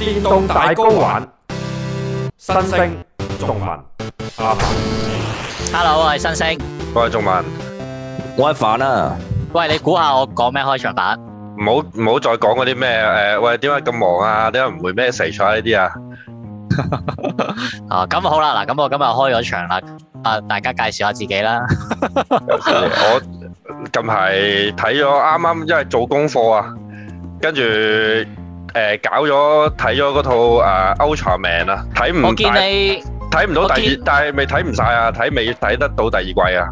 電動大 GO 玩，新星仲文啊！Hello，我係新星，我係仲文，我係凡啦。喂，你估下我講咩開場白？唔好唔好再講嗰啲咩誒！喂，點解咁忙啊？點解唔回咩 message 呢啲啊？啊，咁好啦，嗱，咁我今日開咗場啦，啊，大家介紹下自己啦。我近排睇咗啱啱，因為做功課啊，跟住。誒、呃、搞咗睇咗嗰套誒《ULTRAMAN》啊，睇唔我見你睇唔到第二季，但係未睇唔曬啊，睇未睇得到第二季啊！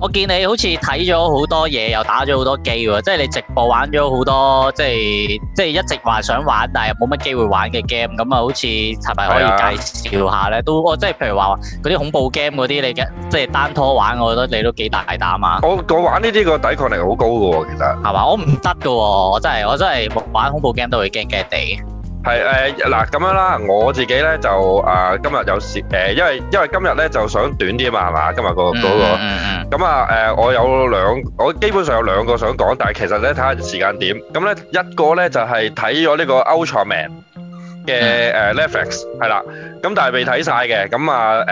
我見你好似睇咗好多嘢，又打咗好多機喎，即係你直播玩咗好多，即係即係一直話想玩，但係又冇乜機會玩嘅 game，咁啊，好似係咪可以介紹下咧？啊、都我即係譬如話嗰啲恐怖 game 嗰啲，你嘅即係單拖玩，我覺得你都幾大膽啊！我我玩呢啲個抵抗力好高噶，其實係嘛？我唔得噶，我真係我真係玩恐怖 game 都會驚驚地。係誒嗱，咁樣啦，我自己咧就啊今日有事誒，因為因為今日咧就想短啲啊嘛，係嘛今日個嗰個，咁啊誒我有兩，我基本上有兩個想講，但係其實咧睇下時間點，咁咧一個咧就係睇咗呢個 ULTRAMAN 嘅誒 Netflix 係啦，咁但係未睇晒嘅，咁啊誒，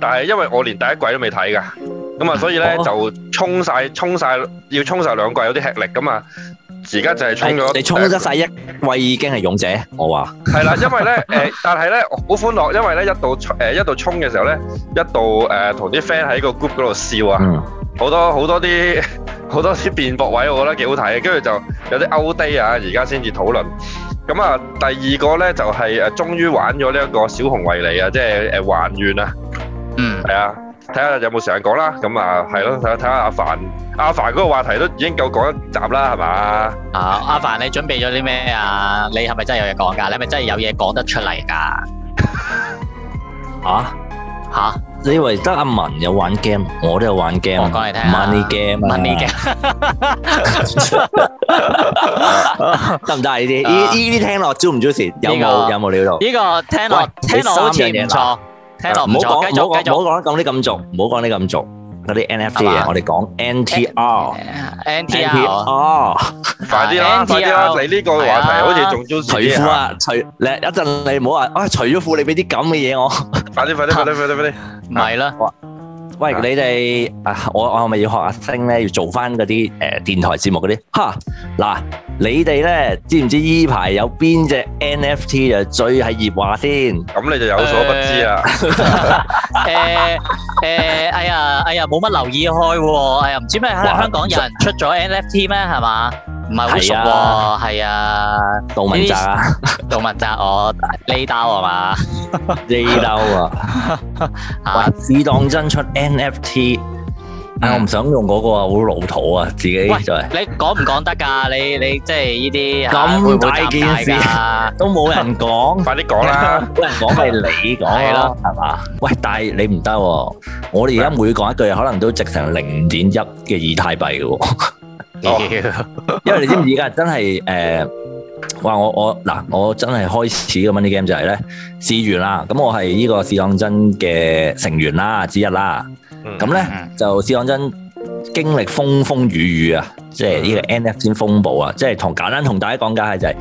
但係因為我連第一季都未睇噶，咁啊所以咧就衝晒衝晒要衝晒兩季有啲吃力咁啊。而家就係衝咗，你衝得曬一位已經係勇者，我話。係 啦，因為咧誒、呃，但係咧好歡樂，因為咧一度誒、呃、一度衝嘅時候咧，一度誒同啲 friend 喺個 group 嗰度笑啊，好、嗯、多好多啲好多啲辯駁位，我覺得幾好睇嘅，跟住就有啲 out day 啊，而家先至討論。咁啊，第二個咧就係誒終於玩咗呢一個小熊維尼啊，即係誒還願啊，嗯，係啊。睇下有冇時間講啦，咁啊係咯，睇下睇下阿凡，阿凡嗰個話題都已經夠講一集啦，係嘛？啊，阿凡你準備咗啲咩啊？你係咪真係有嘢講噶？你係咪真係有嘢講得出嚟噶？吓吓，你以為得阿文有玩 game，我都有玩 game，我講你聽，money game，money game，得唔得啊？呢啲呢呢啲聽落，juicy 唔 juicy？有冇有冇料到？呢個聽落聽落好似唔錯。聽落，唔好講，唔好講，唔好講啲咁重，唔好講啲咁重嗰啲 NFT 嘅，我哋講 NTR，NTR 哦，快啲啦，快啲啦，你呢個話題好似仲要除褲啊，除，咧一陣你唔好話，啊除咗褲，你俾啲咁嘅嘢我，快啲快啲快啲快啲快啲，唔係啦，喂你哋，啊我我係咪要學阿星咧，要做翻嗰啲誒電台節目嗰啲，哈嗱。你哋咧知唔知呢排有邊隻 NFT 啊最係熱話先？咁你就有所不知啊！誒誒，哎呀哎呀，冇乜、 欸欸欸欸、留意開喎，哎呀唔知咩香港有人出咗 NFT 咩？係嘛？唔係好熟喎，係啊，啊啊杜汶澤，杜汶澤，我呢刀係嘛？呢刀啊！話試當真出 NFT。我唔想用嗰個啊，好老土啊，自己。喂，你講唔講得噶？你你即係呢啲咁大件事啊，都冇人講，快啲講啦！冇人講咪你講咯，係嘛？喂，但係你唔得，我哋而家每講一句，可能都值成零點一嘅以太幣嘅。哦，因為你知唔知而家？真係誒，哇！我我嗱，我真係開始個 money game 就係咧，試完啦，咁我係呢個試當真嘅成員啦之一啦。咁咧就試當真經歷風風雨雨啊，即係呢個 NFT 風暴啊！即係同簡單同大家講解就係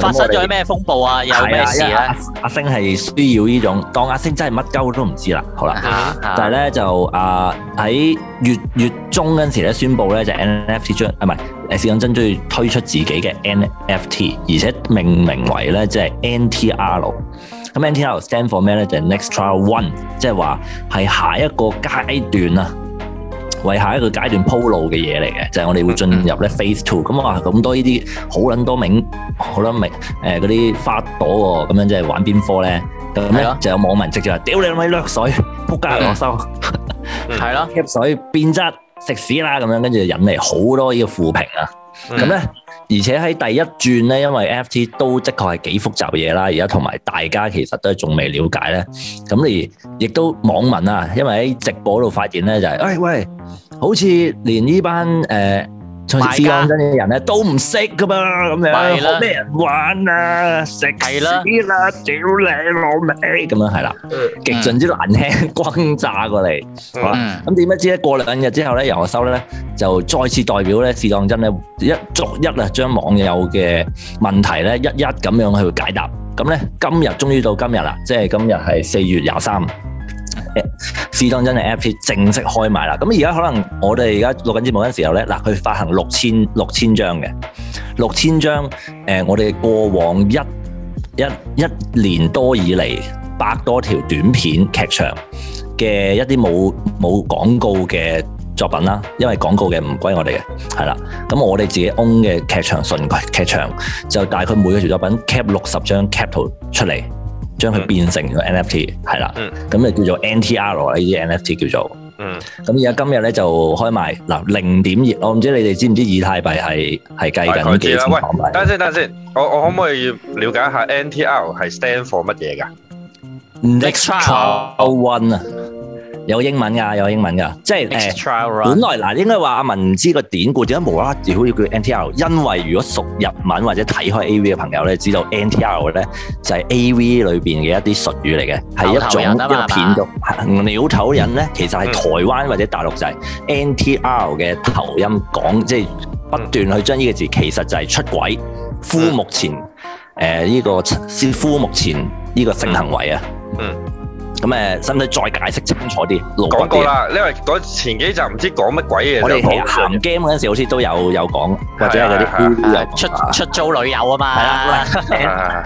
發生咗咩風暴啊？又咩事啊。阿星係需要呢種，當阿星真係乜鳩都唔知啦。好啦，但係咧就啊喺月月中嗰陣時咧，宣布咧就 NFT 將啊唔係誒試當真將要推出自己嘅 NFT，而且命名為咧即係 NTR 咯。咁 NTR stand for 咩咧？就是、next trial one，即係話係下一個階段啊，為下一個階段鋪路嘅嘢嚟嘅，就是、我哋會進入咧 phase two。咁我話咁多呢啲好捻多名，好捻名誒嗰啲花朵咁、哦、樣，即係玩邊科呢？咁咧、啊、就有網民直接話：屌你老味，掠水，仆街落收，係咯，吸水變質，食屎啦！咁樣跟住引嚟好多呢個負評啊，咁咧、嗯。嗯嗯而且喺第一轉呢，因為 FT 都的確係幾複雜嘅嘢啦，而家同埋大家其實都係仲未了解呢。咁你亦都網民啊，因為喺直播度發現咧就係、是，誒、哎、喂，好似連呢班、呃做試當真啲人咧，都唔識噶嘛，咁樣，係啦咩人玩啊？食屎啦，屌你老味！咁樣係啦，極盡之難聽轟炸過嚟，哇！咁點樣知咧？過兩日之後咧，遊學修咧就再次代表咧，試當真咧一逐一啊，將網友嘅問題咧一一咁樣去解答。咁咧，今日終於到今日啦，即係今日係四月廿三。誒，試當真嘅 NFT 正式開賣啦！咁而家可能我哋而家錄緊節目嗰陣時候呢，嗱佢發行六千六千張嘅，六千張誒、呃，我哋過往一一一年多以嚟，百多條短片劇場嘅一啲冇冇廣告嘅作品啦，因為廣告嘅唔歸我哋嘅，係啦，咁我哋自己 own 嘅劇場純劇場就大概每個作品 cap 六十張 cap 圖出嚟。將佢變成個 NFT 係啦，咁就叫做 NTR 啦。呢啲 NFT 叫做，咁而家今日咧就開賣嗱零點二。我唔知你哋知唔知以太幣係係計緊幾錢？喂，等先等先，我我可唔可以了解一下 NTR 係 stand for 乜嘢㗎？Next one。有英文噶，有英文噶，即係誒、呃。本來嗱、呃，應該話阿文唔知個典故點解無啦啦，好似叫 NTR 因為如果熟日文或者睇開 AV 嘅朋友咧，知道 NTR 咧就係 AV 裏邊嘅一啲術語嚟嘅，係一種一片嘅鳥頭人咧。其實係台灣或者大陸就係 NTR 嘅頭音講，即係、嗯、不斷去將呢個字、嗯、其實就係出軌，夫目前誒呢個先夫目前呢個性行為啊。嗯。嗯咁誒，使唔使再解釋清楚啲，羅一講過啦，因為講前幾集唔知講乜鬼嘢。我哋好玩 game 嗰陣時，好似都有有講，或者係嗰啲出出租女友啊嘛。係啦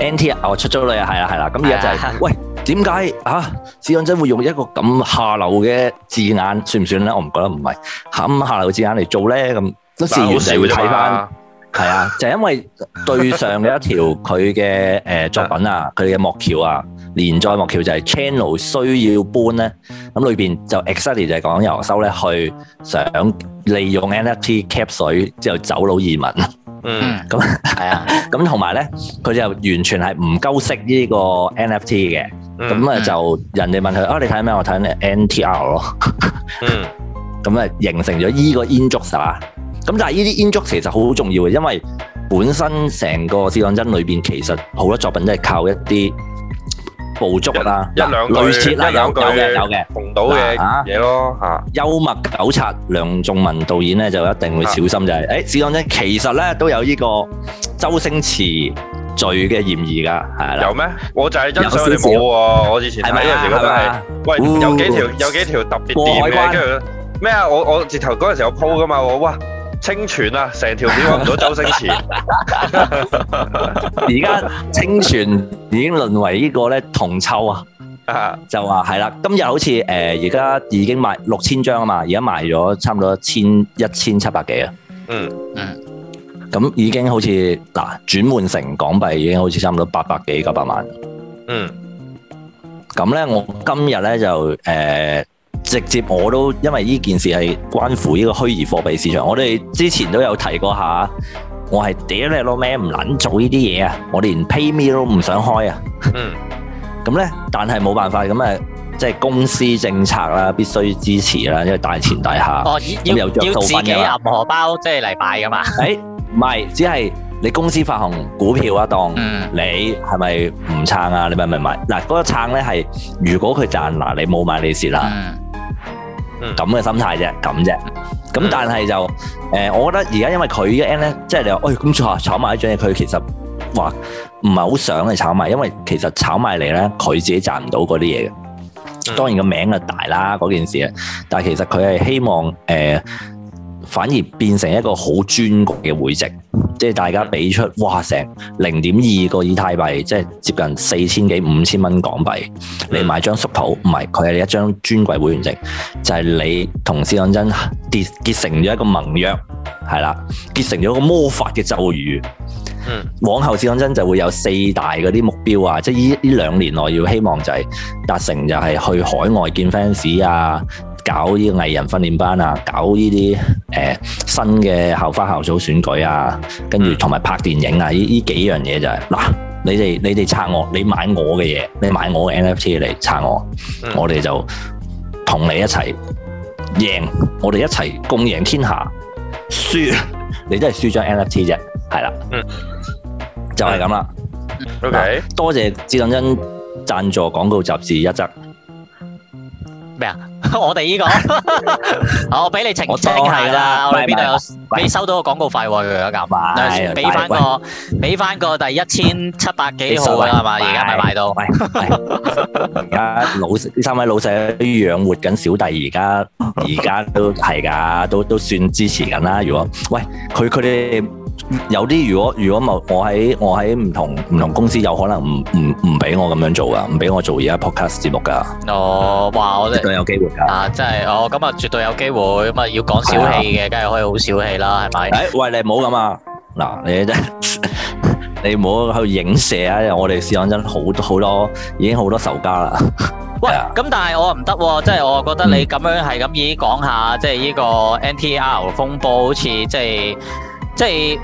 ，NTR 啊，我出租女啊，係啦係啦。咁而家就係，喂，點解嚇？試當真會用一個咁下流嘅字眼，算唔算咧？我唔覺得唔係，咁下流嘅字眼嚟做咧，咁都視野嚟會睇翻。係啊，就因為對上嘅一條佢嘅誒作品啊，佢嘅幕橋啊，連載幕橋就係 Channel 需要搬咧，咁裏邊就 e Xanny 就係講遊手咧，去想利用 NFT cap 水之後走佬移民。嗯，咁係、mm. mm hmm. no、啊，咁同埋咧，佢就完全係唔夠識呢個 NFT 嘅，咁啊就人哋問佢啊，你睇咩？我睇 NTR 咯。嗯，咁啊形成咗依個炎上，係嘛？咁但係呢啲煙足其實好好重要嘅，因為本身成個《試當真》裏邊其實好多作品都係靠一啲補足啦，類似啦，有嘅有嘅，碰到嘅嘢咯嚇。幽默狗賊梁仲文導演咧就一定會小心就係，誒《試當真》其實咧都有呢個周星馳罪嘅嫌疑㗎，係啦。有咩？我就係真想你冇喎，我以前係咪嗰陣時？係咪？喂，有幾條有幾條特別掂嘅，跟住咩啊？我我之前嗰陣時有 po 㗎嘛，我哇！清泉啊，成條片換到周星馳，而家清泉已經淪為個呢個咧銅臭啊，啊就話係啦。今日好似誒，而、呃、家已經賣六千張啊嘛，而家賣咗差唔多千一千七百幾啊。嗯嗯，咁已經好似嗱，轉換成港幣已經好似差唔多八百幾九百萬。嗯，咁咧我今日咧就誒。呃直接我都，因為呢件事係關乎呢個虛擬貨幣市場。我哋之前都有提過下，我係屌你老咩，唔捻做呢啲嘢啊！我連 PayMe 都唔想開啊。嗯。咁咧，但係冇辦法，咁誒，即係公司政策啦，必須支持啦，即係大前提下。哦，要有要自己入荷包，即係嚟買噶嘛？誒、 欸，唔係，只係你公司發行股票啊，當、嗯、你係咪唔撐啊？你明唔明？嗱，嗰個撐咧係如果佢賺嗱，你冇買利是啦。嗯咁嘅心態啫，咁啫，咁但係就誒，我覺得而家因為佢嘅 N 咧，即係你話，哎，咁錯炒埋一張嘢，佢其實話唔係好想嚟炒埋，因為其實炒埋嚟咧，佢自己賺唔到嗰啲嘢嘅。當然個名啊大啦嗰件事啊，但係其實佢係希望誒。反而變成一個好尊貴嘅會籍，即係大家俾出，哇！成零點二個以太幣，即係接近四千幾五千蚊港幣你買張縮圖，唔係佢係一張尊貴會員證，就係、是、你同試當真結結成咗一個盟約，係啦，結成咗個魔法嘅咒語。往後試當真就會有四大嗰啲目標啊，即係呢呢兩年內要希望就係達成，就係去海外見 fans 啊。搞呢個藝人訓練班啊，搞呢啲誒新嘅校花校草選舉啊，跟住同埋拍電影啊，呢呢幾樣嘢就係、是、嗱，你哋你哋撐我，你買我嘅嘢，你買我嘅 NFT 嚟撐我，嗯、我哋就同你一齊贏，我哋一齊共贏天下，輸你都係輸張 NFT 啫，係啦，嗯、就係咁啦，OK，多謝智朗恩贊助廣告雜誌一則。咩啊？我哋呢個，我俾你澄清係啦。我哋邊度有俾收到個廣告費喎？佢而家夾，俾翻個俾翻個第一千七百幾號啦，係嘛？而家咪買到。而家老細三位老細養活緊小弟，而家而家都係㗎，都都算支持緊啦。如果喂佢佢哋。有啲如果如果我我喺我喺唔同唔同公司有可能唔唔唔俾我咁樣做噶，唔俾我做而家 podcast 節目噶。哦，哇，我話我都有機會噶，啊，真係哦，咁啊，絕對有機會，咁啊，要講小氣嘅，梗係可以好小氣啦，係咪？誒，喂，你唔好咁啊，嗱，你真，你唔好去影射啊！我哋試當真，好好多已經好多仇家啦。喂，咁但係我唔得，即係我覺得你咁樣係咁已經講下，即係呢個 NTR 風暴，好似即係。即係，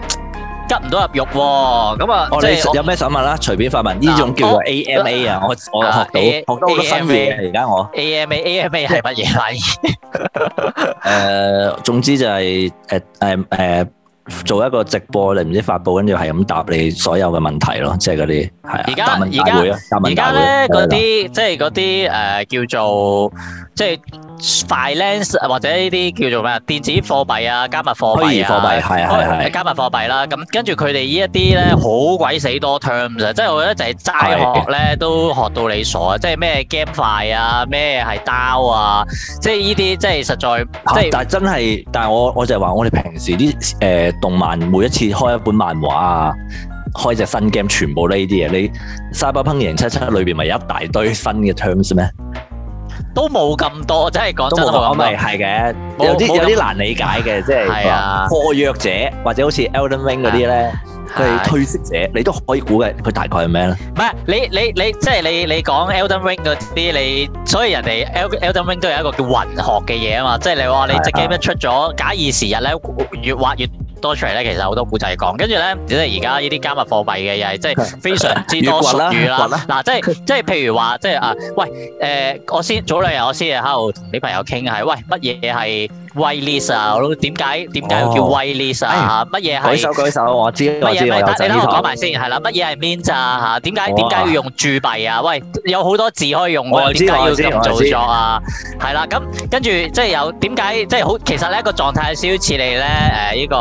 急唔到入肉喎。咁啊，即係有咩想問啦？隨便發問，呢種叫做 A M A 啊，我我學到，學到好多個新嘢。而家我 A M A A M A 係乜嘢？誒，總之就係誒誒誒，做一個直播，或者發布，跟住係咁答你所有嘅問題咯。即係嗰啲係啊。答問大會，答問大會。而家而家而家咧，嗰啲即係嗰啲誒，叫做。即係 f i n a n c 或者呢啲叫做咩電子貨幣啊，加密貨幣啊，係係係加密貨幣啦。咁跟住佢哋呢一啲咧好鬼死多 terms 啊！即係我覺得就係齋學咧是的 都學到你傻啊，啊！即係咩 game 幣啊，咩係刀啊，即係呢啲即係實在即係。但係真係，但係我我就係話，我哋平時啲誒、呃、動漫每一次開一本漫畫啊，開隻新 game 全部呢啲嘢，你沙巴烹營七七裏邊咪有一大堆新嘅 terms 咩？都冇咁多，真係講真話，咪係嘅，有啲有啲難理解嘅，即係破弱者或者好似 Elden Ring 嗰啲咧，佢係退色者，你都可以估嘅，佢大概係咩咧？唔係你你你，即係你你講 Elden Ring 嗰啲，你所以人哋 Eld Elden Ring 都係一個叫混學嘅嘢啊嘛，即係你話你隻 game 一出咗，假以時日咧越畫越。多出嚟咧，其實好多古仔講，跟住呢，即係而家依啲加密貨幣嘅又係即係非常之多術語啦。嗱， 即係即譬如話，即係啊，喂，誒、呃，我先早兩日，我先係喺度同啲朋友傾係，喂，乜嘢係 whitelist？點解點解要叫 whitelist？乜嘢係？舉手舉手，我知我知。乜嘢？你等我講埋先，係啦，乜嘢係 mean 咋吓？點解點解要用鑄幣啊？喂，有好多字可以用嘅，點解要咁做咗啊？係啦，咁跟住即係有點解即係好？其實咧個狀態有少少似你咧誒呢個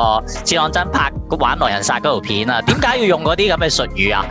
試當真拍，《古玩狼人殺》嗰條片啊？點解要用嗰啲咁嘅術語啊？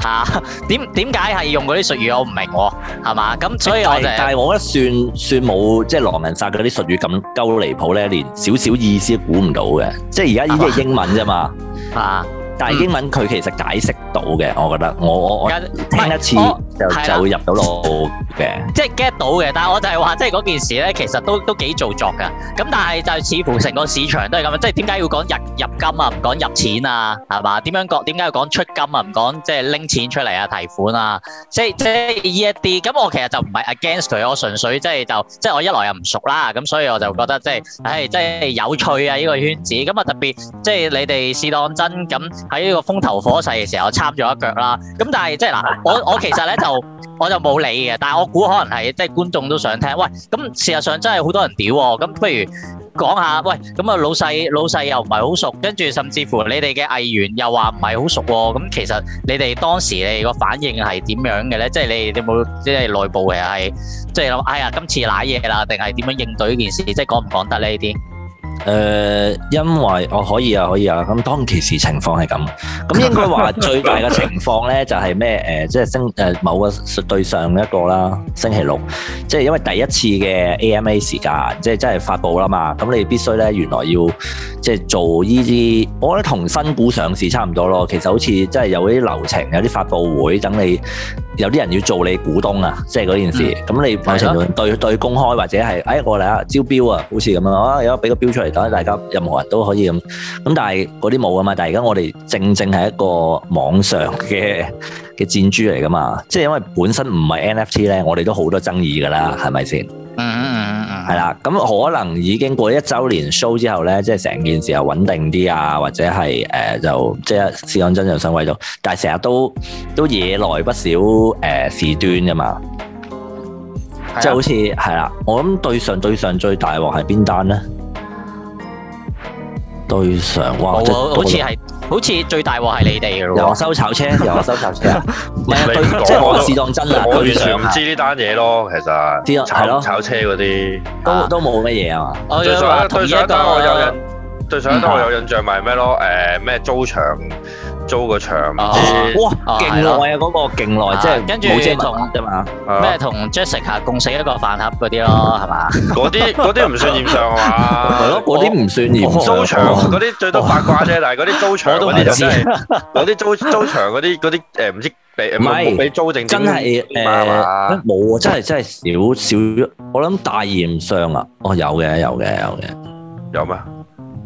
吓點點解係用嗰啲術語？我唔明喎，係嘛？咁所以我就但係我覺得算算冇即係狼人殺嗰啲術語咁。夠離譜咧，連少少意思都估唔到嘅，即係而家呢個係英文啫嘛。 但係英文佢其實解釋到嘅，我覺得我我聽一次就就會入到腦嘅，即係 get 到嘅。但係我就係話，即係嗰件事咧，其實都都幾做作㗎。咁但係就似乎成個市場都係咁，即係點解要講入入金啊，唔講入錢啊，係嘛？點樣講？點解要講出金啊，唔講即係拎錢出嚟啊、提款啊？即係即係依一啲咁，我其實就唔係 against 佢，我純粹即係就即係我一來又唔熟啦，咁所以我就覺得即係，唉，即係有趣啊依個圈子咁啊，特別即係你哋試當真咁。喺呢個風頭火勢嘅時候，我插咗一腳啦。咁但係即係嗱，我我其實咧就我就冇理嘅。但係我估可能係即係觀眾都想聽。喂，咁事實上真係好多人屌喎。咁不如講下，喂，咁啊老細老細又唔係好熟，跟住甚至乎你哋嘅藝員又話唔係好熟喎。咁其實你哋當時你個反應係點樣嘅咧？即係你哋有冇即係內部其實係即係諗，哎呀今次瀨嘢啦，定係點樣應對呢件事？即係講唔講得咧呢啲？誒、呃，因為我、哦、可以啊，可以啊。咁當其時情況係咁，咁應該話最大嘅情況呢，就係、是、咩？誒、呃，即係星誒，某個對上一個啦，星期六，即係因為第一次嘅 AMA 時間，即係真係發佈啦嘛。咁你必須呢，原來要即係做呢啲，我覺得同新股上市差唔多咯。其實好似真係有啲流程，有啲發佈會等你。有啲人要做你股東啊，即係嗰件事。咁、嗯、你有時候對對公開或者係，哎，我嚟啊，招標啊，好似咁樣啊，有得俾個標出嚟，等大家任何人都可以咁。咁但係嗰啲冇啊嘛。但係而家我哋正正係一個網上嘅嘅戰珠嚟噶嘛。即係因為本身唔係 NFT 咧，我哋都好多爭議噶啦，係咪先？是 嗯，係、嗯、啦，咁、嗯、 可能已經過一週年 show 之後咧，即係成件事又穩定啲啊，或者係誒、呃、就即係試當真就上位度。但係成日都都惹來不少誒事端噶嘛，即係、嗯、好似係啦，我諗對上對上最大鑊係邊單咧？對上哇，好似係，好似最大鑊係你哋嘅咯，又話收炒車，又話收炒車，即係我試當真啦，完全唔知呢單嘢咯，其實炒炒車嗰啲都都冇乜嘢啊嘛，對上對上我有人。對上一當我有印象咪咩咯？誒咩租場租個場，哇勁耐啊！嗰個勁耐，即係跟住冇正裝嘛。咩同 Jessica 共食一個飯盒嗰啲咯，係嘛？嗰啲嗰啲唔算炎上啊，係咯，嗰啲唔算炎上。租場嗰啲最多八卦啫，但係嗰啲租場嗰啲真係嗰啲租租場嗰啲啲誒唔知俾唔係俾租定真係誒冇真係真係少少我諗大炎上啊！哦，有嘅有嘅有嘅有咩？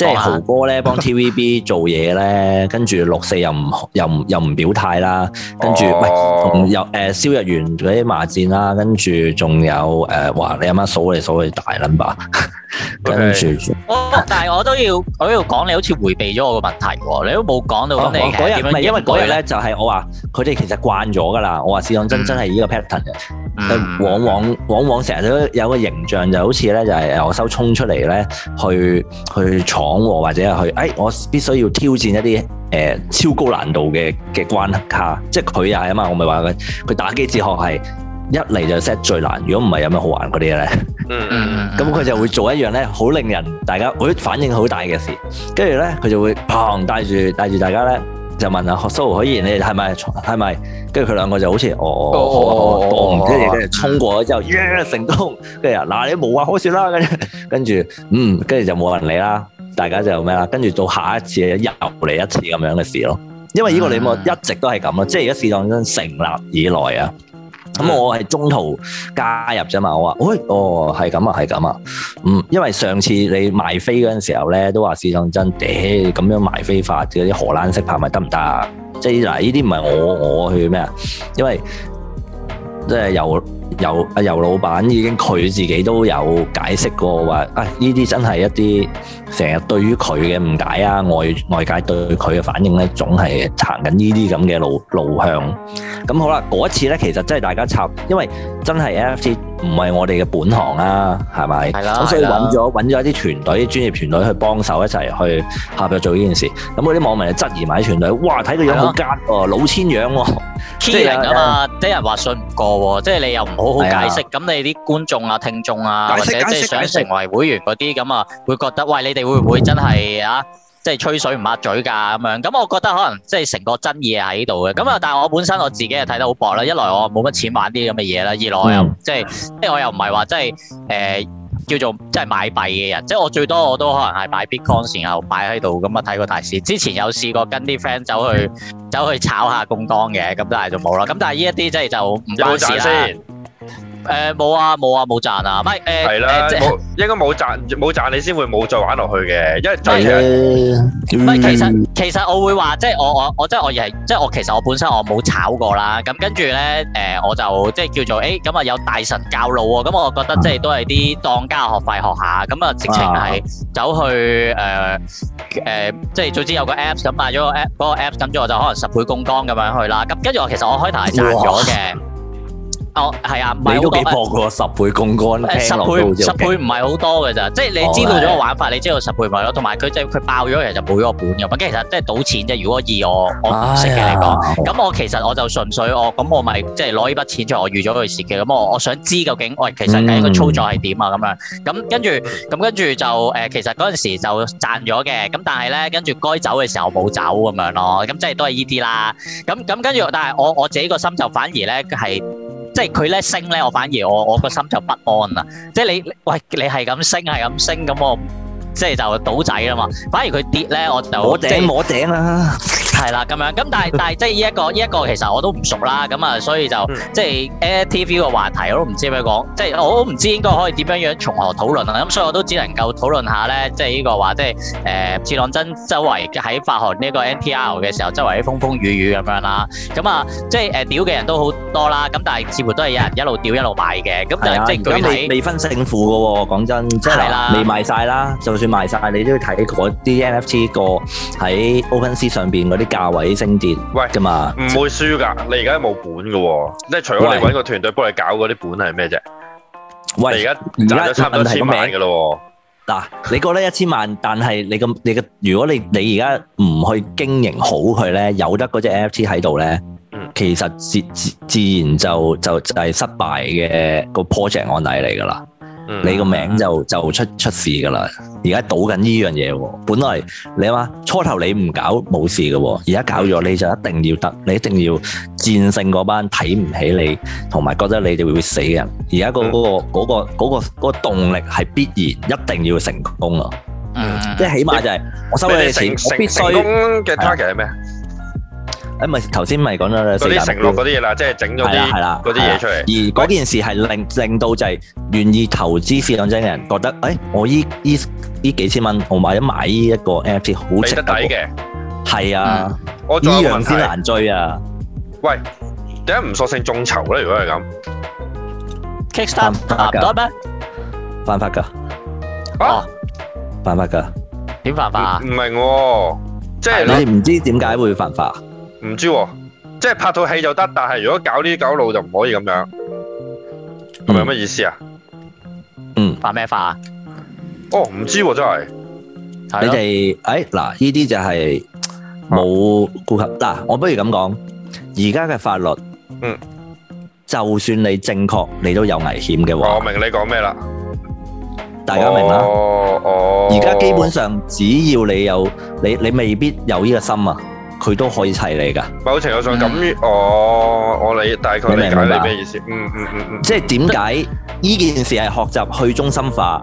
即係豪哥咧幫 TVB 做嘢咧，跟住六四又唔又唔又唔表態啦，跟住、oh. 喂，又誒消日元嗰啲罵戰啦，跟住仲有誒、呃、哇你阿媽所謂所謂大 number，Okay. 跟住著但係我都要我都要講你好似迴避咗我個問題喎，你都冇講到咁你嗰日唔係因為嗰日咧就係我話佢哋其實慣咗噶啦，我話事實真、mm hmm. 真係呢個 pattern 嘅、mm hmm.，往往往往成日都有個形象就好似咧就係我收衝出嚟咧去去闖。去講或者係去，誒，我必須要挑戰一啲誒超高難度嘅嘅關卡，即係佢又係，啊嘛，我咪話佢，佢打機哲學係一嚟就 set 最難，如果唔係有咩好玩嗰啲嘢咧，嗯嗯，咁佢就會做一樣咧，好令人大家會反應好大嘅事，跟住咧佢就會砰帶住帶住大家咧就問下蘇可言你係咪係咪，跟住佢兩個就好似哦哦哦哦，跟住跟住衝過之後耶成功，跟住嗱你無話可說啦，跟住跟住嗯跟住就冇人理啦。大家就咩啦，跟住做下一次又嚟一次咁樣嘅事咯。因為呢個理念一直都係咁咯，嗯、即係而家試當真成立以來啊，咁我係中途加入啫嘛。我話，喂、哎，哦，係咁啊，係咁啊，嗯，因為上次你賣飛嗰陣時候咧，都話試當真，誒、呃，咁樣賣飛法嗰啲荷蘭式拍賣得唔得啊？即係嗱，依啲唔係我我去咩啊？因為即係由。呃有游阿遊老闆已經佢自己都有解釋過話，啊呢啲真係一啲成日對於佢嘅誤解啊，外外界對佢嘅反應咧，總係行緊呢啲咁嘅路路向。咁好啦，嗰一次咧，其實真係大家插，因為真係 NFT 唔係我哋嘅本行啊，係咪？係啦。咁所以揾咗咗一啲團隊，專業團隊去幫手一齊去合作做呢件事。咁嗰啲網民就質疑埋啲團隊，哇！睇個樣好奸喎，老千樣喎，即係人啊嘛，啲人話信唔過喎，即係你又唔好好解釋，咁你啲觀眾啊、聽眾啊，或者即係想成為會員嗰啲咁啊，會覺得喂，你哋會唔會真係啊？即係吹水唔抹嘴㗎咁樣，咁我覺得可能即係成個爭議係喺度嘅。咁啊，但係我本身我自己係睇得好薄啦。一來我冇乜錢玩啲咁嘅嘢啦，二來又即係即係我又唔係話即係誒、呃、叫做即係買幣嘅人。即係我最多我都可能係擺 Bitcoin 然後擺喺度咁啊睇個大市。之前有試過跟啲 friend 走去的走去炒下公崗嘅，咁但係就冇啦。咁但係呢一啲即係就唔關事啦。有誒，冇啊，冇啊，冇賺啊，唔係誒，係啦，即應該冇賺，冇賺你先會冇再玩落去嘅，因為最屘誒，唔係其實其實我會話即係我我我即係我而係即係我其實我本身我冇炒過啦，咁跟住咧誒我就即係叫做誒咁啊有大神教路喎，咁我覺得即係都係啲當家學費學下，咁啊直情係走去誒誒即係總之有個 apps 咁買咗個 app 嗰個 apps，跟住我就可能十倍槓桿咁樣去啦，咁跟住我其實我開頭係賺咗嘅。哦，係啊，你都幾破過十倍槓桿，十倍十倍唔係好多嘅啫，即係你知道咗個玩法，你知道十倍咪咯。同埋佢即係佢爆咗，人就冇咗個本嘅。咁其實都係賭錢啫。如果以我我唔識嘅嚟講，咁我其實我就純粹我咁我咪即係攞依筆錢出嚟預咗件事嘅。咁我我想知究竟我其實個操作係點啊，咁樣，咁跟住，咁跟住就誒，其實嗰陣時就賺咗嘅。咁但係咧跟住該走嘅時候冇走咁樣咯，咁即係都係依啲啦。咁咁跟住，但係我我自己個心就反而咧係。即係佢咧升咧，我反而我我個心就不安啦。即係你，你喂，你係咁升係咁升，咁我即係就賭仔啦嘛。反而佢跌咧，我就摸頂摸頂啦。係啦，咁樣咁但係但係即係呢一個呢一個其實我都唔熟啦，咁啊所以就即係 ATV 個話題我都唔知點講，即係我都唔知應該可以點樣樣從何討論啊，咁所以我都只能夠討論下咧，即係呢個話即係誒，試當真周圍喺發行呢個 NTR 嘅時候，周圍啲風風雨雨咁樣啦，咁啊即係誒屌嘅人都好多啦，咁但係似乎都係有人一路屌一路賣嘅，咁就即係具體未分勝負噶喎，講真，即係未賣晒啦，就算賣晒你都要睇嗰啲 NFT 個喺 OpenSea 上邊嗰啲。價位升跌喂噶嘛，唔會輸噶。你而家冇本噶、哦，即係除咗你揾個團隊幫你搞嗰啲本係咩啫？喂，而家而家問題名噶咯？嗱、啊，你覺得一千萬， 但係你咁你嘅，如果你你而家唔去經營好佢咧，有得嗰隻 NFT 喺度咧，嗯、其實自自自然就就就係失敗嘅個 project 案例嚟噶啦。嗯、你個名就就出出事㗎啦！而家賭緊呢樣嘢喎，本來你話初頭你唔搞冇事嘅喎、啊，而家搞咗你就一定要得，你一定要戰勝嗰班睇唔起你同埋覺得你就會死嘅人。而家、嗰個嗰、嗯嗰個嗰、嗰個嗰、嗰個、嗰個嗰個動力係必然一定要成功咯。嗯，即係起碼就係我收咗你嘅錢，我必須。成功嘅 target 係咩啊？哎咪頭先咪講咗嗰啲承諾嗰啲嘢啦，即係整咗啲嗰啲嘢出嚟。而嗰件事係令令到就係願意投資試當真嘅人覺得，哎，我依依依幾千蚊，我買一買依一個 NFT 好值得嘅，係啊，依樣先難追啊！喂，點解唔索性眾籌咧？如果係咁，Kickstarter，犯法㗎，犯法㗎，點犯法啊？唔明，即係你唔知點解會犯法。唔知、啊，即係拍套戲就得，但係如果搞呢啲搞路就唔可以咁樣，係咪、嗯、有乜意思啊？嗯，犯咩法？哦，唔知、啊、真係。你哋誒嗱，呢啲、啊哎、就係冇顧及嗱、啊啊，我不如咁講，而家嘅法律，嗯，就算你正確，你都有危險嘅話、啊，我明你講咩啦？大家明啦、哦？哦哦，而家基本上只要你有，你你未必有呢個心啊。佢都可以砌你㗎。某程度上咁，嗯、我我你大概理解你明解咩意思？嗯嗯嗯嗯。嗯即係點解呢件事係學習去中心化、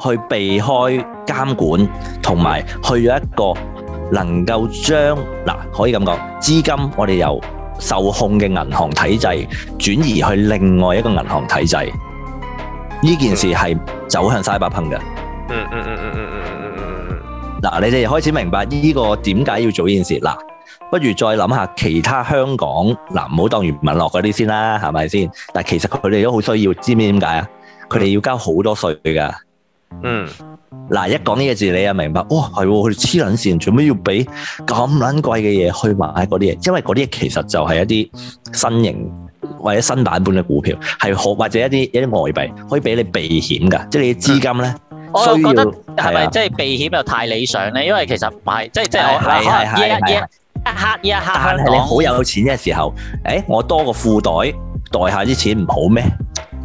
去避開監管，同埋去咗一個能夠將嗱、啊、可以咁講，資金我哋由受控嘅銀行體制轉移去另外一個銀行體制？呢、嗯、件事係走向沙巴鵬嘅、嗯。嗯嗯嗯嗯嗯嗯。嗯嗯嗱，你哋又開始明白呢個點解要做呢件事？嗱，不如再諗下其他香港嗱，唔好當余文樂嗰啲先啦，係咪先？但其實佢哋都好需要，知唔知點解啊？佢哋、嗯、要交好多稅㗎。嗯，嗱，一講呢個字，你就明白？哇、哦，係，佢哋黐撚線，做咩要俾咁撚貴嘅嘢去買嗰啲嘢？因為嗰啲其實就係一啲新型或者新版本嘅股票，係可或者一啲一啲外幣可以俾你避險㗎，即係你資金咧。嗯需我就覺得係咪即係避險又太理想咧？是啊、因為其實唔係，即係即係我一一一刻一刻講，但係你好有錢嘅時候、哎，我多個褲袋袋下啲錢唔好咩？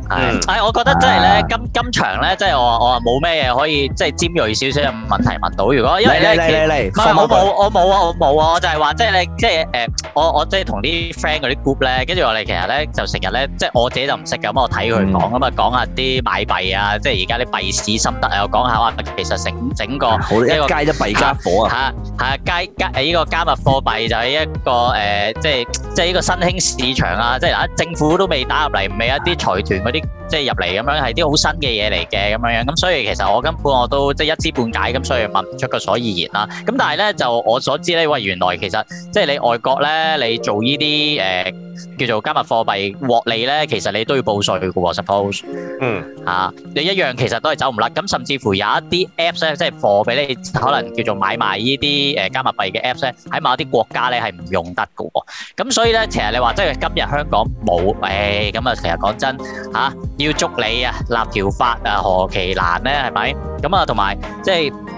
係，我覺得真係咧，今今場咧，即係我話我話冇咩嘢可以即係尖鋭少少嘅問題問到。如果因為咧，唔係我冇，我冇啊，我冇啊，我就係話即係你，即係誒，我我即係同啲 friend 嗰啲 group 咧，跟住我哋其實咧就成日咧，即係我自己就唔識咁，我睇佢講咁啊，講下啲買幣啊，即係而家啲幣市心得我講下話其實成整個一個一街一幣家火啊，係啊，街街誒呢個加密貨幣 就係一個誒，即係即係呢個新興市場啊，即係嗱，就是、政府都未打入嚟，未有一啲財團啲。即係入嚟咁樣，係啲好新嘅嘢嚟嘅咁樣樣，咁所以其實我根本我都即係一知半解，咁所以問唔出個所以然啦。咁但係咧就我所知咧，喂，原來其實即係你外國咧，你做呢啲誒叫做加密貨幣獲利咧，其實你都要報稅㗎。Suppose，嗯吓，你一樣其實都係走唔甩。咁甚至乎有一啲 apps 咧，即係貨幣咧，可能叫做買賣呢啲誒加密幣嘅 apps 咧，喺某一啲國家咧係唔用得㗎。咁所以咧，其實你話即係今日香港冇，誒咁啊，其實講真吓。要捉你啊！立條法啊，何其難呢？係咪？噉啊，同埋，即係。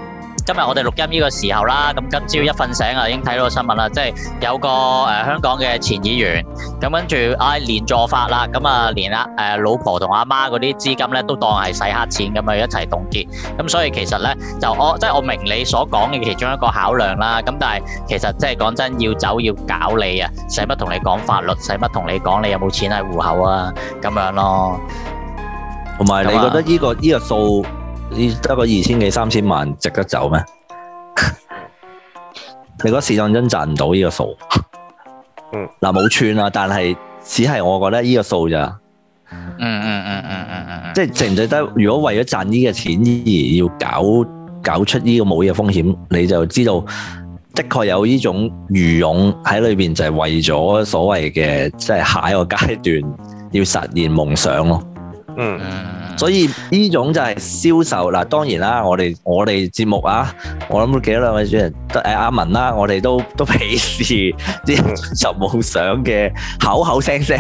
今日我哋錄音呢個時候啦，咁今朝一瞓醒啊，已經睇到個新聞啦，即係有個誒香港嘅前議員，咁跟住唉連坐法啦，咁啊連阿誒老婆同阿媽嗰啲資金咧都當係洗黑錢咁啊一齊凍結，咁所以其實咧就我即係我明你所講嘅其中一個考量啦，咁但係其實即係講真，要走要搞你啊，使乜同你講法律，使乜同你講你有冇錢喺戶口啊咁樣咯，同埋你覺得呢個呢個數？得個二千幾、三千萬值得走咩？ 你覺得試當真賺唔到呢個數？嗱， 冇、嗯啊、串啦、啊，但係只係我覺得呢個數咋，嗯？嗯嗯嗯嗯嗯嗯，嗯嗯即係值唔值得？如果為咗賺呢個錢而要搞搞出呢個冇嘢風險，你就知道的確有呢種愚勇喺裏邊，就係為咗所謂嘅即係下一個階段要實現夢想咯、嗯。嗯。所以呢種就係銷售嗱，當然啦，我哋我哋節目啊，我諗記得兩位主持人，誒、哎、阿文啦，我哋都都鄙視啲執夢想嘅口口聲聲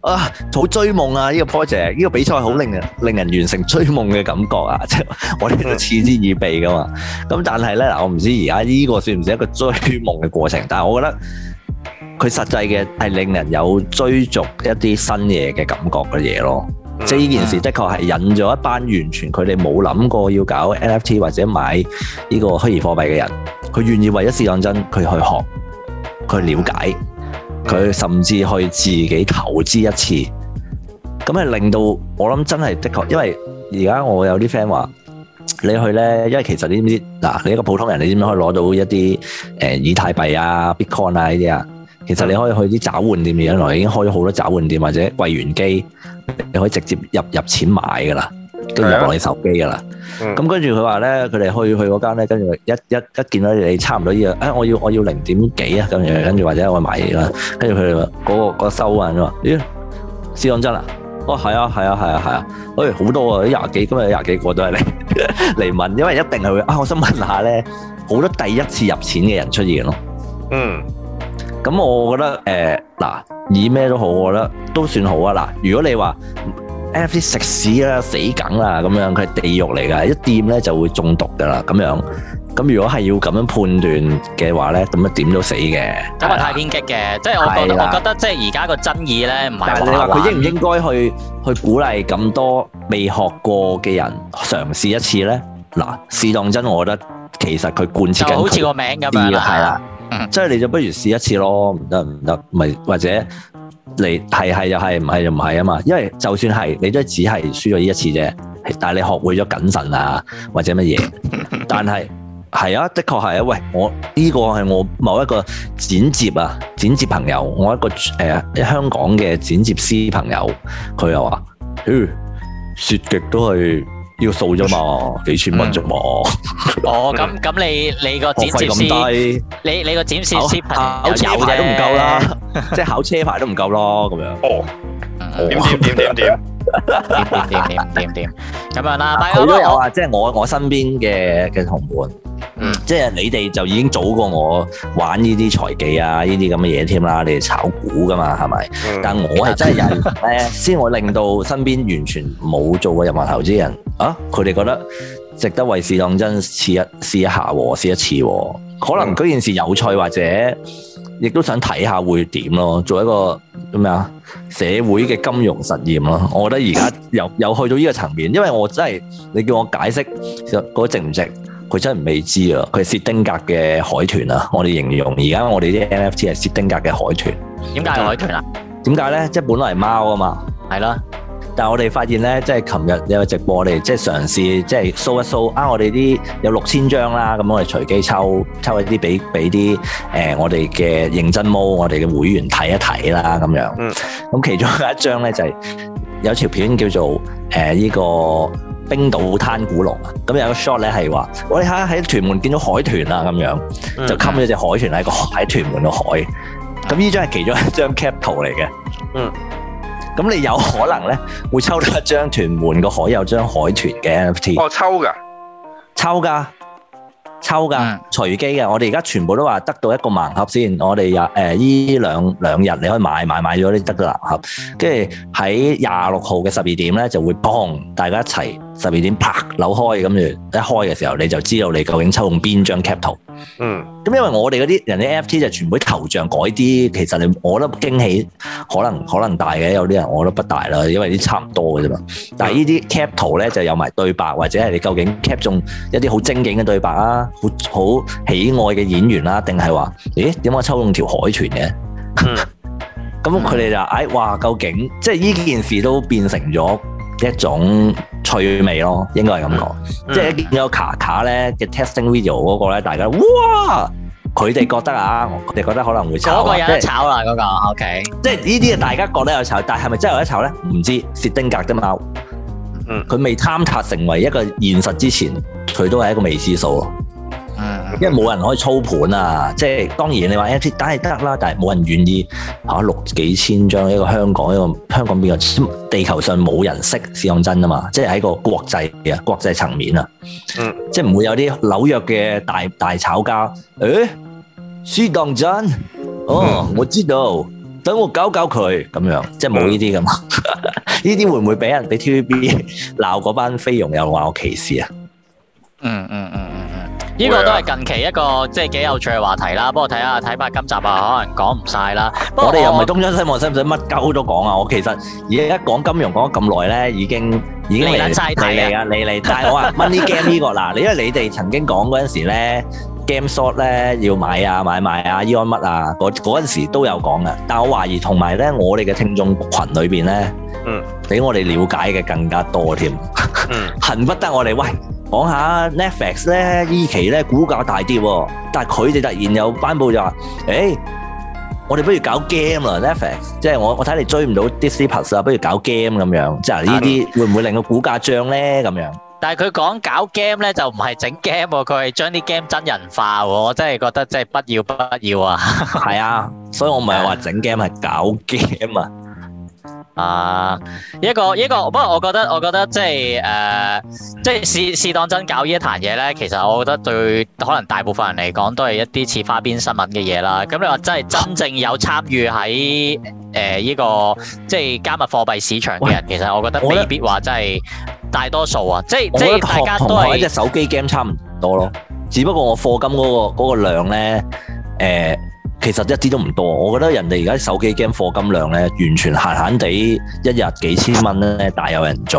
啊，好追夢啊！呢、呢個 project，呢個比賽好令啊，令人完成追夢嘅感覺啊，即 係我哋都嗤之以鼻噶嘛。咁但係呢，我唔知而家呢個算唔算一個追夢嘅過程？但係我覺得佢實際嘅係令人有追逐一啲新嘢嘅感覺嘅嘢咯。即係呢件事，的確係引咗一班完全佢哋冇諗過要搞 NFT 或者買呢個虛擬貨幣嘅人，佢願意為咗試當真，佢去學，佢了解，佢甚至去自己投資一次，咁係令到我諗真係的確，因為而家我有啲 friend 話，你去呢？因為其實你知唔知嗱，你一個普通人，你點樣可以攞到一啲誒、呃、以太幣啊、Bitcoin 啊呢啲啊？其實你可以去啲找換店嘅，原來已經開咗好多找換店或者櫃員機，你可以直接入入錢買㗎喇，跟住落你手機㗎喇。咁跟住佢話咧，佢哋去去嗰間咧，跟住一一一,一見到你差唔多呢、這、樣、個，哎，我要我要零點幾啊，咁樣跟住或者我買嘢啦。跟住佢話嗰個嗰、那個、收銀、啊、話：，咦，私房真啊？哦，係啊係啊係啊係啊，誒、啊啊啊啊啊哎、好多啊，廿幾今日廿幾個都係嚟嚟問，因為一定係會啊，我想問下咧，好多第一次入錢嘅人出現咯。嗯。咁、嗯、我覺得誒嗱、呃，以咩都好，我覺得都算好啊嗱。如果你話 NFT 食屎啊，死梗啊，咁樣，佢係地獄嚟噶，一掂咧就會中毒噶啦咁樣。咁如果係要咁樣判斷嘅話咧，咁啊點都死嘅。咁啊太偏激嘅，啦即係我覺得，啦我覺得即係而家個爭議咧唔係話，玩玩，但係你話佢應唔應該去去鼓勵咁多未學過嘅人嘗試一次咧？嗱，試當真，我覺得其實佢貫徹緊嘅，好似個名咁樣，係啦。即係你就不如試一次咯，唔得唔得，咪或者你係係又係，唔係就唔係啊嘛。因為就算係，你都只係輸咗呢一次啫，但係你學會咗謹慎啊，或者乜嘢。但係係啊，的確係啊。喂，我呢、這個係我某一個剪接啊，剪接朋友，我一個誒、呃、香港嘅剪接師朋友，佢又話，噓，說極都係。要數啫嘛，幾千蚊啫嘛。哦，咁咁你你個剪接師，你你個剪接師牌有嘅都唔夠啦，即係考車牌都唔夠咯，咁樣。哦，點點點點點點點點點點，咁樣啦，佢都有啊，即係我我身邊嘅嘅同伴。嗯，即係你哋就已經早過我玩呢啲財技啊，呢啲咁嘅嘢添啦，你哋炒股㗎嘛，係咪？嗯、但我係真係，先會 令到身邊完全冇做過任何投資人，啊，佢哋覺得值得為試當真，試一試一下試一次、啊、可能嗰件事有趣，或者亦都想睇下會點咯，做一個咩啊？社會嘅金融實驗咯，我覺得而家又又去到呢個層面，因為我真係你叫我解釋，其實嗰值唔值？佢真係未知啊！佢薛丁格嘅海豚啊，我哋形容而家我哋啲 NFT 係薛丁格嘅海豚。點解海豚啊？點解咧？即係本來係貓啊嘛，係啦的。但係我哋發現咧，即係琴日有直播，我哋即係嘗試即係搜一搜啊！我哋啲有六千張啦，咁我哋隨機抽抽一啲俾俾啲誒我哋嘅認真貓，我哋嘅會員睇一睇啦，咁樣。嗯。咁其中一張呢、就是、有一張咧就係有條片叫做誒呢、呃這個。冰島灘古龍啊！咁有個 shot 咧係話，我哋喺喺屯門見到海豚啦，咁樣就冚咗隻海豚喺個海屯門個海。咁呢張係其中一張 cap 圖嚟嘅。嗯。咁你有可能咧會抽到一張屯門個海有張海豚嘅 NFT。哦，抽噶，抽噶，抽噶，隨機嘅。我哋而家全部都話得到一個盲盒先。我哋廿誒依兩兩日你可以買買買咗啲得噶啦。跟住喺廿六號嘅十二點咧就會幫大家一齊。十二點啪扭開咁住，一開嘅時候你就知道你究竟抽中邊張 cap 圖。嗯，咁因為我哋嗰啲人啲 NFT 就全部啲頭像改啲，其實你我覺得驚喜可能可能大嘅，有啲人我都不大啦，因為啲差唔多嘅啫嘛。但係呢啲 cap 圖咧就有埋對白，或者係你究竟 cap 中一啲好正經嘅對白啊，好好喜愛嘅演員啦，定係話，咦點解抽中條海豚嘅？咁佢哋就誒、哎、哇，究竟即係呢件事都變成咗。一種趣味咯，應該係咁講。嗯、即係見咗卡卡咧嘅 testing video 嗰個咧，大家哇，佢哋覺得啊，佢哋 覺得可能會炒，個有得即係炒啊嗰個。O、okay、K，即係呢啲啊，大家覺得有炒，但係咪真係有得炒咧？唔知薛丁格啫嘛。嗯，佢未貪塌成為一個現實之前，佢都係一個未知數。因為冇人可以操盤啊，即係當然你話誒，得係得啦，但係冇人願意吓、啊、六幾千張一個香港一個，一個香港邊個？地球上冇人識試當真啊嘛，即係喺個國際嘅國際層面啊，嗯、即係唔會有啲紐約嘅大大炒家誒，試、欸、當真？哦，我知道，等我搞搞佢咁樣，即係冇呢啲咁，呢啲、嗯、會唔會俾人俾 TVB 鬧嗰班菲傭又話我歧視啊？嗯嗯嗯嗯嗯。嗯嗯嗯嗯。呢個都係近期一個即係幾有趣嘅話題啦，不過睇下睇翻今集啊，可能講唔晒啦。我哋又唔係東張西望，使唔使乜鳩都講啊？我其實而家講金融講咗咁耐咧，已經已經嚟嚟嚟啊嚟嚟！但係我啊，Money Game 呢個嗱，因為你哋曾經講嗰陣時咧，Game Shot 咧要買啊買賣啊依安乜啊，嗰嗰陣時都有講㗎。但我懷疑同埋咧，我哋嘅聽眾群裏邊咧，嗯，比我哋了解嘅更加多添，恨不得我哋喂。講下 Netflix 咧，呢期咧股價大跌，但係佢哋突然又頒布就話，誒，我哋不如搞 game 啦，Netflix，即係我我睇你追唔到啲 Disney+ 啊，不如搞 game 咁樣，即係呢啲會唔會令個股價漲咧咁樣？但係佢講搞 game 咧就唔係整 game，佢係將啲 game 真人化，我真係覺得即係不要不要啊！係啊，所以我唔係話整 game 係搞 game 啊。啊！一個依個，不過我覺得，我覺得即係誒，即係試試當真搞呢一壇嘢呢，其實我覺得對可能大部分人嚟講，都係一啲似花邊新聞嘅嘢啦。咁你話真係真正有參與喺誒依個即係加密貨幣市場嘅人，喂其實我覺得未必話真係大多數啊。即係即係，大家都係一隻手機 game 差唔多咯。只不過我課金嗰、嗰個嗰個量呢。誒、呃。其實一啲都唔多，我覺得人哋而家手機 game 貨金量咧，完全閒閒地一日幾千蚊咧，大有人在。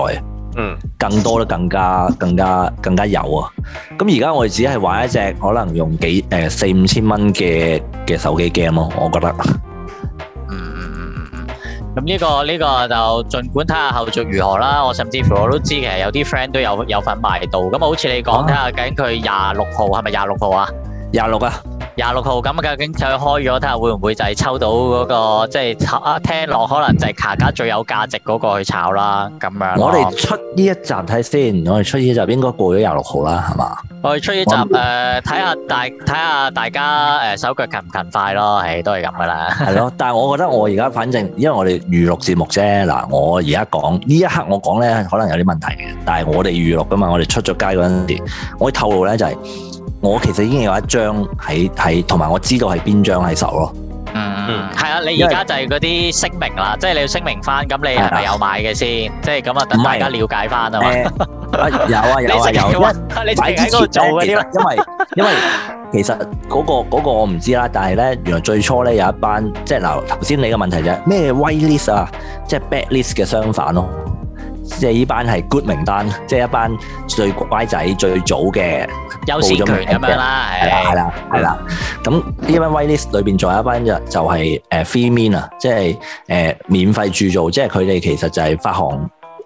嗯，更多都，更加更加更加有啊！咁而家我哋只係玩一隻，可能用幾誒四五千蚊嘅嘅手機 game 咯，我覺得。嗯嗯嗯嗯嗯。咁呢個呢個就盡管睇下後續如何啦。我甚至乎我都知嘅，有啲 friend 都有有份賣到。咁啊，好似你講睇下，究竟佢廿六號係咪廿六號啊？廿六啊！廿六號，咁啊，究竟再開咗睇下會唔會就係抽到嗰、嗰個即係、就係、啊？聽落可能就係卡卡最有價值嗰個去炒啦，咁樣我。我哋出呢一集睇先，我哋出呢集應該過咗廿六號啦，係嘛？我哋出呢集誒睇下大睇下大家誒、呃、手腳勤唔勤快咯，誒都係咁噶啦。係咯的， 但係我覺得我而家反正，因為我哋娛樂節目啫，嗱，我而家講呢一刻我講咧，可能有啲問題嘅，但係我哋娛樂噶嘛，我哋出咗街嗰陣時，我透露咧就係、係。我其實已經有一張喺喺，同埋我知道係邊張喺手咯。嗯嗯，係啊，你而家就係嗰啲聲明啦，為即係你要聲明翻，咁你係咪有買嘅先，即係咁啊，等大家了解翻啊嘛嗎、呃。有啊有啊有，啊。你喺喺嗰度做嗰啲，因為因為，因為其實嗰、嗰個嗰個我唔知啦，但係咧原來最初咧有一班，即係嗱頭先你嘅問題啫，咩 white list 啊，即係 black list 嘅相反咯。即係呢班係 good 名單，即係一班最乖仔最早嘅優先群咁樣啦。係啦，係啦，咁呢班 white list 裏邊仲有一班就就係誒 free mint 啊，即係誒免費鑄造，即係佢哋其實就係發行誒、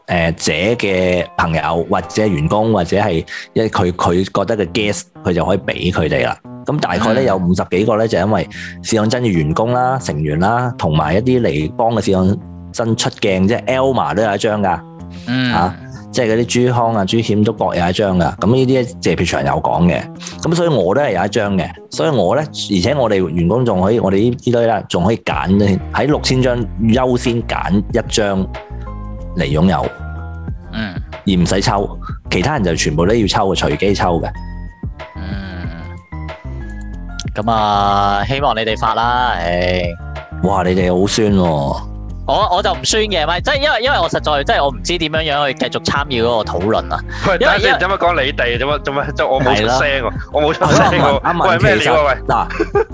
呃、者嘅朋友或者員工或者係因佢佢覺得嘅 guest，佢就可以俾佢哋啦。咁大概咧、嗯、有五十幾個咧，就係、因為試當真嘅員工啦、呃、成員、呃、啦，同、呃、埋一啲嚟幫嘅試當真出鏡，即係 Elma 都有一張噶。嗯，啊，即係嗰啲朱康啊、朱險都各有一張噶，咁呢啲謝皮長有講嘅，咁所以我都係有一張嘅，所以我咧，而且我哋員工仲可以，我哋呢呢堆啦，仲可以揀喺六千張優先揀一張嚟擁有，嗯，而唔使抽，其他人就全部都要抽嘅，隨機抽嘅，嗯，咁啊，希望你哋發啦，唉、欸，哇，你哋好酸喎、哦。我我就唔酸嘅，咪即係因為 因為等等你你我實在即係我唔知點樣樣去繼續參與嗰個討論啊！佢因為點乜講你哋？做乜？做乜即我冇出聲我冇出聲啊！阿文，其實嗱，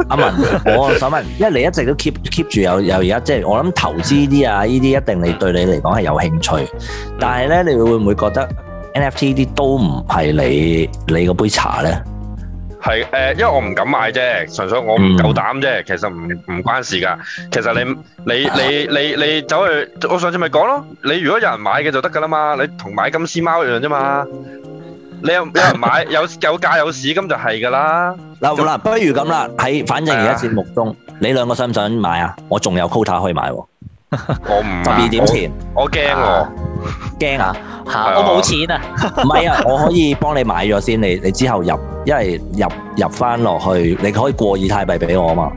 阿文，我想問，因為你一直都 keep keep 住，有。有而家即係我諗投資呢啲啊，呢啲一定你對你嚟講係有興趣，但係咧你會唔會覺得 NFT 呢啲都唔係你你杯茶咧？係誒，因為我唔敢買啫，純粹我唔夠膽啫。其實唔唔關事噶。其實你你你你你走去，我上次咪講咯。你如果有人買嘅就得噶啦嘛。你同買金絲貓一樣啫嘛。你有有人買有有價有市，咁就係噶啦。嗱嗱，不如咁啦。喺反正而家節目中，你兩個想唔想買啊？我仲有 quota 可以買。我唔十二點前，我驚我驚啊！我冇錢啊！唔係啊，我可以幫你買咗先，你你之後入，因為入入翻落去，你可以過以太幣俾我啊嘛。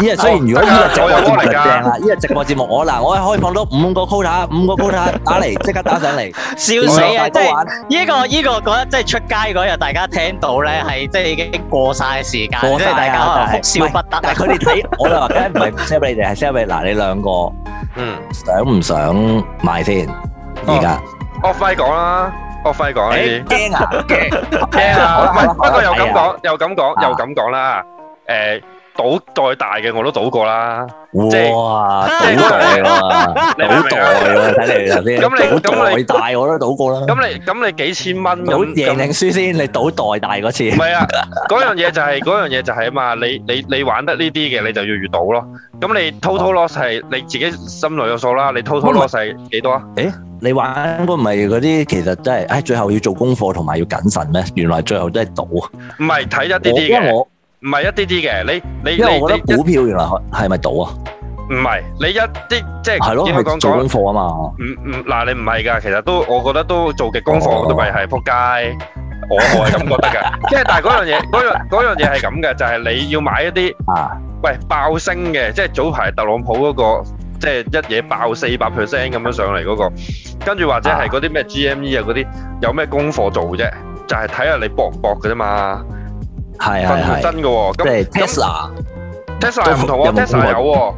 依日雖然如果依日直播節目訂啦，依日直播節目我嗱，我可以放到五個 quota，五個 quota 打嚟，即刻打上嚟。笑死啊！即係依個依個覺得即係出街嗰日，大家聽到咧係即係已經過晒時間，即係大家哭笑不得。但係佢哋睇我話，梗係唔係 share 俾你哋，係 share 俾嗱你兩個，嗯，想唔想買先？而家，我快講啦，我快講呢啲驚啊驚驚啊，唔係不過又咁講又咁講又咁講啦。誒，賭袋大嘅我都賭過啦，即係哇賭袋啊，賭袋啊，睇你頭先咁你咁你大我都賭過啦。咁你咁你幾千蚊咁贏定輸先？你賭袋大嗰次唔係啊？嗰樣嘢就係嗰樣嘢就係啊嘛。你你你玩得呢啲嘅，你就要遇到咯。咁你 total loss 係你自己心裏有數啦。你 total loss 係幾多啊？誒？你玩嗰唔係嗰啲，其實真係，哎，最後要做功課同埋要謹慎咩？原來最後都係賭。唔係睇一啲啲嘅，唔係一啲啲嘅。你你你因為我覺得股票原來係咪賭啊？唔係，你一啲即係做功課啊嘛。唔唔，嗱，你唔係噶，其實都我覺得都做極功課都咪係撲街，我我係咁覺得噶。即係但係嗰樣嘢，嗰樣嗰樣嘢係咁嘅，就係你要買一啲，喂，爆升嘅，即係早排特朗普嗰個。即係一嘢爆四百 percent 咁樣上嚟嗰個，跟住或者係嗰啲咩 GME 啊嗰啲，有咩功課做啫？就係睇下你博唔博嘅啫嘛。係係係真㗎喎，咁咁 Tesla Tesla 唔同喎，Tesla 有喎。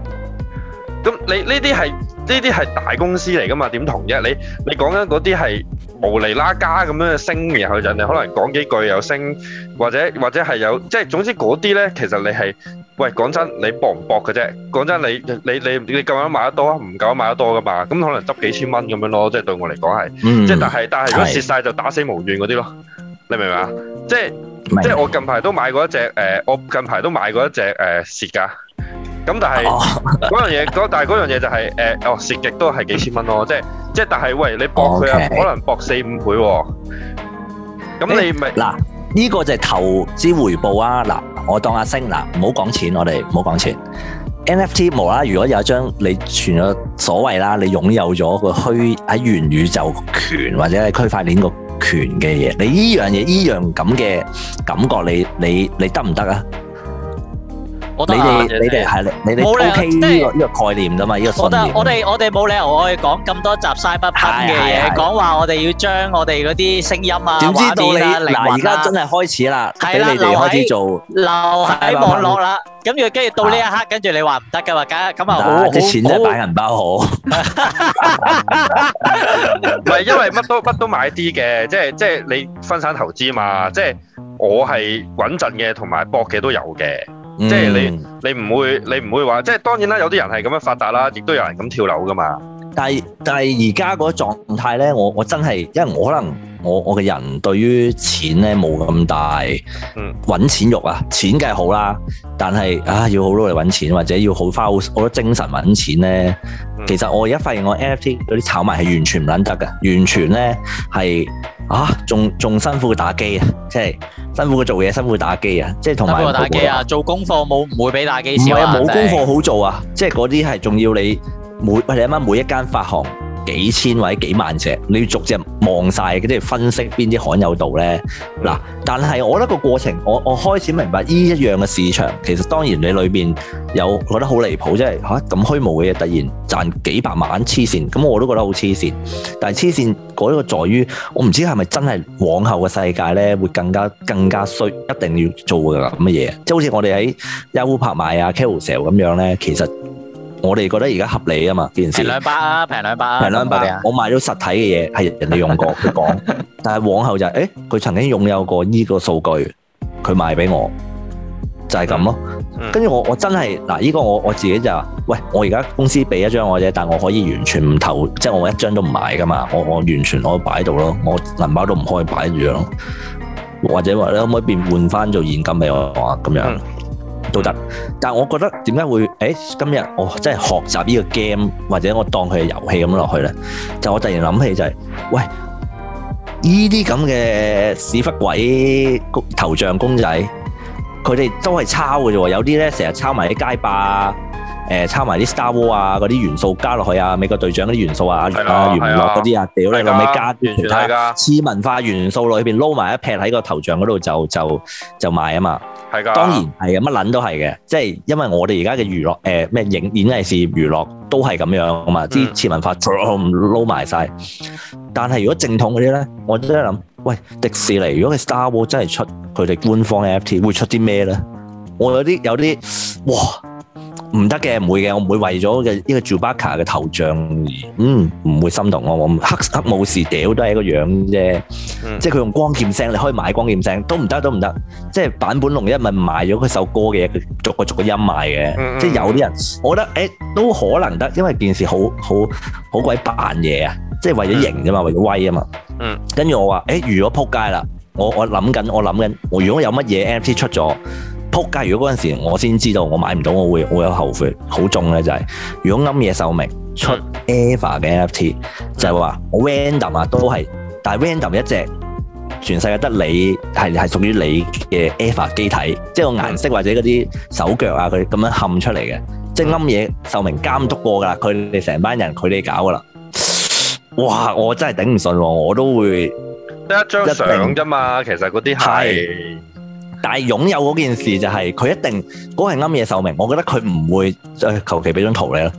咁你呢啲係呢啲係大公司嚟噶嘛？點同啫？你你講緊嗰啲係無嚟啦加咁樣嘅升，然後人哋可能講幾句又升，或者或者係有即係總之嗰啲咧，其實你係。喂，講真，你搏唔搏嘅啫？講真，你你你你夠膽買得多，唔夠膽買得多㗎嘛？咁可能執幾千蚊咁樣咯，即係對我嚟講係，嗯、即係但係是但係如果蝕晒就打死無怨嗰啲咯，你明唔明啊？即係即係我近排都買過一隻誒、呃，我近排都買過一隻誒蝕㗎，咁但係嗰樣嘢，但係嗰、哦、樣嘢 就係、是、誒、呃、哦蝕極都係幾千蚊咯，即係即係但係喂，你搏佢 Okay. 啊，可能搏四五倍喎，咁你咪嗱、欸。 呢個就係投資回報啊！嗱，我當阿星，嗱，唔好講錢，我哋唔好講錢。NFT 無啦，如果有一張你存咗所謂啦，你擁有咗個虛喺元宇宙權或者係區塊鏈個權嘅嘢，你呢樣嘢呢樣咁嘅感覺，你你你得唔得啊？你哋你哋係你哋冇理，即係呢個概念噶嘛？呢個信念。我哋我哋我哋冇理由可以講咁多雜晒不分嘅嘢，講話我哋要將我哋嗰啲聲音啊，點知你嗱而家真係開始啦，俾你哋開始做，留喺網絡啦。咁要跟住到呢一刻，跟住你話唔得噶話，咁咁啊好好好，啲錢真係擺銀包好。唔係因為乜都乜都買啲嘅，即係即係你分散投資嘛，即係我係穩陣嘅，同埋搏嘅都有嘅。嗯、即係你，你唔會，你唔會話，即係當然啦，有啲人係咁樣發達啦，亦都有人咁跳樓噶嘛。但係，但係而家嗰個狀態咧，我我真係，因為我可能。我我嘅人對於錢咧冇咁大，揾錢慾啊，錢梗係好啦、啊，但係啊要好努力揾錢或者要好花好多精神揾錢咧，嗯、其實我而家發現我 NFT 嗰啲炒賣係完全唔撚得㗎，完全咧係啊仲仲辛苦打機啊，即係辛苦嘅做嘢，辛苦打機啊，即係同埋打機啊，包括做功課冇唔會俾打機少冇、啊、功課好做啊，即係嗰啲係仲要你每你阿媽每一間發行。幾千或者幾萬隻，你要逐隻望曬，跟住分析邊啲罕有度呢？嗱，但係我覺得個過程，我我開始明白呢一樣嘅市場，其實當然你裏邊有覺得好離譜，即係嚇咁虛無嘅嘢，突然賺幾百萬黐線，咁我都覺得好黐線。但係黐線嗰一個在於，我唔知係咪真係往後嘅世界呢會更加更加衰，一定要做嘅咁嘅嘢。即係好似我哋喺 Yahoo 拍賣啊，Carousell 咁樣呢，其實。我哋覺得而家合理啊嘛，件事平兩百啊，平兩百、啊，平兩百、啊、我買咗實體嘅嘢係人哋用過，佢講，但係往後就係、是，誒，佢曾經擁有過呢個數據，佢賣俾我，就係、是、咁咯。跟住、嗯、我，我真係嗱，呢、這個我我自己就話，喂，我而家公司俾一張我啫，但我可以完全唔投，即係我一張都唔買噶嘛，我我完全我擺喺度咯，我銀包都唔可以擺住咯，或者話你可唔可以變換翻做現金俾我啊？咁樣。嗯都得，但係我覺得點解會誒、欸，今日我真係學習呢個 game 或者我當佢係遊戲咁落去咧，就我突然諗起就係、是，喂，呢啲咁嘅屎忽鬼公頭像公仔，佢哋都係抄嘅啫，有啲咧成日抄埋啲街霸。誒，參埋啲 Star War 啊，嗰啲元素加落去啊，美國隊長啲元素吧啊，娛啊娛樂嗰啲啊，屌吧你老味加啲其他次文化元素落去邊撈埋一劈喺個頭像嗰度就就就賣啊嘛，係吧當然係啊，乜撚都係嘅，即係因為我哋而家嘅娛樂誒咩影演藝事業娛樂是娛樂都係咁樣啊嘛，啲次文化全部撈埋晒，但係如果正統嗰啲咧，我真係諗，喂，迪士尼如果佢 Star War 真係出佢哋官方 NFT 會出啲咩咧？我有啲有啲哇～哇唔得嘅，唔會嘅，我唔會為咗嘅呢個 Chewbacca 嘅頭像而，嗯，唔會心動我，我黑黑武士屌都係一個樣啫，即係佢用光劍聲，你可以買光劍聲，都唔得，都唔得，即係坂本龍一咪賣咗佢首歌嘅，逐個逐個音賣嘅，即係有啲人，我覺得，誒，都可能得，因為件事好好好鬼扮嘢啊，即係為咗型啫嘛，為咗威啊嘛，嗯，跟住我話，誒，如果撲街啦，我我諗緊，我諗緊，我如果有乜嘢 MT 出咗。仆街！如果嗰陣時我先知道我買唔到我，我會會有後悔，好重咧就係、是。如果啱嘢壽命、嗯、出 Ava、e、嘅 NFT，就係話我 Random 啊都係，但係 Random 一隻全世界得你係係屬於你嘅 Ava、e、機體，即係個顏色或者嗰啲手腳啊佢咁樣冚出嚟嘅，即係啱嘢壽命監督過㗎喇，佢哋成班人佢哋搞㗎喇。哇！我真係頂唔順，我都會得一張相啫嘛定，其實嗰啲係。但係擁有嗰件事就係、是、佢一定嗰係啱嘢壽命，我覺得佢唔會誒，求其俾張圖你啦。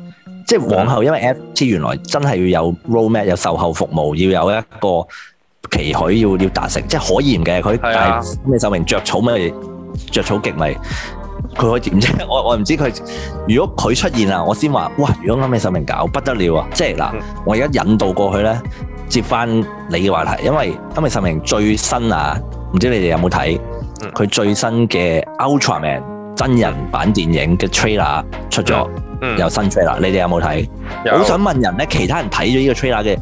即係往後，因為 NFT 原來真係要有 roadmap 有售後服務，要有一個期許要要達成，即係可以嘅。佢啱嘅壽命着草咪着草極咪、就是，佢可以點啫？ 我我唔知佢如果佢出現啊，我先話哇！如果啱嘅壽命搞不得了啊！即係嗱，我而家引導過去咧，接翻你嘅話題，因為啱嘅壽命最新啊，唔知你哋有冇睇？佢最新嘅 Ultraman 真人版電影嘅 trailer 出咗，嗯嗯、有新 trailer，你哋有冇睇？好有想問人咧，其他人睇咗呢個 trailer 嘅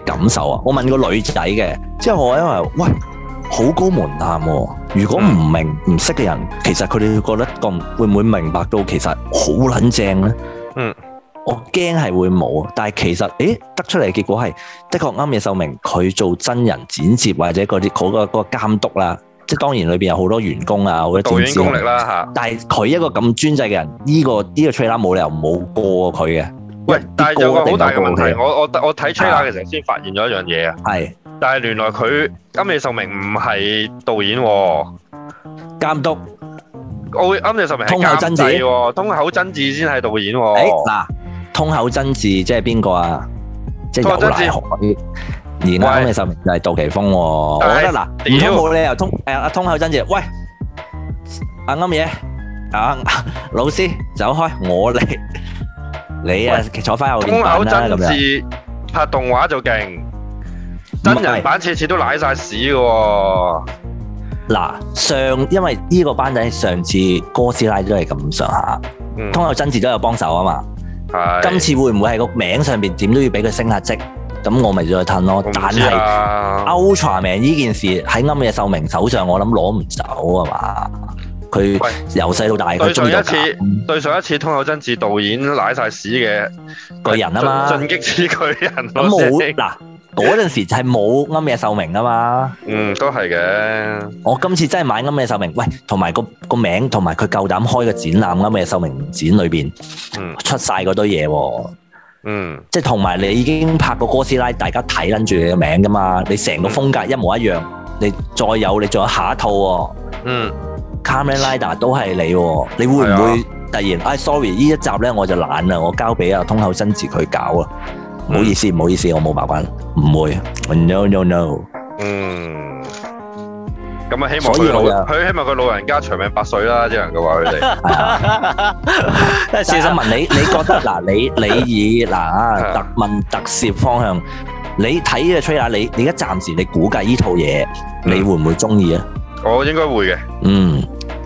嘅感受啊。我問個女仔嘅，即係我因為喂好高門檻、啊，如果唔明唔、嗯、識嘅人，其實佢哋會覺得咁會唔會明白到其實好撚正咧？嗯，我驚係會冇，但係其實誒得出嚟結果係的確啱嘅。秀明佢做真人剪接或者嗰啲好嗰個監督啦。即係當然，裏邊有好多員工啊，好多演員功力啦嚇。但係佢一個咁專制嘅人，呢個呢個 trailer 冇理由冇過佢嘅。喂，但係有個好大嘅問題，我我我睇 trailer 嘅時候先發現咗一樣嘢啊。係，但係原來佢庵野秀明唔係導演，監督。庵野秀明監督。樋口真嗣，樋口真嗣先係導演。哎，嗱，樋口真嗣即係邊個啊？即係牛奶。而家啱嘅壽命就係杜琪峰，我覺得，嗱，如果冇理由通誒，阿樋口真嗣，喂，阿啱嘢，阿老師走開，我嚟，你啊坐翻後邊啦咁樣。樋口真嗣拍動畫就勁，真人版次次都瀨晒屎嘅。嗱，上因為呢個班底上次哥斯拉都係咁上下，樋口真嗣都有幫手啊嘛，今次會唔會係個名上面點都要俾佢升下職？咁我咪再褪咯，但係是、啊、ULTRAMAN 呢件事喺庵野秀明手上，我諗攞唔走啊嘛！佢由細到大喂到對，對上一次對上一次樋口真嗣導演瀨晒屎嘅巨、巨人啊嘛！進擊巨人，冇嗱嗰陣時係冇庵野秀明啊嘛！嗯，都係嘅。我今次真係買庵野秀明，喂，同埋個個名，同埋佢夠膽開個展覽，庵野秀明展裏邊，嗯，出晒嗰堆嘢、啊。嗯，即係同埋你已經拍過哥斯拉，大家睇跟住你嘅名噶嘛，你成個風格一模一樣，你再有你仲有下一套，嗯，Kamen Rider 都係你，你會唔會突然，哎，sorry，呢一集咧我就懶啦，我交俾阿樋口真嗣佢搞啊，唔好意思，唔好意思，我冇麻煩，唔會，no no no，嗯。咁啊，希望佢老佢希望佢老人家長命百歲啦！啲人咁話佢哋。係啊，即係試問問你，你覺得嗱，你你以嗱啊特問特攝方向，你睇嘅 trade 啊，你你而家暫時你估計呢套嘢，你會唔會中意啊？我應該會嘅。嗯，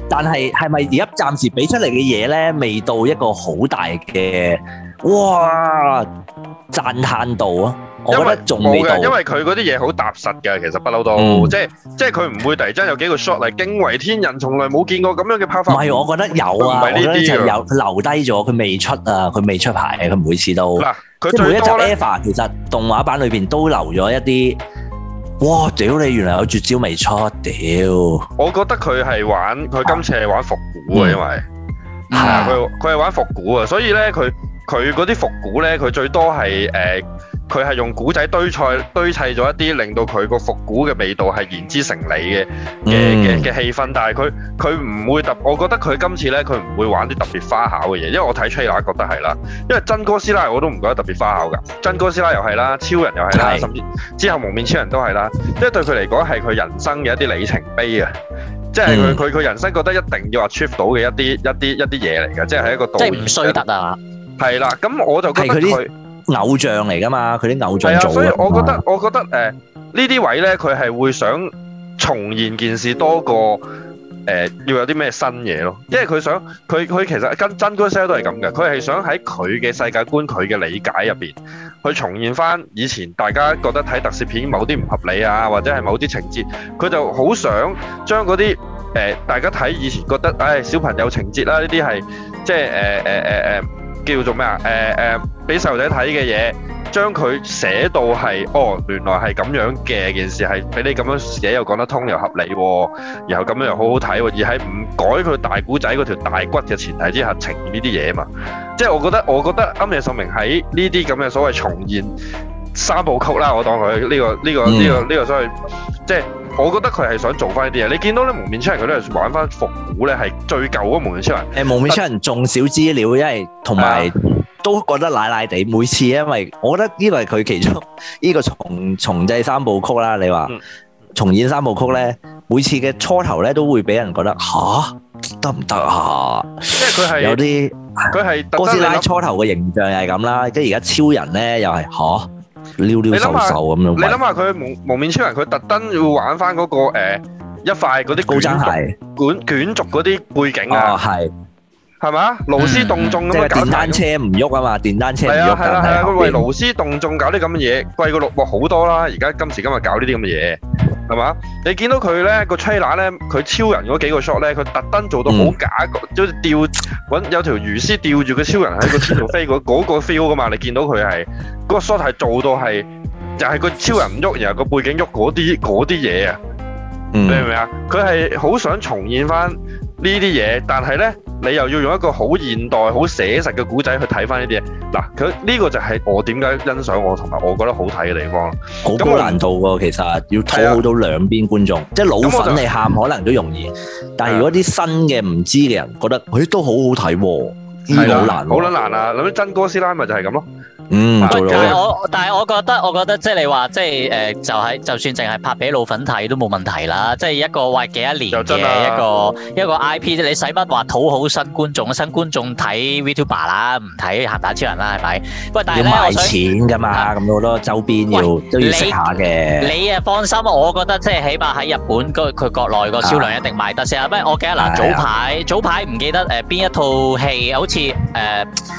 但係係咪而家暫時俾出嚟嘅嘢咧，未到一個好大嘅哇讚歎度啊？我覺得仲未到，因為佢嗰啲嘢好踏實噶，其實不嬲都，即係即係佢唔會突然之間有幾個 shot 嚟驚為天人，從來冇見過咁樣嘅 power。唔係，我覺得有啊，我覺得就有留低咗，佢未出啊，佢未出牌嘅，佢每次都，即係每一集 ever 其實動畫版裏邊都留咗一啲。哇！屌你，原來有絕招未出？屌！我覺得佢係玩佢今次係玩復古啊，因為係啊佢佢係玩復古啊，所以咧佢佢嗰啲復古咧，佢最多係誒。佢係用古仔堆砌堆砌咗一啲，令到佢個復古嘅味道係言之成理嘅嘅嘅氣氛。但係佢佢唔會特，我覺得佢今次咧佢唔會玩啲特別花巧嘅嘢，因為我睇 Trailer 覺得係啦。因為真哥斯拉我都唔覺得特別花巧噶，真哥斯拉又係啦，超人又係啦，是甚至之後蒙面超人都係啦，即係對佢嚟講係佢人生嘅一啲里程碑啊！即係佢佢佢人生覺得一定要話 achieve 到嘅一啲一啲一啲嘢嚟嘅，即係一個導即係唔衰得啊！係啦，咁我就覺佢偶像嚟噶嘛？佢啲偶像做啊！所以我覺得，我覺得誒，呢啲位呢，佢係會想重現件事多過誒，要有啲咩新嘢咯。因為佢想，佢佢其實跟《真孤星》都係咁嘅。佢係想喺佢嘅世界觀、佢嘅理解入邊，去重現翻以前大家覺得睇特攝片某啲唔合理啊，或者係某啲情節，佢就好想將嗰啲誒，大家睇以前覺得誒小朋友情節啦，呢啲係即係誒誒誒誒叫做咩啊？誒誒。俾細路仔睇嘅嘢，將佢寫到係哦，原來係咁樣嘅件事，係俾你咁樣寫又講得通又合理，然後咁樣又好好睇，而喺唔改佢大古仔嗰條大骨嘅前提之下，呈現呢啲嘢嘛。即係我，我覺得，我覺得庵野秀明喺呢啲咁嘅所謂重現三部曲啦，我當佢呢、這個呢、這個呢、這個呢、這個這個所謂，嗯、即係我覺得佢係想做翻呢啲嘢。你見到咧《蒙面超人》呃，佢都係玩翻復古咧，係最舊嗰《蒙面超人》。誒，《蒙面超人》仲少資料，因為同埋。都覺得奶奶地，每次因為我覺得呢個係佢其中呢個重重製三部曲啦。你話重演三部曲咧，每次嘅初頭咧都會俾人覺得嚇得唔得啊！即係佢係有啲佢係哥斯拉初頭嘅形象係咁啦，即係而家超人咧又係嚇潦潦瘦瘦咁樣。你諗下佢蒙蒙面超人，佢特登要玩翻嗰個誒一塊嗰啲高踭鞋捲捲軸嗰啲背景啊！係。係嘛？勞師動眾咁啊！電單車唔喐啊嘛！電單車唔喐咁啊！係啊、係啊、係啊、佢為勞師動眾搞啲咁嘅嘢，貴過綠幕好多啦！而家今時今日搞呢啲咁嘅嘢，係嘛？你見到佢咧、個 trailer 咧，佢、就是、超人嗰幾個 shot 咧，佢特登做到好假，即係好似吊揾有條魚絲吊住個超人喺個天度飛嗰嗰個 feel 噶嘛？你見到佢係個 shot 係做到係，就係個超人唔喐，然後個背景喐嗰啲啲嘢啊！你明唔明啊？佢係好想重現翻呢啲嘢，但係咧，你又要用一個好現代、好寫實嘅古仔去睇翻呢啲嘢。嗱，佢、這、呢個就係我點解欣賞我同埋我覺得好睇嘅地方。好高難度喎，其實要討好到兩邊觀眾，的即係老粉嚟，喊可能都容易，但係如果啲新嘅唔知嘅人覺得，佢、欸、都好好睇，好難，好啦難啊！諗的真哥斯拉咪就係咁咯。嗯，但係我但係我覺得，我覺得即係你話即係誒，就係就算淨係拍俾老粉睇都冇問題啦。即係一個活幾一年嘅一個一個 IP 啫。你使乜話討好新觀眾？新觀眾睇 Vtuber 啦，唔睇鹹蛋超人啦，係咪？喂，但係咧，我想要賣錢㗎嘛，咁好多周邊要都要識下嘅。你啊放心，我覺得即係起碼喺日本個佢國內個銷量一定賣得先啊。咩？我記得嗱，早排早排唔記得誒邊一套戲，好似誒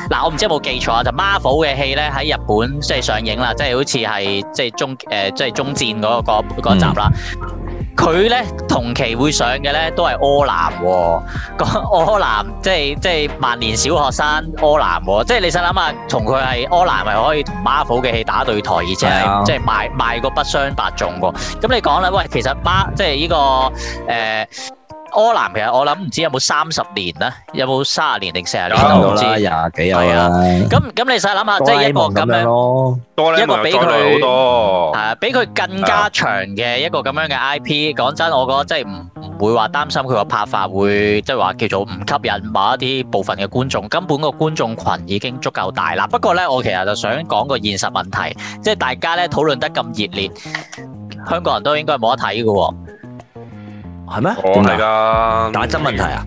嗱，我唔知有冇記錯啊，就 Marvel 嘅戲。咧喺日本即係上映啦，即係好似係、呃、即係中誒即係終戰嗰、那個集啦。佢咧、嗯、同期會上嘅咧都係柯南、哦、柯南，個柯南即係即係萬年小學生柯南、哦。即係你細諗下，同佢係柯南係可以同 Marvel 嘅戲打對台，而且係的即係賣賣個不相伯仲。咁你講啦，喂，其實馬即係呢、這個誒。呃柯南其實我諗，唔知有冇三十年咧，有冇卅年定四十年都唔知。廿幾有啦。係啊，咁咁你細諗下，即係一個咁樣，一個比佢好多，比佢更加長嘅一個咁樣嘅 IP。講真，我覺得即係唔唔會話擔心佢個拍法會即係話叫做唔吸引某一啲部分嘅觀眾。根本個觀眾群已經足夠大啦。不過咧，我其實就想講個現實問題，即係大家咧討論得咁熱烈，香港人都應該係冇得睇嘅。係咩？點嚟噶？但係真問題啊？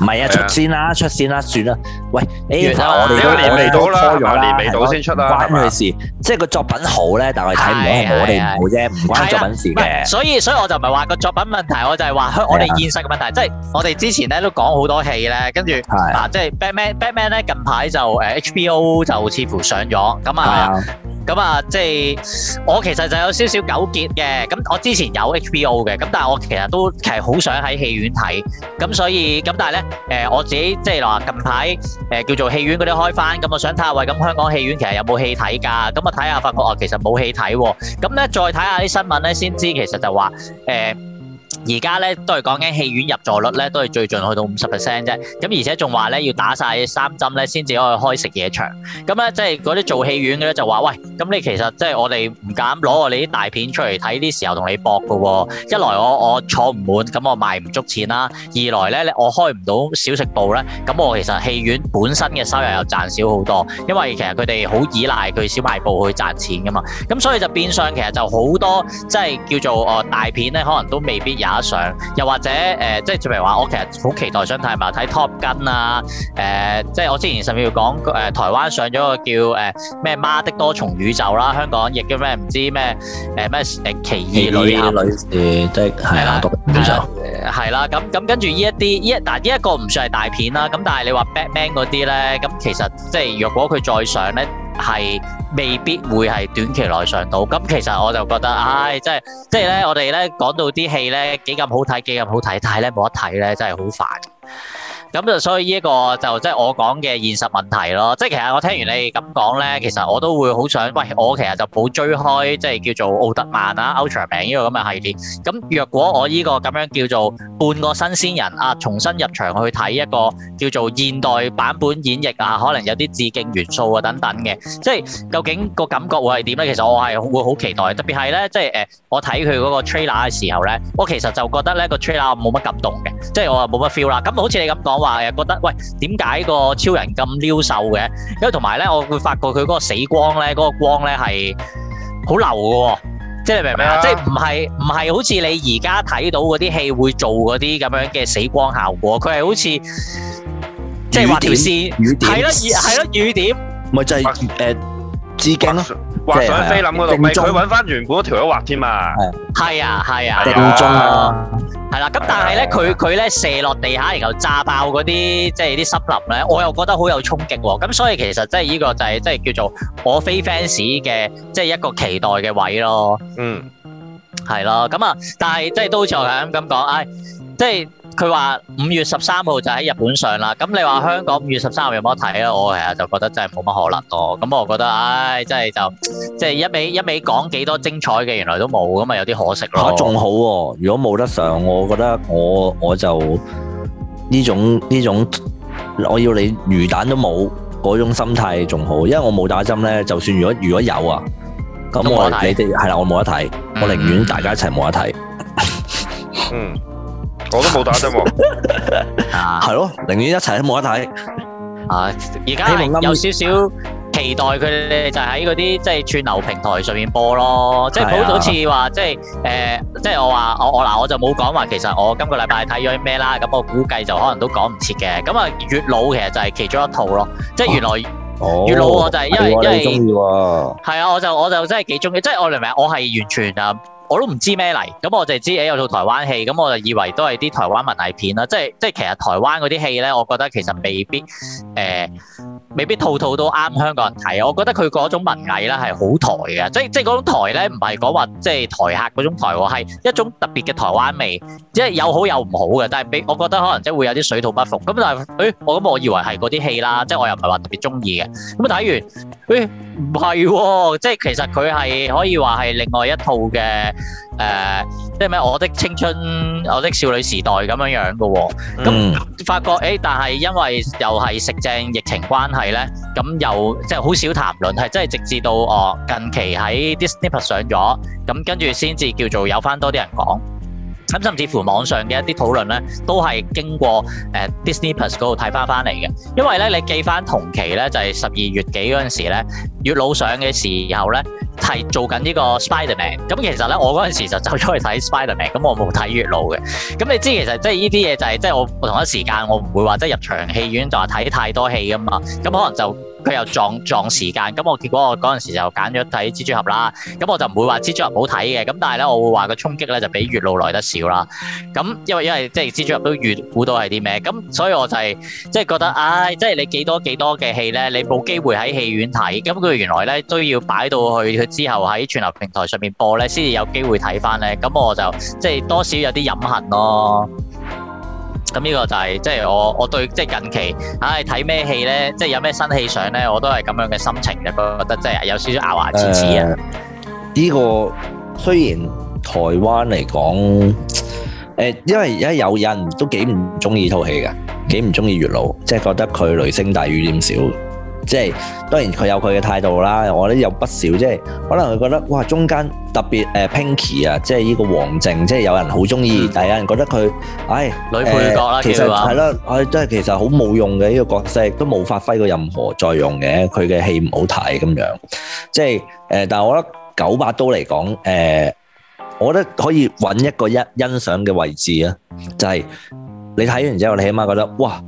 唔係啊，出先啦，出先啦，算啦。喂，你我哋都我哋到啦，我哋到啦，先出啊，關佢事。即係個作品好咧，但係睇唔好係我哋唔好啫，唔關作品事嘅。所以所以我就唔係話個作品問題，我就係話我哋現實嘅問題。即係我哋之前咧都講好多戲咧，跟住啊，即係 Batman Batman 咧近排就誒 HBO 就似乎上咗咁啊。咁啊，即係我其實就有少少糾結嘅。咁我之前有 HBO 嘅，咁但係我其實都其實好想喺戲院睇。咁所以咁，但係咧、呃、我自己即係話近排、呃、叫做戲院嗰啲開翻，咁我想睇下喂，咁香港戲院其實有冇戲睇㗎？咁我睇下，發覺我其實冇戲睇喎。咁咧再睇下啲新聞咧，先知其實就話誒，呃而家咧都係講緊戲院入座率咧，都係最近去到五十 percent 啫。咁而，而且仲話咧要打晒三針咧，先至可以開食嘢場。咁咧即係嗰啲做戲院嘅咧就話：喂，咁你其實即係我哋唔敢攞我哋啲大片出嚟睇啲時候同你搏嘅喎，哦。一來我我坐唔滿，咁我賣唔足錢啦、啊；二來咧我開唔到小食部咧，咁我其實戲院本身嘅收入又賺少好多。因為其實佢哋好依賴佢小賣部去賺錢㗎嘛。咁所以就變相其實就好多即係叫做哦大片咧，可能都未必有。上又或者誒、呃，即係譬如話，我其實好期待想睇埋睇 Top Gun 啊誒、呃，即係我之前甚至要講誒，台灣上咗個叫誒咩、呃、媽的多重宇宙啦，香港亦叫咩唔知咩誒咩誒奇異女啊，誒即係係啦，多宇宙係啦，咁咁跟住呢一啲呢一，但係呢一個唔算係大片啦。咁但係你話 Batman 嗰啲咧，咁其實即係若果佢再上咧，係未必會係短期內上到，咁其實我就覺得，唉、哎，真係，即係咧，我哋咧講到啲戲咧幾咁好睇，幾咁好睇，但係咧冇得睇咧，真係好煩。咁就所以呢一個就即係我講嘅現實問題咯，即係其實我聽完你咁講呢，其實我都會好想，喂，我其實就冇追開即係叫做奧特曼啊、Ultraman 呢個咁嘅系列。咁若果我呢個咁樣叫做半個新鮮人啊，重新入場去睇一個叫做現代版本演繹啊，可能有啲致敬元素啊等等嘅，即係究竟個感覺會係點呢？其實我係會好期待，特別係呢，即係誒、呃，我睇佢嗰個 trailer 嘅時候呢，我其實就覺得呢個 trailer 冇乜感動嘅，即係我話冇乜 feel 啦。咁好似你咁講。話又覺得，喂，點解個超人咁撩瘦嘅？因為同埋咧，我會發覺佢嗰個死光咧，嗰個光咧係好流嘅，即係明唔明啊？即係唔係唔係好似你而家睇到嗰啲戲會做嗰啲咁樣嘅死光效果？佢係好似即係畫條線，雨點係咯，係咯，雨點，咪就係誒致敬咯，畫上菲林嗰度，咪佢揾翻原本嗰條去畫添嘛，係係啊係啊，定鐘咯。係啦，咁但係咧，佢佢咧射落地下，然後炸爆嗰啲即係啲森林咧，我又覺得好有衝擊喎。咁所以其實即係呢個就係即係叫做我非 fans 嘅即係、就是、一個期待嘅位咯。嗯，係咯，咁啊，但係即係都好似我咁講，唉、哎，即、就、係、是。佢話五月十三號就喺日本上啦，咁你話香港五月十三號有冇得睇啊？我其實就覺得真係冇乜可能咯，咁我覺得，唉，真係就，即係一味一味講幾多精彩嘅，原來都冇咁啊，有啲可惜咯。吓，仲好，如果冇得上，我覺得我我就呢種呢種，我要你魚蛋都冇嗰種心態仲好，因為我冇打針咧，就算如果如果有啊，咁我你哋係啦，我冇得睇，我寧願大家一齊冇得睇。嗯。我都冇打啫，係咯，寧願一齊都冇得睇。啊，而家有少少期待佢哋就喺嗰啲即係串流平台上面播咯，即係好好似話即係誒，即係我話我我嗱，我就冇講話，其實我今個禮拜睇咗啲咩啦。咁我估計就可能都講唔切嘅。咁啊，月老其實就係其中一套咯，即係原來月老我就係因為因為係啊，我就我就真係幾中意，即係我明明，我係完全啊。我都唔知咩嚟，咁我就知誒、欸、有套台灣戲，咁我就以為都係啲台灣文藝片啦。即係即係其實台灣嗰啲戲咧，我覺得其實未必誒、呃，未必套套都啱香港人睇。我覺得佢嗰種文藝咧係好台嘅，即係即係嗰種台咧，唔係講話即係台客嗰種台，係一種特別嘅台灣味，即係有好有唔好嘅。但係俾我覺得可能即係會有啲水土不服。咁但係誒、欸，我咁、欸、我以為係嗰啲戲啦，即係我又唔係話特別鍾意嘅。咁啊睇完誒唔係喎，即係其實佢係可以話係另外一套嘅。誒，uh, 即係咩？我的青春，我的少女時代咁樣樣噶喎。咁、mm. 嗯嗯、發覺誒，但係因為又係食正疫情關係咧，咁又即係好少談論，係真係直至到我、哦、近期喺 Disney+ 上咗，咁跟住先至叫做有翻多啲人講。咁甚至乎網上嘅一啲討論咧，都係經過誒 Disney Plus 嗰度睇翻翻嚟嘅，因為咧你記翻同期咧就係十二月幾嗰陣時咧，月老上嘅時候咧係做緊呢個 Spider-Man。咁其實咧我嗰陣時就走出去睇 Spider-Man，咁我冇睇月老嘅。咁你知其實即係呢啲嘢就係即係我我同一時間我唔會話即係入場戲院就話睇太多戲㗎嘛，咁可能就。佢又撞撞時間，咁我結果我嗰陣時就揀咗睇蜘蛛俠啦。咁我就唔會話蜘蛛俠唔好睇嘅，咁但係咧，我會話個衝擊咧就比月老來得少啦。咁因為因為即係蜘蛛俠都預估到係啲咩，咁所以我就係即係覺得，唉，即係你幾多幾多嘅戲咧，你冇機會喺戲院睇，咁佢原來咧都要擺到去佢之後喺串流平台上面播咧，先至有機會睇翻咧。咁我就即係多少有啲隱痕咯。咁呢、這個就係即係我我對即係近期，唉睇咩戲咧？即係有咩新戲上咧？我都係咁樣嘅心情嘅，覺得即係有少少咬牙切齒啊！呢、呃這個雖然台灣嚟講，誒、呃，因為而家有人都幾唔中意套戲嘅，幾唔中意月老，即係覺得佢雷聲大雨點少。即係當然佢有佢嘅態度啦，我覺得有不少即係可能佢覺得哇中間特別誒 Pinky 啊，即係呢個王淨，即係有人好中意，但係有人覺得佢唉女配角啦，其實話係咯，誒真係其實好冇用嘅呢個角色，都冇發揮過任何作用嘅，佢嘅戲唔好睇咁樣。即係誒，但係我覺得九把刀嚟講，誒，我覺得可以揾一個欣欣賞嘅位置啊，就係你睇完之後，你起碼覺得哇，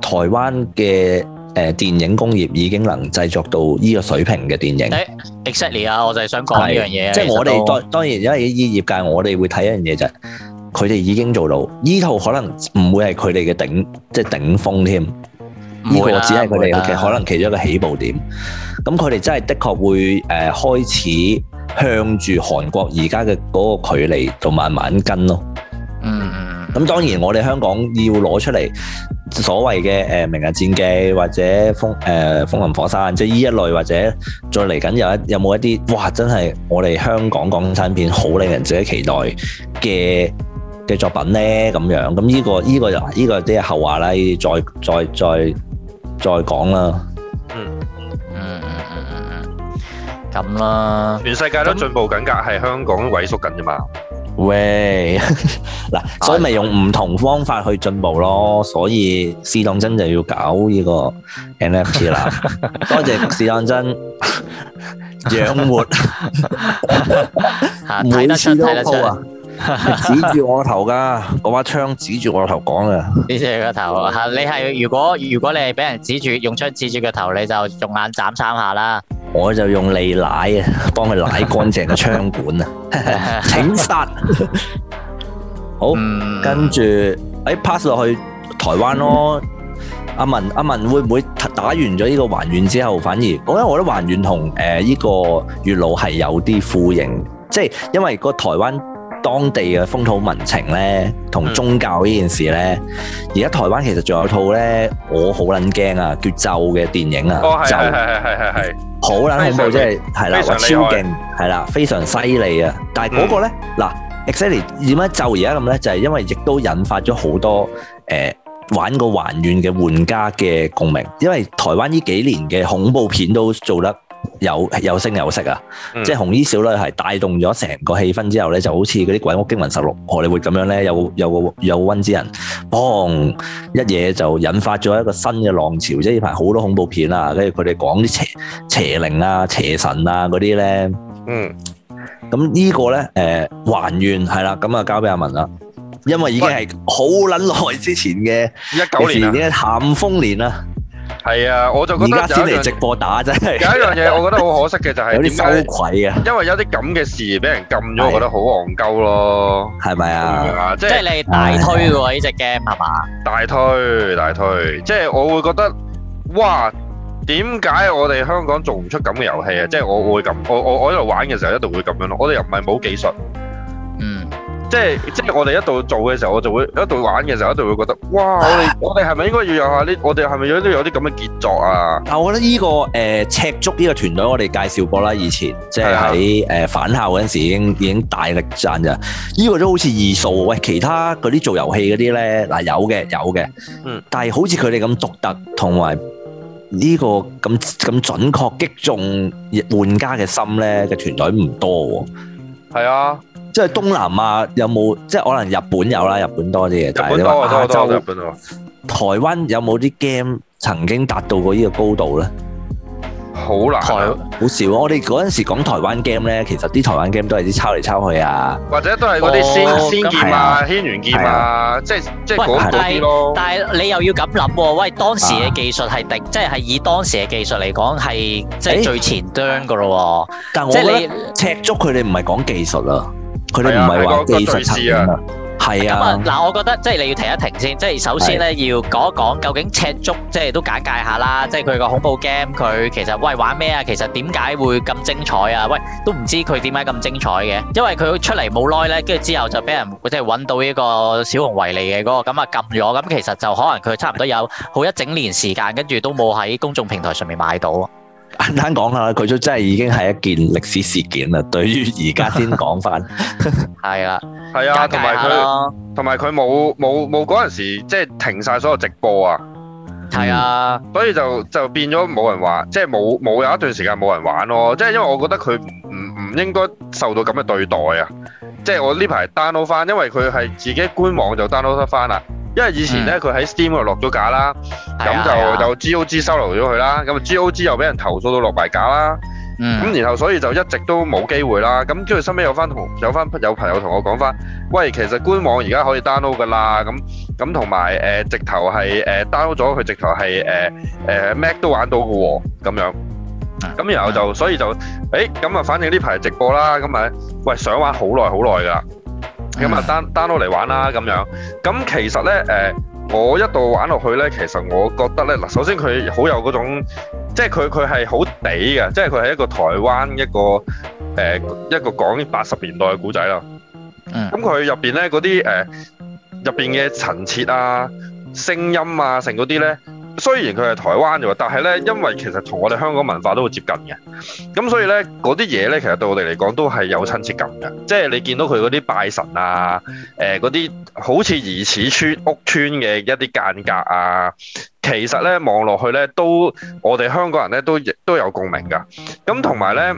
台灣嘅。誒電影工業已經能製作到呢個水平嘅電影。Exactly 啊，我就係想講呢樣嘢。即係我哋當當然，因為依業界我哋會睇一樣嘢就係、是，佢哋已經做到，呢、這、套、個、可能唔會係佢哋嘅頂，即係頂峰添。我、啊、只係佢哋嘅可能其中一個起步點。咁佢哋真係的確會誒、呃、開始向住韓國而家嘅嗰個距離度慢慢跟咯。嗯。咁當然我哋香港要攞出嚟。所謂嘅誒《明日戰記》或者風誒、呃《風雲火山》，即係呢一類或者再嚟緊有，有，有一有冇一啲哇，真係我哋香港港產片好令人自己期待嘅嘅作品呢？咁、嗯、樣。咁呢、呢個呢、呢個依、呢個啲後話啦，依啲再再再再講啦、嗯。嗯嗯嗯嗯嗯咁啦，嗯嗯、全世界都進步緊㗎，係、嗯、香港萎縮緊啫嘛。喂，嗱， 所以咪用唔同方法去進步咯，所以試當真就要搞呢個 NFT 啦。 多謝試當真養 仰活，睇 得出，睇、 啊、得出啊， 指住我個頭噶，嗰把槍指住我個頭講啊，你指你個頭啊，你係如果如果你係俾人指住用槍指住個頭，你就用眼斬三下啦。我就用嚟奶啊，幫佢奶乾淨個槍管啊， 請殺開始！ 好，嗯、跟住，哎，pass 落去台灣咯。阿、啊、文，阿、啊、文會唔會打完咗呢個還願之後，反而我覺得我啲還願同誒呢個月老係有啲呼應，即係因為個台灣。當地嘅風土民情咧，同宗教呢件事咧，而家台灣其實仲有套咧，我好撚驚啊，叫咒嘅電影啊，咒係係係係係，好撚恐怖，真係係啦，我超勁係啦，非常犀利啊！但係嗰個咧，嗱，exactly 點解咒而家咁咧？就係因為亦都引發咗好多誒玩過還願嘅玩家嘅共鳴，因為台灣呢幾年嘅恐怖片都做得，有有聲有色啊！嗯、即係紅衣少女係帶動咗成個氣氛之後咧，就好似嗰啲鬼屋驚魂十六，我哋會咁樣咧，有有有溫之人，砰一嘢就引發咗一個新嘅浪潮。即係呢排好多恐怖片啊，跟住佢哋講啲邪邪靈啊、邪神啊嗰啲咧。呢嗯，咁呢個咧，誒、呃，還願係啦，咁啊，就交俾阿文啦，因為已經係好捻耐之前嘅一九年嘅咸豐年啊。係啊，我就覺得而家先嚟直播打真係。有一樣嘢，我覺得好可惜嘅就係有啲羞愧啊。因為有啲咁嘅事俾人禁咗，我覺得好戇鳩咯，係咪啊？即係你大推噶喎呢隻 game 係嘛？大推大推，即係我會覺得，哇，點解我哋香港做唔出咁嘅遊戲啊？即係我我會咁，我我我喺度玩嘅時候，一度會咁樣咯。我哋又唔係冇技術，嗯。即係即係我哋一度做嘅時候，我就會一度玩嘅時候，一度會覺得哇！我哋，啊，我哋係咪應該要有下呢？我哋係咪有啲有啲咁嘅傑作啊？啊，我覺得呢，這個誒、呃，赤燭呢個團隊，我哋介紹過啦，以前即係喺誒返校嗰陣時，已經已經大力讚嘅。呢，這個都好似二數喂，其他嗰啲做遊戲嗰啲咧嗱，有嘅有嘅，嗯，但係好似佢哋咁獨特同埋呢個咁咁準確擊中玩家嘅心咧嘅團隊唔多，係啊。即係東南亞有冇？即係可能日本有啦，日本多啲嘢仔咯。亞洲日本咯，但係你話，台灣有冇啲 game 曾經達到過呢個高度咧？好難，好少。我哋嗰陣時講台灣 game 咧，其實啲台灣 game 都係啲抄嚟抄去啊，或者都係嗰啲仙仙劍啊、軒轅劍啊，即係即係嗰多，但係你又要咁諗喎？喂，當時嘅技術係定，即係係以當時嘅技術嚟講係即係最前端噶咯。但係我覺得赤燭佢哋唔係講技術啊。佢哋唔係玩技術質、那個、啊，係啊。咁啊，嗱，我覺得即係你要停一停先，即係首先咧是的 要講一講究竟赤足即係都簡介下啦，即係佢個恐怖 game，佢其實喂玩咩啊？其實點解會咁精彩啊？喂，都唔知佢點解咁精彩嘅，因為佢出嚟冇耐咧，跟住之後就俾人即係揾到呢個小熊維尼嘅嗰、那個，咁啊撳咗，咁其實就可能佢差唔多有好一整年時間，跟住都冇喺公眾平台上面買到。簡單講下，佢都真係已經係一件歷史事件啦。對於而家先講翻，係啦，係啊，同埋佢，同埋佢冇冇冇嗰陣時，即係停晒所有直播啊。係啊，所以就就變咗冇人玩，即係冇冇有一段時間冇人玩咯。即係因為我覺得佢唔唔應該受到咁嘅對待啊。即係我呢排 download 翻，因為佢係自己官網就 download 得翻啦。因為以前咧，佢喺 Steam 度落咗架啦，咁、哎、呀就就 GO GOG 收留咗佢啦，咁 GOG 又俾人投訴到落埋架啦，咁、嗯、然後所以就一直都冇機會啦，咁跟住身尾有翻同有翻有朋友同我講翻，喂，其實官網而家可以 download 噶啦，咁咁同埋誒直頭係誒 download 咗，佢、呃、直頭係誒誒 Mac 都玩到嘅喎，咁樣，咁、嗯、然後就所以就誒咁啊，哎、反正呢排直播啦，咁咪喂想玩好耐好耐噶。咁啊，down download 嚟玩啦，咁樣。咁其實咧，誒、呃，我一度玩落去咧，其實我覺得咧，嗱，首先佢好有嗰種，即係佢佢係好地嘅，即係佢係一個台灣一個誒、呃、一個講八十年代嘅古仔啦。咁佢入邊咧嗰啲誒，入邊嘅陳設啊、聲音啊成嗰啲咧。雖然佢係台灣嘅，但係咧，因為其實同我哋香港文化都好接近嘅。咁所以咧嗰啲嘢咧，其實對我哋嚟講都係有親切感嘅。即係你見到佢嗰啲拜神啊，誒嗰啲好似疑似村屋村嘅一啲間隔啊。其實咧，望落去咧，都我哋香港人咧，都亦都有共鳴噶。咁同埋咧，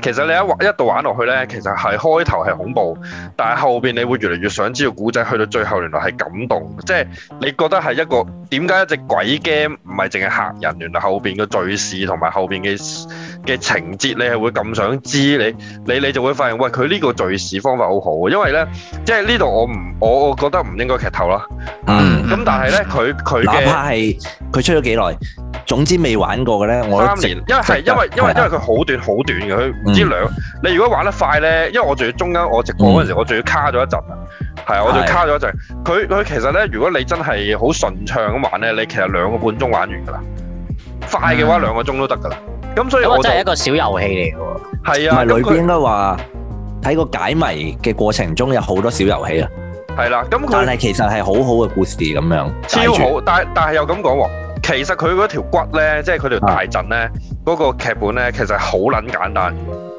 其實你一，一度玩一到玩落去咧，其實係開頭係恐怖，但係後邊你會越嚟越想知道古仔，去到最後原來係感動。即係你覺得係一個點解一隻鬼 game 唔係淨係嚇人，原來後邊嘅敘事同埋後邊嘅嘅情節你，你係會咁想知你你你就會發現，喂，佢呢個敘事方法好好，因為咧，即係呢度我唔我我覺得唔應該劇透啦。咁、嗯、但係咧，佢佢嘅佢出咗幾耐？總之未玩過嘅咧，我三年，因為係因為因為因為佢好短好短嘅，佢唔知兩。你如果玩得快咧，因為我仲要中間我直播嗰時我仲要卡咗一陣啊，係啊，我仲要卡咗一陣。佢佢其實咧，如果你真係好順暢咁玩咧，你其實兩個半鐘玩完噶啦。快嘅話兩個鐘都得噶啦。咁所以，我啊，真係一個小遊戲嚟嘅。係啊，唔係裏邊應該話睇個解謎嘅過程中有好多小遊戲啊。係啦，咁但係其實係好好嘅故事咁樣，超好。但但係又咁講喎，其實佢嗰條骨呢，即係佢條大陣呢，嗰、嗯、個劇本呢，其實好撚簡單。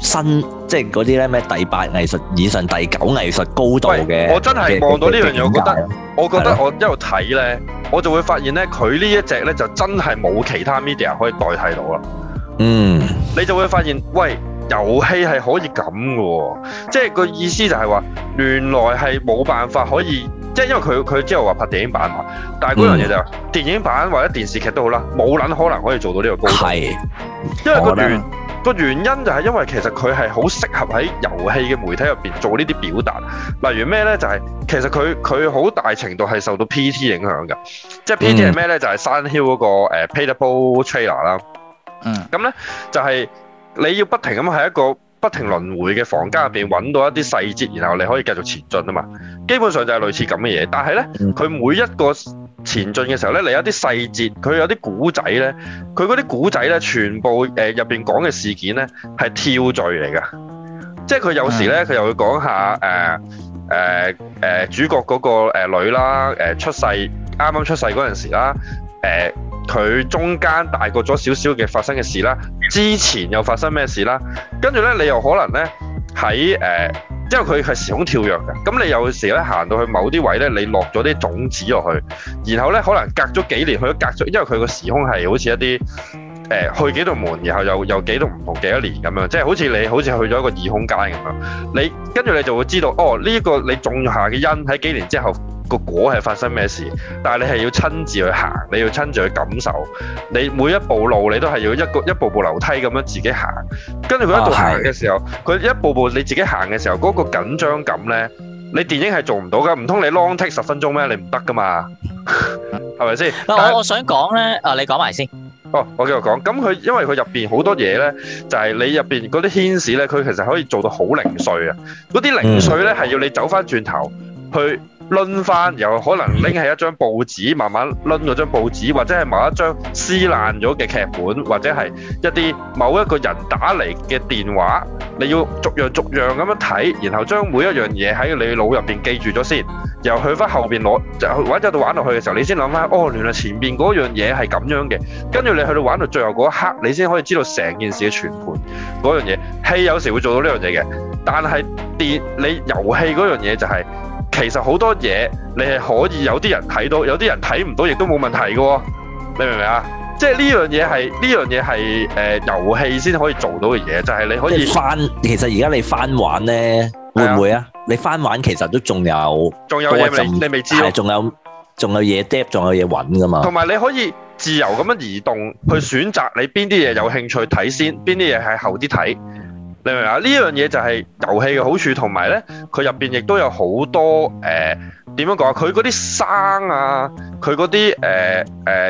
新即係嗰啲咧咩第八藝術以上第九藝術高度嘅，我真係望到呢樣嘢，我覺得我覺得我一路睇咧，我就會發現咧，佢呢一隻咧就真係冇其他 media 可以代替到啦。嗯，你就會發現，喂，遊戲係可以咁嘅、哦，即係個意思就係話，原來係冇辦法可以，即係因為佢佢之後話拍電影版嘛，但係嗰樣嘢就是嗯、電影版或者電視劇都好啦，冇捻可能可以做到呢個高度，係的，因為個原。個原因就係因為其實佢係好適合喺遊戲嘅媒體入邊做呢啲表達，例如咩呢？就係、是、其實佢佢好大程度係受到 P T 影響嘅，即係 P T 係咩呢？就係山謠嗰個 Payable Trailer 啦。嗯，咁呢就係你要不停咁喺一個不停輪迴嘅房間入邊揾到一啲細節，然後你可以繼續前進啊嘛。基本上就係類似咁嘅嘢，但係呢，佢、嗯、每一個。前進嘅時候呢，你有啲細節，佢有啲古仔呢，佢嗰啲古仔呢，全部誒入邊講嘅事件呢，係跳敘嚟嘅，即係佢有時呢，佢又會講下誒誒誒主角嗰個女啦，誒、呃、出世啱啱出世嗰陣時啦，誒、呃、佢中間大個咗少少嘅發生嘅事啦，之前又發生咩事啦，跟住呢，你又可能呢，喺誒。呃因為佢係時空跳躍嘅，咁你有時咧行到去某啲位咧，你落咗啲種子落去，然後咧可能隔咗幾年，佢都隔咗，因為佢個時空係好似一啲誒、呃、去幾度門，然後又又幾度唔同幾多年咁樣，即係好似你好似去咗一個異空間咁樣，你跟住你就會知道，哦呢一、呢個你種下嘅因喺幾年之後。個果係發生咩事？但係你係要親自去行，你要親自去感受。你每一步路，你都係要一個一步步樓梯咁樣自己行。跟住佢一路行嘅時候，佢一步步你自己行嘅時候，嗰個緊張感咧，你電影係做唔到㗎。唔通你 long take 十分鐘咩？你唔得㗎嘛，係咪先？我我想講咧，啊你講埋先。哦，我繼續講。咁佢因為佢入邊好多嘢咧，就係你入邊嗰啲籤詩咧，佢其實可以做到好零碎啊。嗰啲零碎咧係要你走翻轉頭去。掄翻，然後可能拎起一張報紙，慢慢掄嗰張報紙，或者係某一張撕爛咗嘅劇本，或者係一啲某一個人打嚟嘅電話，你要逐樣逐樣咁樣睇，然後將每一樣嘢喺你腦入邊記住咗先，然後去翻後邊攞就玩，即係到玩落去嘅時候，你先諗翻哦，原來前面嗰樣嘢係咁樣嘅，跟住你去到玩到最後嗰一刻，你先可以知道成件事嘅全盤嗰樣嘢。戲有時會做到呢樣嘢嘅，但係電你遊戲嗰樣嘢就係。其實好多嘢你係可以有啲人睇到，有啲人睇唔到亦都冇問題㗎，你明唔明啊？即係呢樣嘢係呢樣嘢係誒遊戲先可以做到嘅嘢，就係、是、你可以你翻。其實而家你翻玩呢，的會唔會啊？你翻玩其實都仲有仲還有，有你，你未知道、哦，仲有仲有嘢 drop 仲有嘢揾噶嘛？同埋你可以自由咁樣移動，去選擇你邊啲嘢有興趣睇先，邊啲嘢係後啲睇。你明唔明啊？呢樣嘢就係遊戲嘅好處，同埋咧，佢入邊亦都有好多誒點樣講啊？佢嗰啲生啊，佢嗰啲誒誒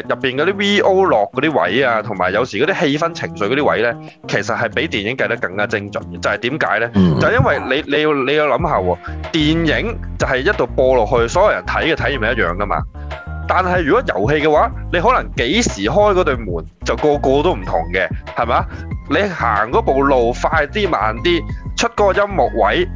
入邊嗰啲 VO 落嗰啲位啊，同埋有時嗰啲氣氛情緒嗰啲位咧，其實係比電影計得更加精準。就係點解咧？就係因為你你要你要諗下喎，電影就係一路播落去，所有人睇嘅體驗係一樣噶嘛。但係如果遊戲嘅話，你可能幾時開嗰對門就個個都唔同嘅，係咪？你行嗰步路快啲慢啲，出個音樂位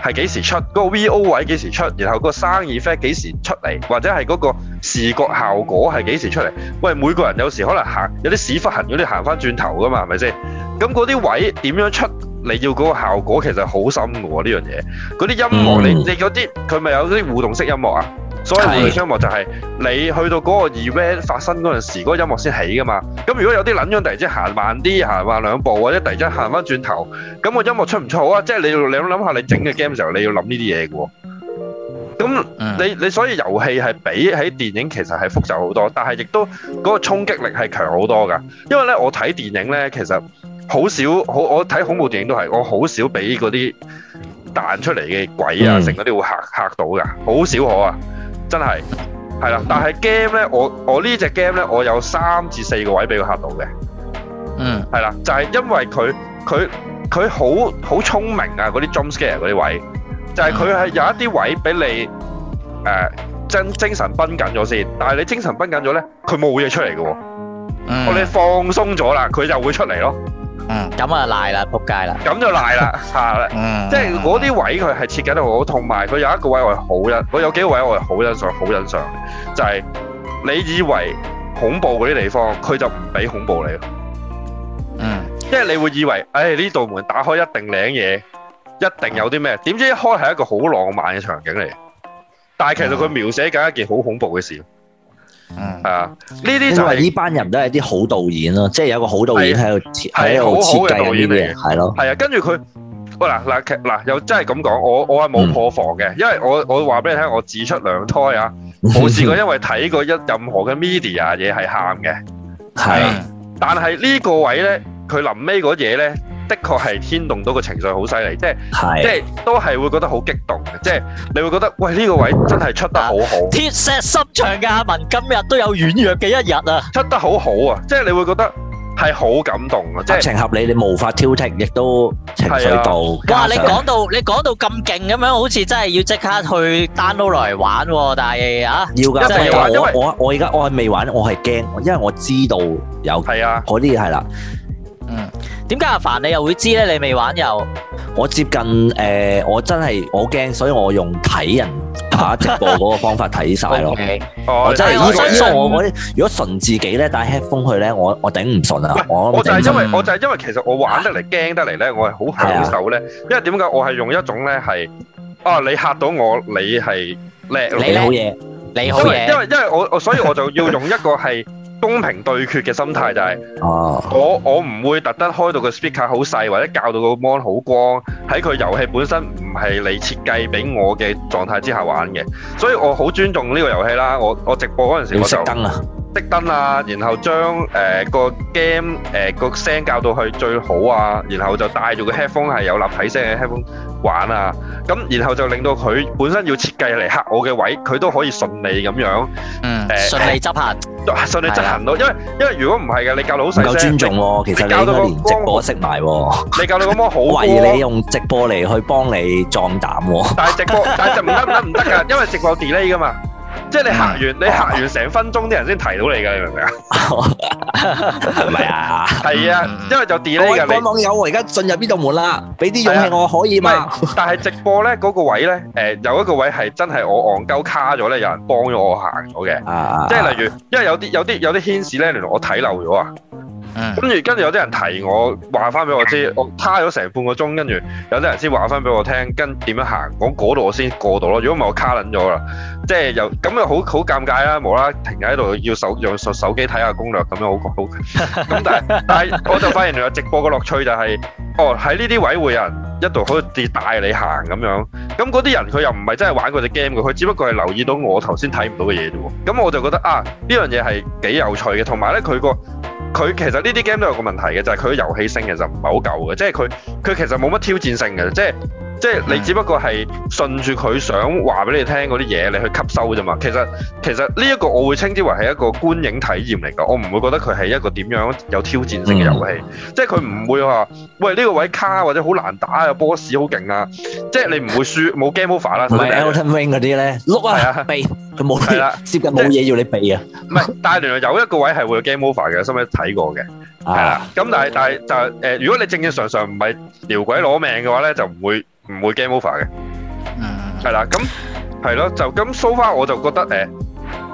係幾時出？嗰個 VO 位幾時出？然後個 sound effect 幾時出嚟？或者係嗰個視覺效果係幾時出嚟？喂，每個人有時可能行有啲屎忽痕，你行翻轉頭噶嘛？係咪先？咁嗰啲位點樣出？你要嗰個效果其實好深嘅喎，呢樣嘢。嗰啲音樂你你嗰啲佢咪有啲互動式音樂啊？所以你嘅音樂就係你去到嗰個 event 發生嗰陣時，嗰、嗰個音樂先起噶嘛。咁如果有啲撚樣突然之間行慢啲，行慢兩步，或者突然之間行翻轉頭，咁、嗰個音樂出唔出好啊？即、就、係、是、你，你，你要你諗下，你整嘅 game 時候你要諗呢啲嘢嘅喎。咁你你所以遊戲係比喺電影其實係複雜好多，但係亦都嗰個衝擊力係強好多噶。因為咧，我睇電影咧，其實好少好，我睇恐怖電影都係我好少俾嗰啲彈出嚟嘅鬼啊，成嗰啲會嚇、嗯、嚇到噶，好少可啊。真係，係啦，但係 game 咧，我我呢隻 game 咧，我有三至四個位俾佢吓到嘅，嗯，係啦，就係、是、因為佢佢佢好好聰明啊，嗰啲 jump scare 嗰啲位，就係佢係有一啲位俾你誒，真、呃、精神繃緊咗先，但係你精神繃緊咗咧，佢冇嘢出嚟嘅、啊，我、嗯、你放鬆咗啦，佢就會出嚟咯。嗯，咁啊賴啦，扑街啦，咁就賴啦，吓，嗯，即係嗰啲位佢係設計得好好，同埋，佢有一個位我係好欣，我有幾個位我係好欣賞、好欣賞，就係你以為恐怖嗰啲地方，佢就唔俾恐怖你，嗯，即係你會以為，唉呢道門打開一定領嘢，一定有啲咩，點知一開係一個好浪漫嘅場景嚟，但係其實佢描寫緊一件好恐怖嘅事。嗯，係啊，呢啲就係呢班人都係啲好導演咯，即係有一個好導演喺度設喺度設計呢啲嘢，係咯，係啊，跟住佢嗱嗱嗱又真係咁講，我我係冇破防嘅，因為我我話俾你聽，我自出娘胎啊，冇試過因為睇過一任何嘅 media 嘢係喊嘅，係，但係呢個位咧，佢臨尾嗰嘢咧。的確係牽動到個情緒好犀利，即係即係都係會覺得好激動嘅，即係你會覺得喂，呢個位真係出得好好，鐵石心腸嘅阿文今日都有軟弱嘅一日啊，出得好好啊，即係你會覺得係好感動啊，劇情合理你無法挑剔，亦都情緒到。哇！你講到你講到咁勁咁樣，好似真係要即刻去 download 落嚟玩喎，但係啊，要㗎，因為我我我依家我係未玩，我係驚，因為我知道有嗰啲嘢係啦。嗯，點解阿凡你又會知咧？你未玩又？我接近誒，我真係我驚，所以我用睇人打直播嗰個方法睇晒咯。我真係我如果純自己咧戴 headphone 去咧，我我頂唔順啊。我就係因為我就係因為其實我玩得嚟驚得嚟咧，我係好享受咧，因為點解我係用一種咧係，啊你吓到我，你係叻，你好嘢，你好嘢。因為因為因為我我所以我就要用一個係。公平對決嘅心態就係、是 oh.，我我唔會特登開到個 speaker 好細，或者校到個 mon 好光，喺佢遊戲本身唔係你設計俾我嘅狀態之下玩嘅，所以我好尊重呢個遊戲啦。我我直播嗰陣時我就熄燈啊。熄燈啊，然後將誒個 game 誒個聲校到去最好啊，然後就帶住個 headphone，係有立體聲嘅 headphone 玩啊，咁然後就令到佢本身要設計嚟黑我嘅位，佢都可以順利咁樣，嗯，誒順利執行，順利執行到，因為因為如果唔係嘅，你校到好細聲，唔夠尊重喎，其實你應該連直播熄埋，你教到咁多好，以為你用直播嚟去幫你壯膽喎，但係直播但係就唔得唔得唔得噶，因為直播 delay 噶嘛。即係你行完，啊、你行完成分鐘啲人先提到你噶，你明唔明 啊？係咪啊？係啊，因為就 delay 噶。我講網友，我而家進入呢度門啦，俾啲勇氣我可以咪？但係直播咧，嗰、那個位咧，誒、呃，有一個位係真係我戇鳩卡咗咧，有人幫咗我行咗嘅。啊、即係例如，因為有啲有啲有啲牽涉咧，原來我睇漏咗啊。跟住跟住有啲人提我話翻俾我知，我卡咗成半個鐘，跟住有啲人先話翻俾我聽，跟點樣行，講嗰度我先過到咯。如果唔係我卡卵咗啦，即係又咁又好好尷尬啦，無啦停喺度要手用手手機睇下攻略，咁樣好焗，咁但係但係我就發現有直播嘅樂趣就係，哦喺呢啲位會有人一度可以帶你行咁樣，咁嗰啲人佢又唔係真係玩嗰隻 game 嘅，佢只不過係留意到我頭先睇唔到嘅嘢啫喎，咁我就覺得啊呢樣嘢係幾有趣嘅，同埋咧佢個。佢其實呢啲 game 都有個問題嘅，就係佢嘅遊戲性其實唔係好夠嘅，即係佢佢其實冇乜挑戰性嘅，即係。即係你只不過係順住佢想話俾你聽嗰啲嘢，你去吸收啫嘛。其實其實呢一個我會稱之為係一個觀影體驗嚟噶，我唔會覺得佢係一個點樣有挑戰性嘅遊戲。嗯、即係佢唔會話喂呢、呢個位卡或者好難打啊，boss 好勁啊。即係你唔會輸，冇 game over 啦。唔係《Elden Ring》嗰啲咧，碌啊，避佢冇嘢啦，接近冇嘢要你避啊。唔係，但原來有一個位係會有 game over 嘅，我曾經睇過嘅，係啦、啊。咁、啊、但係但係就誒，如果你正正常常唔係撩鬼攞命嘅話咧，就唔會。唔會 game over 嘅，係啦、嗯，咁係咯，就咁 so far，我就覺得誒、呃，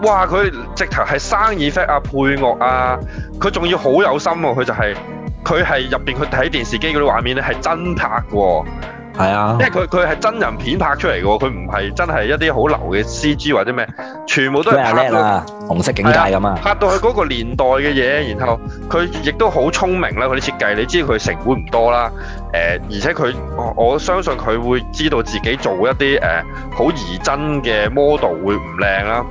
哇！佢直頭係生意 fat 啊，配樂啊，佢仲要好有心喎、啊，佢就係佢係入邊佢睇電視機嗰啲畫面咧係真拍嘅、啊。係啊，因為佢佢係真人片拍出嚟嘅，佢唔係真係一啲好流嘅 CG 或者咩，全部都係拍到紅色警戒咁啊，拍到佢嗰個年代嘅嘢。 然後佢亦都好聰明啦，佢啲設計，你知佢成本唔多啦，誒、呃，而且佢我相信佢會知道自己做一啲誒好擬真嘅 model 會唔靚啦，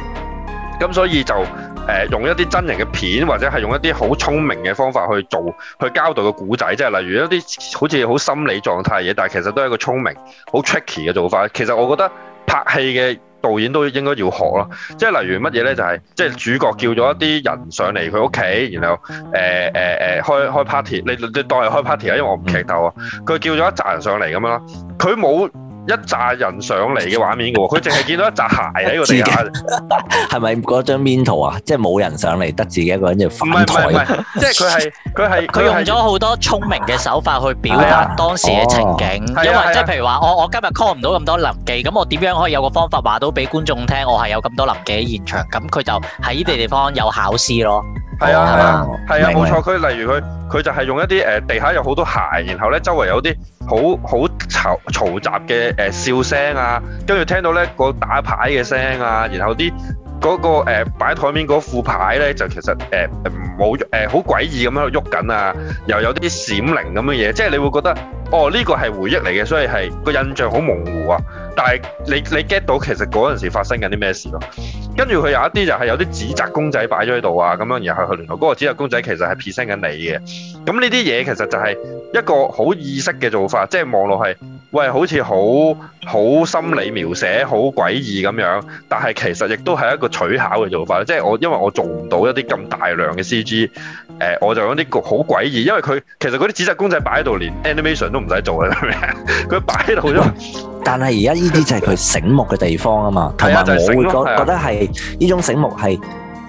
咁所以就。誒、呃，用一啲真人嘅片，或者係用一啲好聰明嘅方法去做，去交代個古仔，即係例如一啲好似好心理狀態嘅嘢，但係其實都係一個聰明、好 tricky 嘅做法。其實我覺得拍戲嘅導演都應該要學咯，即係例如乜嘢咧，就係、是、即係主角叫咗一啲人上嚟佢屋企，然後誒誒誒開開 party，你你當係開 party 啊，因為我唔劇透啊。佢叫咗一紮人上嚟咁樣啦，佢冇。一紮人上嚟嘅畫面嘅喎，佢淨係見到一紮鞋喺個地下，係咪嗰張編圖啊？即係冇人上嚟，得自己一個人喺度發呆。唔係唔係唔係，即係佢係佢係佢用咗好多聰明嘅手法去表達、啊、當時嘅情景。哦、因為、啊啊、即係譬如話，我我今日 call 唔到咁多臨記，咁我點樣可以有個方法話到俾觀眾聽，我係有咁多臨記喺現場？咁佢就喺呢啲地方有巧思咯。係啊，係啊，係啊，冇明錯。佢例如佢，佢就係用一啲誒、呃、地下有好多鞋，然後咧周圍有啲好好嘈嘈雜嘅誒、呃、笑聲啊，跟住聽到咧個打牌嘅聲啊，然後啲嗰、嗰個誒擺台面嗰副牌咧就其實誒冇誒好詭異咁喺度喐緊啊，又有啲閃靈咁嘅嘢，即係你會覺得哦呢、呢個係回憶嚟嘅，所以係、這個印象好模糊啊。但係你你 get 到其實嗰陣時發生緊啲咩事咯？跟住佢有一啲就係有啲紙紮公仔擺咗喺度啊，咁樣然後去聯絡嗰個紙紮公仔，其實係撇身緊你嘅。咁呢啲嘢其實就係一個好意識嘅做法，即係望落係，喂，好似好好心理描寫，好詭異咁樣。但係其實亦都係一個取巧嘅做法，即係我因為我做唔到一啲咁大量嘅 CG。誒、呃，我就講啲局好詭異，因為佢其實嗰啲紙質公仔擺喺度，連 animation 都唔使做嘅，佢擺喺度咗。但係而家呢啲就係佢醒目嘅地方啊嘛，同埋 我會覺覺得係呢 種醒目係，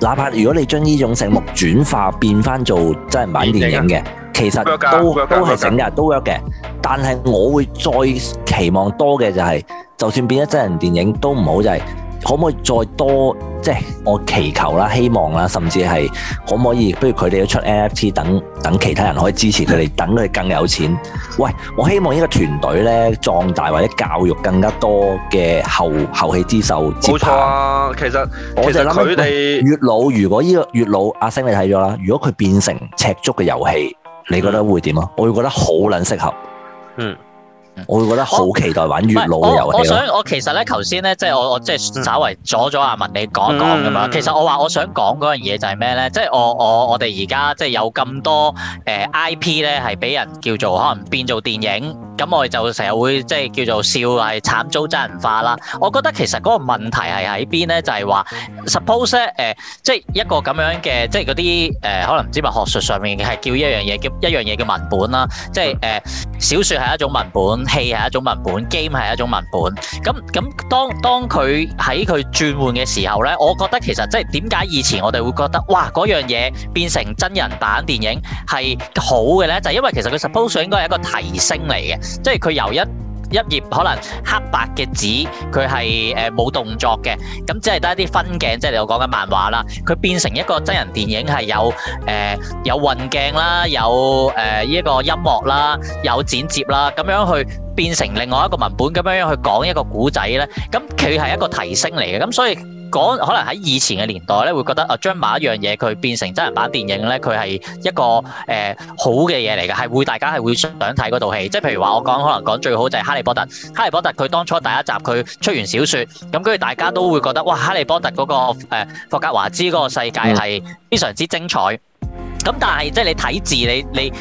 哪怕如果你將呢種醒目轉化變翻做真人版電影嘅， 其實都都係醒嘅，都 work 嘅。但係我會再期望多嘅就係、是，就算變咗真人電影都唔好就係、是。可唔可以再多即係我祈求啦、希望啦，甚至係可唔可以？不如佢哋要出 NFT，等等其他人可以支持佢哋，等佢哋更有錢。喂，我希望呢個團隊呢，壯大或者教育更加多嘅後後起之秀接。冇錯、啊，其實其實佢哋月老，如果呢個月老，阿星你睇咗啦，如果佢變成赤足嘅遊戲，嗯、你覺得會點啊？我會覺得好撚適合。嗯。我會覺得好期待玩月老嘅遊戲。我，我，我想我其實咧，頭先咧，即係我我即係稍微阻咗阿文你講一講咁樣。其實我話我想講嗰樣嘢就係咩咧？即係我我我哋而家即係有咁多誒 I P 咧，係、呃、俾人叫做可能變做電影。咁我哋就成日會即係叫做笑係慘遭真人化啦。我覺得其實嗰個問題係喺邊咧？就係、是、話 suppose 咧、呃、誒，即係一個咁樣嘅，即係嗰啲誒，可能唔知咪學術上面嘅，係叫一樣嘢叫一樣嘢叫文本啦。即係誒、呃，小說係一種文本。戲係一種文本，game 係一種文本。咁咁，當當佢喺佢轉換嘅時候呢，我覺得其實即係點解以前我哋會覺得哇，嗰樣嘢變成真人版電影係好嘅呢？就係因為其實佢 suppose 應該係一個提升嚟嘅，即係佢由一一頁可能黑白嘅紙，佢係誒冇動作嘅，咁只係得一啲分鏡，即係我講緊漫畫啦。佢變成一個真人電影，係有誒有運鏡啦，有誒呢、呃、一個音樂啦，有剪接啦，咁樣去變成另外一個文本，咁樣去講一個古仔呢。咁佢係一個提升嚟嘅，咁所以。講可能喺以前嘅年代咧，會覺得啊，將某一樣嘢佢變成真人版電影咧，佢係一個、呃、好嘅嘢嚟嘅，係會大家係會想睇嗰部戲。即係譬如話，我講可能講最好就係《哈利波特》。《哈利波特》佢當初第一集佢出完小説，咁跟住大家都會覺得哇，《哈利波特》嗰個、呃、霍格華茲嗰個世界係非常之精彩。咁但係即係你睇字，你你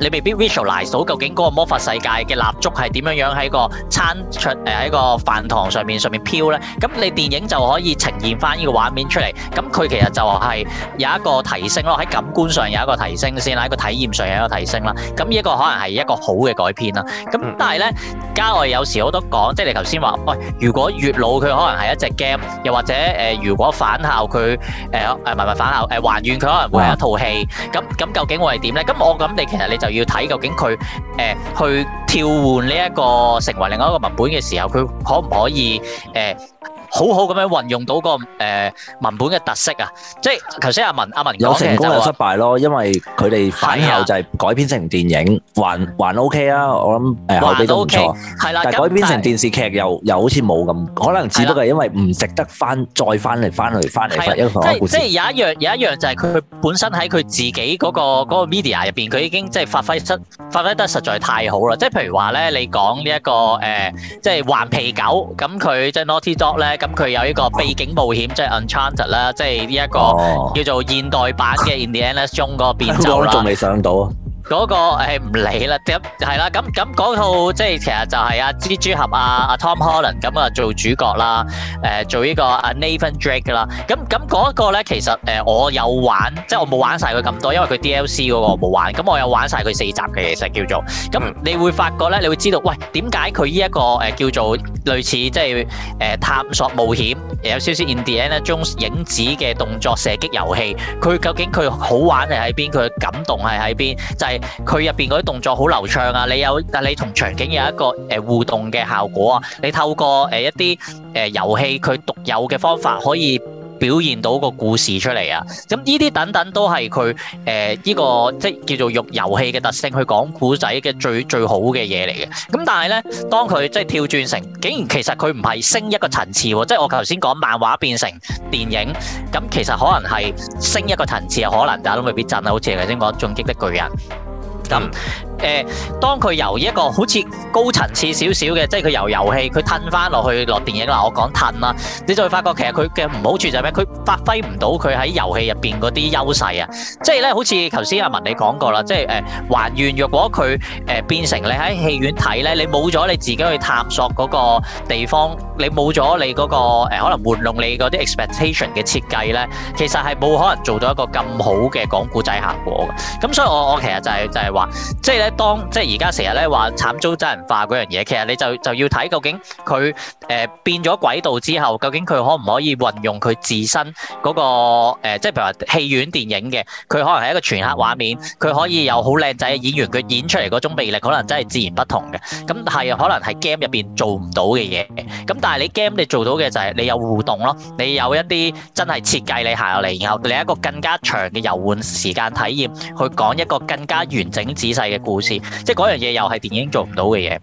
你未必 visualize 到究竟嗰個魔法世界嘅蠟燭係點樣樣喺個餐出誒喺、呃、個飯堂上面上面飄咧？咁你電影就可以呈現返呢個畫面出嚟。咁佢其實就係有一個提升咯，喺感官上有一個提升先啦，喺個體驗上有一個提升啦。咁依一個可能係一個好嘅改編啦。咁但係呢，家外有時好多講，即係你頭先話，喂、哎，如果月老佢可能係一隻 game，又或者、呃、如果返校佢誒誒唔係返校誒、呃、還願佢可能會有一套戲。咁咁究竟我係點咧？咁我咁你其實你就要睇究竟佢誒去跳換呢一個成為另外一個文本嘅時候，佢可唔可以誒好好咁樣運用到個誒文本嘅特色啊？即係頭先阿文阿文講就係有成功有失敗咯，因為佢哋反後就係改編成電影，還還 O K 啦，我諗誒口碑都唔錯，係啦。但係改編成電視劇又又好似冇咁，可能只不過係因為唔值得翻再翻嚟翻嚟翻嚟翻一個同一個故事。即係即係有一樣有一樣就係佢本身喺佢自自己嗰個嗰、那個 media 入邊，佢已經即係發揮出發揮得實在太好啦！即係譬如話咧，你講呢一個誒、呃，即係頑皮狗咁，佢即係 Naughty Dog 咧，咁佢有一個秘境冒險，oh. 即係 Uncharted 啦，即係呢一個叫做現代版嘅 Indiana Jones 個、oh. 變奏我仲未上到。 嗰個係唔理啦，咁係啦，咁咁嗰套即係其實就係阿蜘蛛俠阿阿 Tom Holland 咁啊做主角啦，誒做呢個阿 Nathan Drake 啦，咁咁嗰一個咧其實誒我有玩，即係我冇玩曬佢咁多，因為佢 DLC 嗰個我冇玩，咁我有玩曬佢四集嘅嘢，其實叫做，咁你會發覺咧，你會知道，喂點解佢呢一個誒叫做類似即係誒探索冒險，有少少 Indiana Jones 影子嘅動作射擊遊戲，佢究竟佢好玩係喺邊，佢嘅感動係喺邊，就係。佢入邊嗰啲動作好流暢啊！你有但係你同場景有一個誒互動嘅效果啊！你透過誒一啲誒遊戲佢獨有嘅方法，可以表現到個故事出嚟啊！咁呢啲等等都係佢誒呢個即係叫做用遊戲嘅特性去講古仔嘅最最好嘅嘢嚟嘅。咁但係呢，當佢即係跳轉成，竟然其實佢唔係升一個層次，即係我頭先講漫畫變成電影，咁其實可能係升一個層次又可能，但係都未必震啊！好似頭先講《進擊的巨人》。咁誒，當佢由一個好似高層次少少嘅，即係佢由遊戲佢褪翻落去落電影啦，我講褪啦，你就會發覺其實佢嘅唔好處就係咩？佢發揮唔到佢喺遊戲入邊嗰啲優勢啊！即係咧，好似頭先阿文你講過啦，即係誒還願若果佢誒變成你喺戲院睇咧，你冇咗你自己去探索嗰個地方，你冇咗你嗰個誒可能玩弄你嗰啲 expectation 嘅設計咧，其實係冇可能做到一個咁好嘅講古仔效果嘅。咁所以我我其實就係就係。即係咧，當即係而家成日咧話慘遭真人化嗰樣嘢，其實你就就要睇究竟佢誒、呃、變咗軌道之後，究竟佢可唔可以運用佢自身嗰、嗰個、呃、即係譬如話戲院電影嘅，佢可能係一個全黑畫面，佢可以有好靚仔嘅演員，佢演出嚟嗰種魅力，可能真係自然不同嘅。咁係可能喺 game 入邊做唔到嘅嘢，咁但係你 game 你做到嘅就係你有互動咯，你有一啲真係設計你行落嚟，然後你有一個更加長嘅遊玩時間體驗，去講一個更加完整仔細嘅故事，即係嗰樣嘢又係電影做唔到嘅嘢，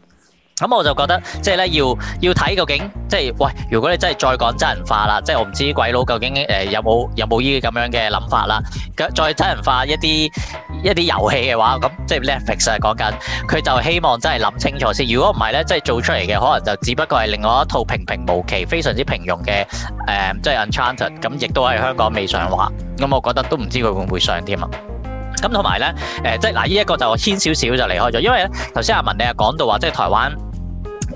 咁我就覺得即係咧要要睇究竟，即係喂，如果你真係再講真人化啦，即係我唔知鬼佬究竟誒有冇有冇呢啲咁樣嘅諗法啦，再真人化一啲一啲遊戲嘅話，咁即係 Netflix 啊講緊，佢就希望真係諗清楚先，如果唔係咧，即係做出嚟嘅可能就只不過係另外一套平平無奇、非常之平庸嘅誒、嗯，即係 Enchanted、嗯、咁亦都係香港未上畫，咁、嗯、我覺得都唔知佢會唔會上添啊。咁同埋咧，即係嗱，依，呃，一個就牽少少就離開咗，因為咧頭先阿文你又講到話，即台灣。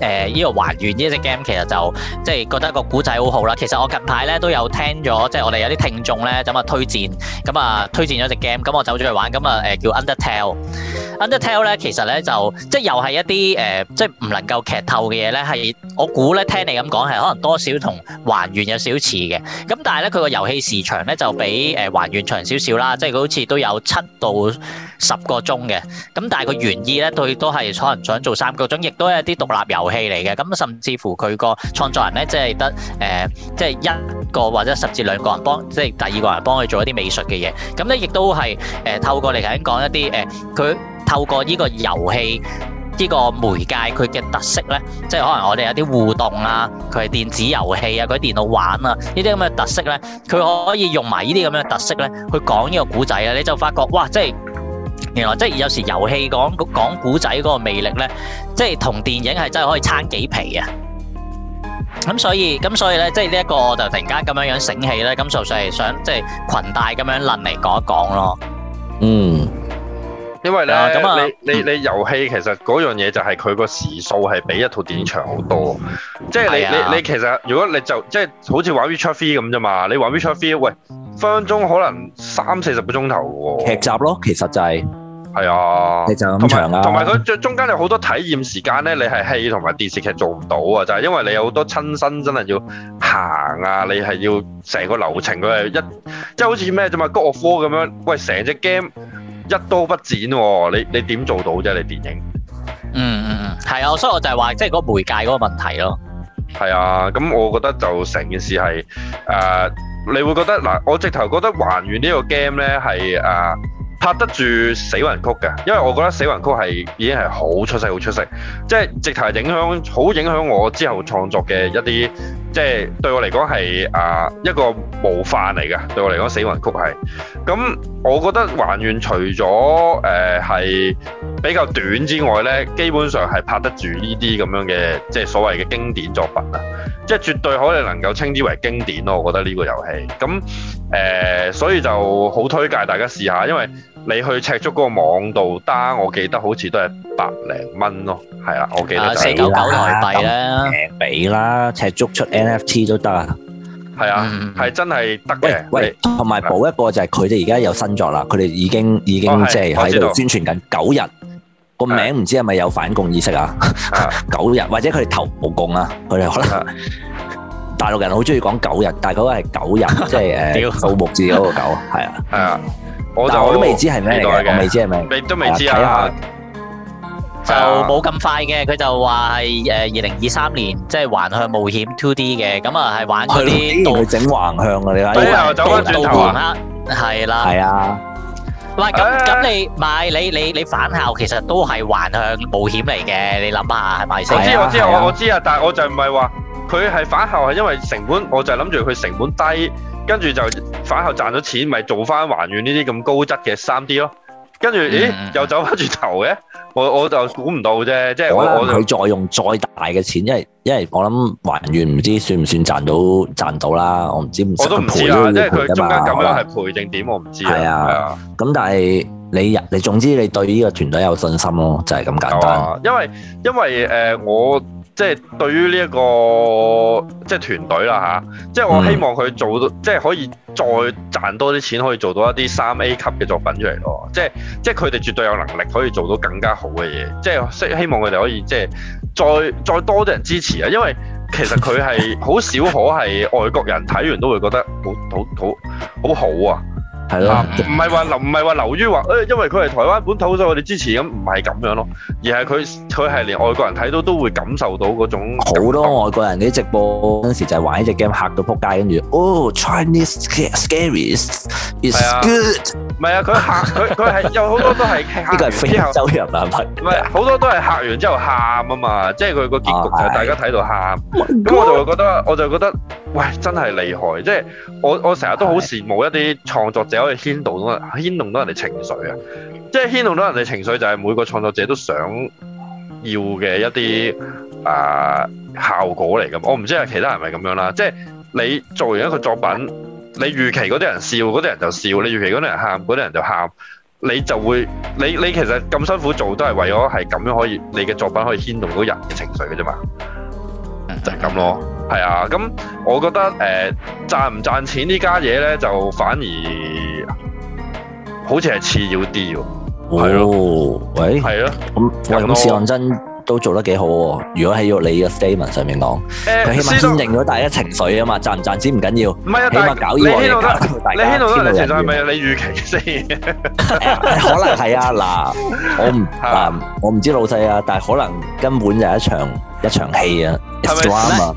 誒呢個還願呢隻 game 其實就即係覺得個古仔好好啦。其實我近排咧都有聽咗，即係我哋有啲聽眾咧咁啊推薦，咁啊推薦咗隻 game，咁我走咗去玩，咁啊誒叫 Undertale。Undertale 咧其實咧就即係又係一啲誒即係唔能夠劇透嘅嘢咧，係我估咧聽你咁講係可能多少同還願有少少似嘅。咁但係咧佢個遊戲時長咧就比誒還願長少少啦，即係佢好似都有七到十個鐘嘅。咁但係佢原意咧佢都係可能想做三個鐘，亦都係啲獨立遊戲嚟嘅，咁甚至乎佢個創作人呢，即係得誒、呃，即係一個或者十至兩個人幫，即係第二個人幫佢做一啲美術嘅嘢。咁呢，亦都係誒，透過嚟喺講，講一啲誒，佢、呃、透過呢個遊戲呢、這個媒介，佢嘅特色呢，即係可能我哋有啲互動啊，佢係電子遊戲啊，佢電腦玩啊，呢啲咁嘅特色呢，佢可以用埋呢啲咁嘅特色呢，去講呢個古仔啊，你就發覺哇，即係。原來即係有時遊戲講講古仔嗰個魅力呢，即係同電影係真係可以撐幾皮啊！咁所以咁所以呢，即係呢一個就突然間咁樣樣醒起呢，咁就純粹係想即係裙帶咁樣輪嚟講一講咯。嗯。因為咧，咁你你你遊戲其實嗰樣嘢就係佢個時數係比一套電影長好多，即係你你你其實如果你就即係好似玩《V Chat Free》咁啫嘛，你玩《V Chat Free》喂分分鐘可能三四十個鐘頭嘅喎，劇集咯，其實就係係啊，劇集咁長啦，同埋佢最中間有好多體驗時間咧，你係戲同埋電視劇做唔到啊，就係因為你有好多親身真係要行啊，你係要成個流程佢係一即係好似咩啫嘛《God of War》咁樣，喂成隻 game。一刀不剪喎、哦，你你點做到啫？你電影，嗯嗯嗯，係、嗯、啊，所以我就係話，即係嗰個媒介嗰個問題咯。係啊，咁我覺得就成件事係誒、呃，你會覺得嗱，我直頭覺得還願個呢個 game 呢係誒拍得住《死魂曲》嘅，因為我覺得《死魂曲》係已經係好出色、好出色，即係直頭係影響好影響我之後創作嘅一啲。即係對我嚟講係啊，一個模範嚟嘅，對我嚟講死魂曲係。咁我覺得還願除咗誒係比較短之外呢，基本上係拍得住呢啲咁樣嘅即係所謂嘅經典作品啊！即係絕對可以能夠稱之為經典咯，我覺得呢個遊戲咁誒，所以就好推介大家試下，因為。你去赤足嗰個網度，單我記得好似都係百零蚊咯，係啊，我記得就係四九九台幣啦，俾啦，赤足出 NFT 都得，係啊，係真係得嘅。喂，同埋補一個就係佢哋而家有新作啦，佢哋已經已經即係喺度宣傳緊。九日個名唔知係咪有反共意識啊？九日或者佢哋投毛共啊？佢哋可能大陸人好中意講九日，但係嗰個係九日，即係誒數目字嗰個九，係啊，係啊。但係我都未知係咩嘅，我未知係咩，未都未知啊！就冇咁快嘅，佢就話係誒二零二三年，即係橫向冒險 two D 嘅，咁啊係玩嗰啲倒整橫向啊！你睇，對頭走翻轉頭啦，係啦，係啊。喂，咁咁你唔係你你你返校其實都係橫向冒險嚟嘅，你諗下係咪先？我知我知我我知啊，但係我就唔係話佢係返校，係因為成本，我就諗住佢成本低。跟住就反後賺咗錢，咪做翻還願呢啲咁高質嘅 3D 咯。跟住，咦，又走翻轉頭嘅，我我就估唔到啫。即係我，我佢再用再大嘅錢，因為因為我諗還願唔知算唔算賺到賺到啦。我唔知唔我都唔知啦，即係佢中間咁樣係賠定點，我唔知。係啊，咁但係你入你總之你對呢個團隊有信心咯，就係咁簡單。因為因為誒我。即係對於呢一個即係團隊啦嚇，即係我希望佢做到即係可以再賺多啲錢，可以做到一啲三 A 級嘅作品出嚟咯。即係即係佢哋絕對有能力可以做到更加好嘅嘢。即係希望佢哋可以即係再再多啲人支持啊，因為其實佢係好少可係外國人睇完都會覺得好好好好好啊！係咯，唔係話流唔係話流於話，誒，因為佢係台灣本土，所以我哋支持咁，唔係咁樣咯，而係佢佢係連外國人睇到都會感受到嗰種好多外國人啲直播陣時就係玩一隻 game 嚇到撲街，跟住哦，Chinese scary is good，係啊，唔係啊，佢嚇佢佢係有好多都係嚇，呢個係非洲人啊，唔係，唔係好多都係嚇完之後喊啊嘛，即係佢個結局就大家睇到喊，咁我就會覺得我就覺得，喂，真係厲害，即係我我成日都好羨慕一啲創作者。可以牽動到，牽動到人哋情緒啊！即係牽動到人哋情緒，就係每個創作者都想要嘅一啲啊效果嚟噶。我唔知係其他人係咪咁樣啦。即係你做完一個作品，你預期嗰啲人笑，嗰啲人就笑；你預期嗰啲人喊，嗰啲人就喊。你就會，你你其實咁辛苦做，都係為咗係咁樣可以，你嘅作品可以牽動到人嘅情緒嘅啫嘛。就係咁咯，係啊，咁我覺得誒賺唔賺錢呢家嘢咧，就反而好似係次要啲喎。係咯，喂，係啊。咁喂，咁試當真都做得幾好。如果喺要你嘅 statement 上面講，佢起碼先贏咗大家情緒啊嘛，賺唔賺錢唔緊要，唔係啊，起碼搞呢你喺度咧，你喺度咧，係咪你預期先？可能係啊嗱，我唔嗱，我唔知老細啊，但係可能根本就係一場。一場戲啊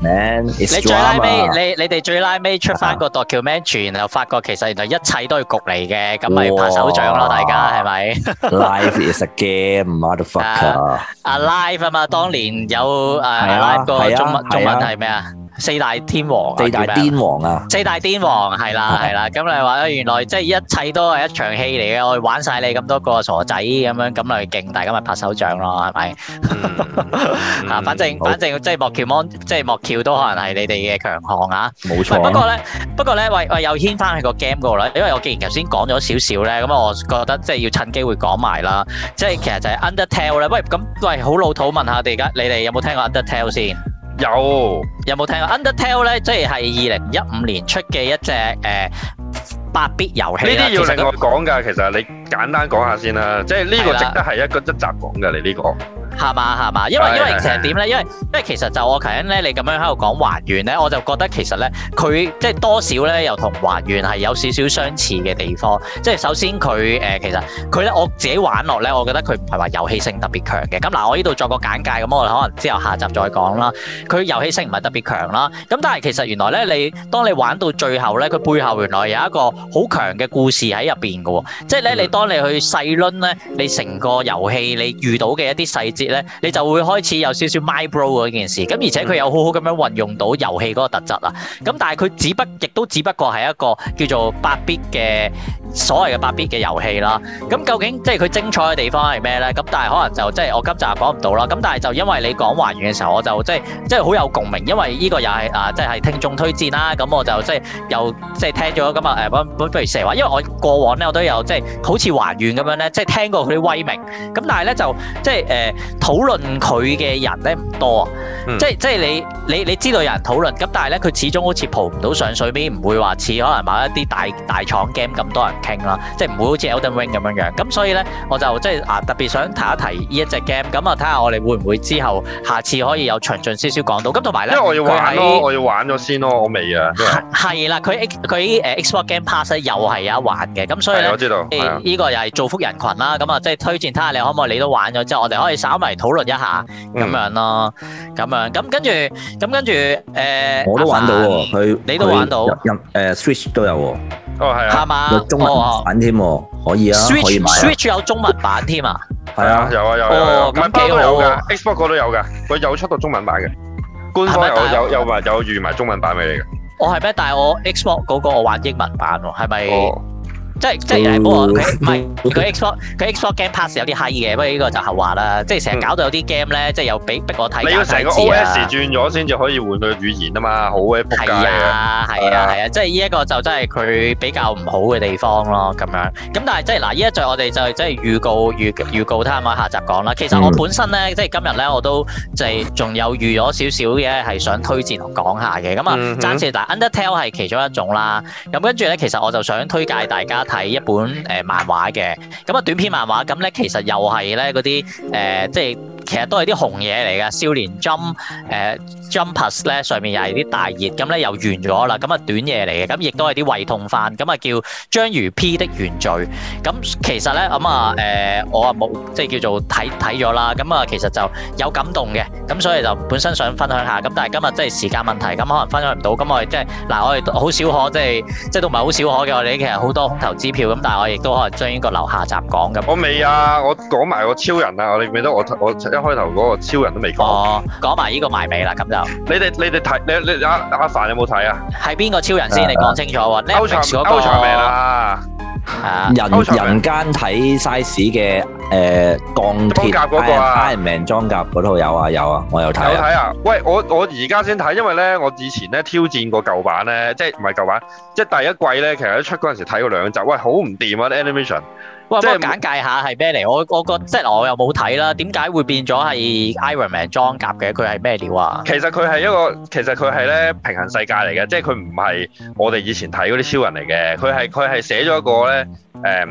！man，你最拉尾，你你哋最拉尾出翻個 documentary，然後發覺其實原來一切都係局嚟嘅，咁咪拍手掌咯，大家係咪？Life is a game, motherfucker！啊，live 啊嘛，當年有誒，live 個中文，中文係咩啊？四大天王，四大天王啊！麼四大天王係啦，係啦、啊。咁你話原來即係一切都係一場戲嚟嘅，我玩晒你咁多個傻仔咁樣，咁嚟勁，大家咪拍手掌咯，係咪？啊、嗯， 反正好反正即係莫喬安，即係莫喬都可能係你哋嘅強項啊！冇錯。不過咧，不過咧，喂喂，又牽翻去個 game 嗰度啦，因為我既然頭先講咗少少咧，咁我覺得即係要趁機會講埋啦。即係其實就係 Undertale 咧，喂咁喂，好老土問問問問，問下我哋而家你哋有冇聽過 Undertale 先？有有冇聽過 Undertale 咧，ale，即係二零一五年出嘅一隻誒八 bit 遊戲。呢、呃、啲要另外講㗎，其實你。簡單講下先啦，即係呢個值得係一個一集講嘅你呢個係嘛係嘛，因為因為成點咧？因為因為其實就我頭先咧，你咁樣喺度講還願咧，我就覺得其實咧，佢即係多少咧又同還願係有少少相似嘅地方。即係首先佢誒其實佢咧我自己玩落咧，我覺得佢唔係話遊戲性特別強嘅。咁嗱，我呢度作個簡介咁，我可能之後下集再講啦。佢遊戲性唔係特別強啦。咁但係其實原來咧，你當你玩到最後咧，佢背後原來有一個好強嘅故事喺入邊嘅喎。即係咧，你當當你去細論咧，你成個遊戲你遇到嘅一啲細節咧，你就會開始有少少 micro 嗰件事。咁而且佢有好好咁樣運用到遊戲嗰個特質啊。咁但係佢只不亦都只不過係一個叫做八 bit 嘅所謂嘅八 bit 嘅遊戲啦。咁究竟即係佢精彩嘅地方係咩咧？咁但係可能就即係我今集講唔到啦。咁但係就因為你講還願嘅時候，我就即係即係好有共鳴，因為呢個又係啊，即係聽眾推薦啦。咁我就即係又即係聽咗今日誒，溫溫不如蛇話，因為我過往咧我都有即係好似。似還願咁樣咧，即係聽過佢啲威名，咁但係咧就即係誒討論佢嘅人咧唔多啊，嗯、即係即係你你你知道有人討論，咁但係咧佢始終好似蒲唔到上水面，唔會話似可能某一啲大大廠 game 咁多人傾啦，即係唔會好似 Elden Ring 咁樣樣，咁所以咧我就即係啊特別想提一提呢一隻 game，咁啊睇下我哋會唔會之後下次可以有詳盡少少講到，咁同埋咧因為我要玩咯，在我要玩咗先咯，我未啊，係啦，佢 X 佢誒 Xbox Game Pass 咧又係有一環嘅，咁所以我知道。呢個又係造福人群啦，咁啊，即係推薦睇下你可唔可以，你都玩咗之後，我哋可以稍微討論一下咁樣咯，咁樣咁跟住，咁跟住，誒，我都玩到喎，佢，你都玩到，誒，Switch 都有喎，哦，係啊，係嘛，中文版添，可以啊，可以買啊，Switch 有中文版添啊，係啊，有啊，有啊，有啊，咁幾好嘅，Xbox 都有㗎，佢有出到中文版嘅，官方有有有埋有預埋中文版俾你嘅，我係咩？但係我 Xbox 嗰個我玩英文版喎，係咪？即係，即係，不過佢唔係，佢 Xbox 佢 Xbox game pass 有啲閪嘅，不過呢個就後話啦，即係成日搞到有啲 game 咧，即係又俾逼我睇單字啊！你要成個 OS 轉咗先至可以換個語言啊嘛，好鬼撲街啊！係啊係啊，啊，啊即係呢一個就真係佢比較唔好嘅地方咯咁樣，咁但係即係嗱，呢一集我哋就即係預告預預告佢係咪下集講啦？其實我本身咧，即係今日咧，我都即係仲有預咗少少嘢，係想推薦講下嘅。咁啊、mm，爭、hmm。先嗱、嗯，Undertale 係其中一種啦。咁跟住咧，其實我就想推介大家。係一本誒、呃、漫畫嘅，咁、那、啊、個、短篇漫畫，咁咧其實又係咧嗰啲誒，即係。其實都係啲紅嘢嚟嘅，少年 jump 誒 jumpers 咧上面又係啲大熱，咁咧又完咗啦，咁啊短嘢嚟嘅，咁亦都係啲胃痛飯，咁啊叫章魚 P 的原罪，咁其實咧咁啊誒我啊冇即係叫做睇睇咗啦，咁啊其實就有感動嘅，咁所以就本身想分享下，咁但係今日真係時間問題，咁可能分享唔到，咁我哋即係嗱我哋好少可即係即係都唔係好少可嘅，我哋其實好多空投資票，咁但係我亦都可以將呢個留下集講咁。我未啊，我講埋我超人啊，你記得我我。一開頭嗰個超人都未講，哦，講埋呢個埋尾啦，咁就你哋你哋睇，你你，你，你阿阿凡有冇睇啊？係邊個超人先？你講清楚喎。歐長，歐長未啦？啊，人、uh, 人間睇 size 嘅誒，鋼鐵 Iron Man 裝甲嗰套有啊有啊，我又睇、啊。有睇啊？喂，我我而家先睇，因為咧我以前咧挑戰過舊版咧，即係唔係舊版，即係第一季咧，其實出嗰陣時睇過兩集，喂，好唔掂啊啲 animation。喂，不如簡介下係咩嚟？我我覺即係我又冇睇啦，點解會變咗係 Iron Man 裝甲嘅？佢係咩料啊？其實佢係一個，其實佢係咧平行世界嚟嘅，即係佢唔係我哋以前睇嗰啲超人嚟嘅。佢係佢係寫咗一個咧，誒、呃，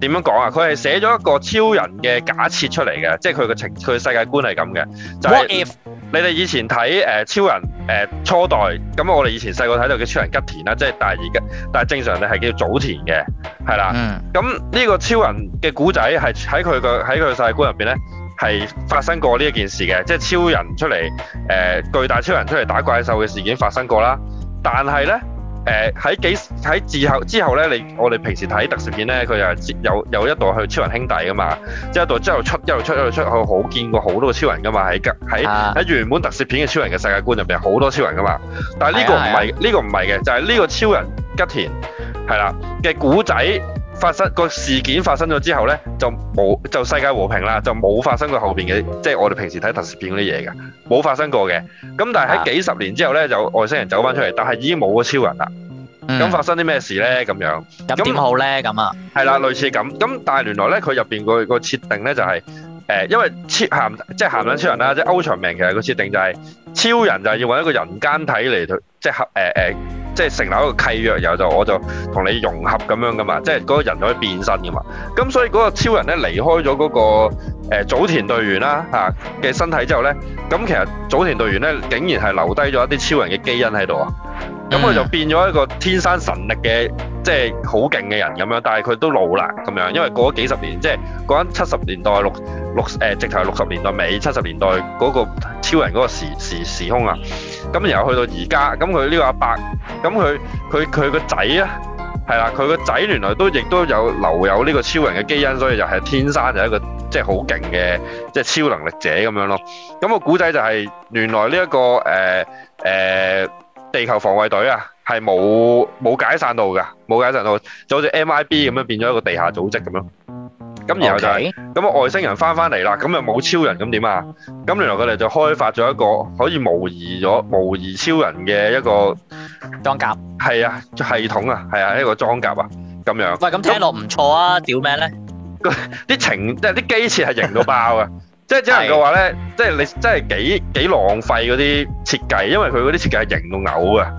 點樣講啊？佢係寫咗一個超人嘅假設出嚟嘅，即係佢個情，佢世界觀係咁嘅，就係、是。你哋以前睇誒、呃、超人誒、呃、初代，咁我哋以前細個睇到嘅超人吉田啦，即係但係而家，但係正常你係叫早田嘅，係啦。咁呢、嗯、個超人嘅古仔係喺佢嘅喺佢嘅世界觀入邊咧，係發生過呢一件事嘅，即係超人出嚟誒、呃，巨大超人出嚟打怪獸嘅事件發生過啦，但係咧。誒喺、呃、幾喺之後之後咧，你我哋平時睇特攝片咧，佢又有有一度去超人兄弟噶嘛，即係一度之後出，一出，一出又出又出去好見過好多超人噶嘛，喺吉喺喺原本特攝片嘅超人嘅世界觀入邊好多超人噶嘛，但係呢個唔係呢個唔係嘅，就係、是、呢個超人吉田係啦嘅古仔。發生個事件發生咗之後咧，就冇就世界和平啦，就冇發生過後邊嘅，即係我哋平時睇特攝片嗰啲嘢噶，冇發生過嘅。咁但係喺幾十年之後咧，就外星人走翻出嚟，但係已經冇咗超人啦。咁發生啲咩事咧？咁樣咁點好咧？咁啊，係啦，類似咁。咁但係原來咧，佢入邊個個設定咧就係，誒，因為超行即係行緊超人啦，即係 Ultraman 其實個設定就係超人就係要搵一個人間體嚟，即係合誒誒。即係成立一個契約，然後就我就同你融合咁樣噶嘛，即係嗰個人可以變身噶嘛。咁所以嗰個超人咧，離開咗嗰個誒早田隊員啦嚇嘅身體之後咧，咁其實早田隊員咧竟然係留低咗一啲超人嘅基因喺度啊！咁佢就變咗一個天生神力嘅，即係好勁嘅人咁樣，但係佢都老啦咁樣，因為過咗幾十年，即係嗰陣七十年代六六誒，直頭係六十年代尾七十年代嗰個超人嗰個時時時空啊，咁然後去到而家，咁佢呢個阿伯，咁佢佢佢個仔啊，係啦，佢個仔原來都亦都有留有呢個超人嘅基因，所以就係天生就一個即係好勁嘅，即係超能力者咁樣咯。咁個古仔就係原來呢一個誒誒。地球防衛隊啊，係冇冇解散到噶，冇解散到，就好似 MIB 咁樣變咗一個地下組織咁樣。咁然後就係咁外星人翻翻嚟啦，咁又冇超人咁點啊？咁原來佢哋就開發咗一個可以模擬咗模擬超人嘅一個裝甲。係啊，系統啊，係啊，一個裝甲啊，咁樣。喂，咁聽落唔錯啊，屌咩咧？個啲情即係啲機設係型到爆啊！即係只能嘅話咧，即係你真係幾幾浪費嗰啲設計，因為佢嗰啲設計係型到嘔啊！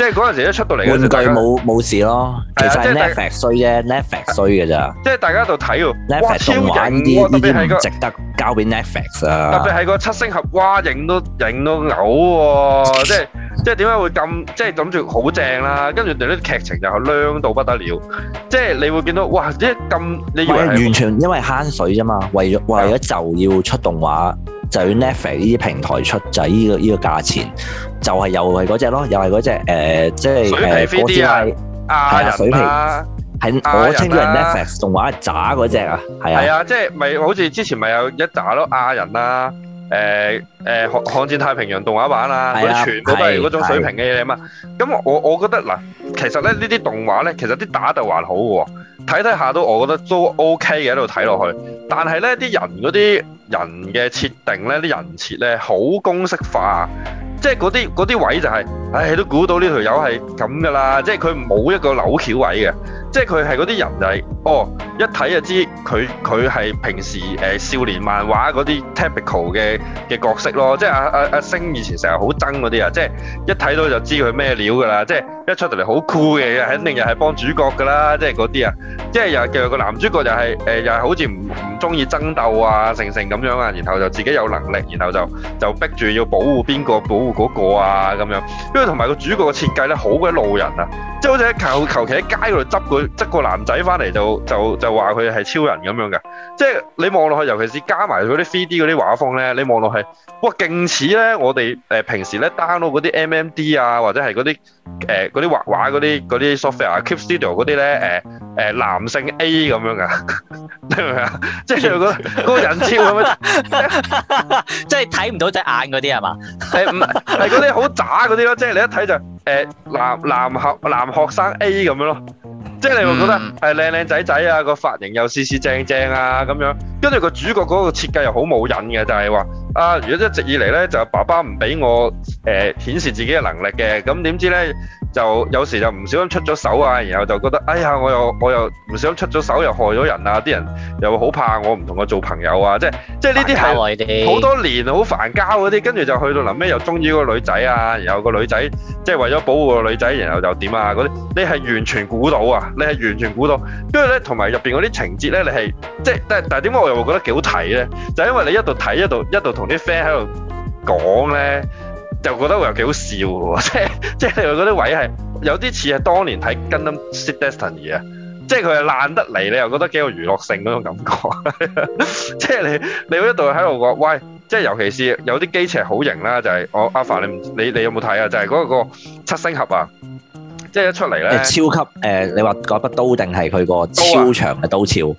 即係嗰陣時一出到嚟，玩具冇冇事咯，其實係 Netflix 衰啫，Netflix 衰嘅咋。即係大家喺度睇喎，Netflix 動畫呢啲已經值得交俾 Netflix 啦。特別係個七星俠畫影都影都嘔喎，即係即係點解會咁？即係諗住好正啦，跟住你啲劇情又係靚到不得了，即係你會見到哇！即咁，你完全因為慳水啫嘛，為咗為咗就要出動畫。就 Netflix 呢啲平台出就呢個呢個價錢，就係又係嗰隻咯，又係嗰隻誒，即係誒嗰啲係，係啊，水平啊，係我稱之為 Netflix 動畫渣嗰隻啊，係啊，係啊，即係咪好似之前咪有一渣咯，亞人啦，誒誒，殲殲戰太平洋動畫版啦，嗰啲全部都係嗰種水平嘅嘢嘛，咁我我覺得嗱，其實咧呢啲動畫咧，其實啲打鬥還好喎。睇睇下都，我覺得都 OK 嘅喺度睇落去，但係呢啲人嗰啲人嘅設定，呢啲人設呢，好公式化。即係嗰啲嗰啲位就係、是、唉都估到呢條友係咁噶啦，即係佢冇一個扭橋位嘅，即係佢係嗰啲人就係、是，哦一睇就知佢佢係平時誒、呃、少年漫畫嗰啲 typical 嘅嘅角色咯，即係阿阿阿星以前成日好憎嗰啲啊，即係一睇到就知佢咩料噶啦，即係一出到嚟好酷嘅，肯定又係幫主角噶啦，即係嗰啲啊，即係又叫個男主角又係誒、呃、又係好似唔唔中意爭鬥啊成成咁樣啊，然後就自己有能力，然後就就逼住要保護邊個保護。嗰個啊咁樣，因為同埋個主角嘅設計咧好鬼路人啊，即係好似一求求其喺街嗰度執個執個男仔翻嚟就就就話佢係超人咁樣嘅，即係你望落去，尤其是加埋嗰啲 3D 嗰啲畫風咧，你望落去哇，勁似咧我哋誒平時咧 download 嗰啲 MMD 啊或者係嗰啲誒嗰啲畫畫嗰啲嗰啲 software 啊 Keep Studio 嗰啲咧誒誒男性 A 咁樣噶即係嗰嗰個人超咁樣，即係睇唔到隻眼嗰啲係嘛？係唔係？係嗰啲好渣嗰啲咯，即係、 就是、你一睇就是，誒、欸、男男學男學生 A 咁樣咯，即、就、係、是、你會覺得係靚靚仔仔啊，個髮型又四四正正啊咁樣，跟住個主角嗰個設計又好冇癮嘅，就係、是、話。啊！如果一直以嚟咧，就爸爸唔俾我誒顯、呃、示自己嘅能力嘅，咁點知咧就有時就唔小心出咗手啊，然後就覺得哎呀，我又我又唔小心出咗手，又害咗人啊！啲人又好怕我，唔同我做朋友啊！即係即係呢啲係好多年好煩交嗰啲，跟住就去到臨尾又中意個女仔啊，然後個女仔即係為咗保護個女仔，然後又點啊嗰啲？你係完全估到啊！你係完全估到，跟住咧同埋入邊嗰啲情節咧，你係即係但係點解我又會覺得幾好睇咧？就係、因為你一路睇一路。一路。一同啲 friend 喺度講咧，就覺得我又幾好笑喎！即即係嗰啲位係有啲似係當年睇《Gundam Seed Destiny》啊！即係佢係爛得嚟，你又覺得幾有娛樂性嗰種感覺。即 係你你嗰一度喺度話，喂！即、就、係、是、尤其是有啲機車好型啦，就係、是、我阿凡你你你有冇睇啊？就係、是、嗰個七星俠啊！即、就、係、是、一出嚟咧，超級誒、呃，你話嗰把刀定係佢個超長嘅刀鞘？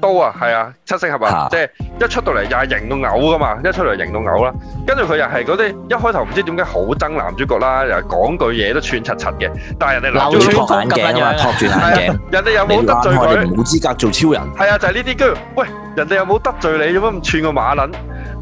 刀啊，係啊，七色合啊，即係一出到嚟又係型到嘔噶嘛，一出嚟型到嘔啦，跟住佢又係嗰啲一開頭唔知點解好憎男主角啦，又係講句嘢都串柒柒嘅，但係人哋托眼鏡啊，托住眼鏡，眼 人哋又冇得罪佢，冇資 格做超人。係 啊，就係呢啲，跟住喂，人哋又冇得罪你，做乜咁串個馬捻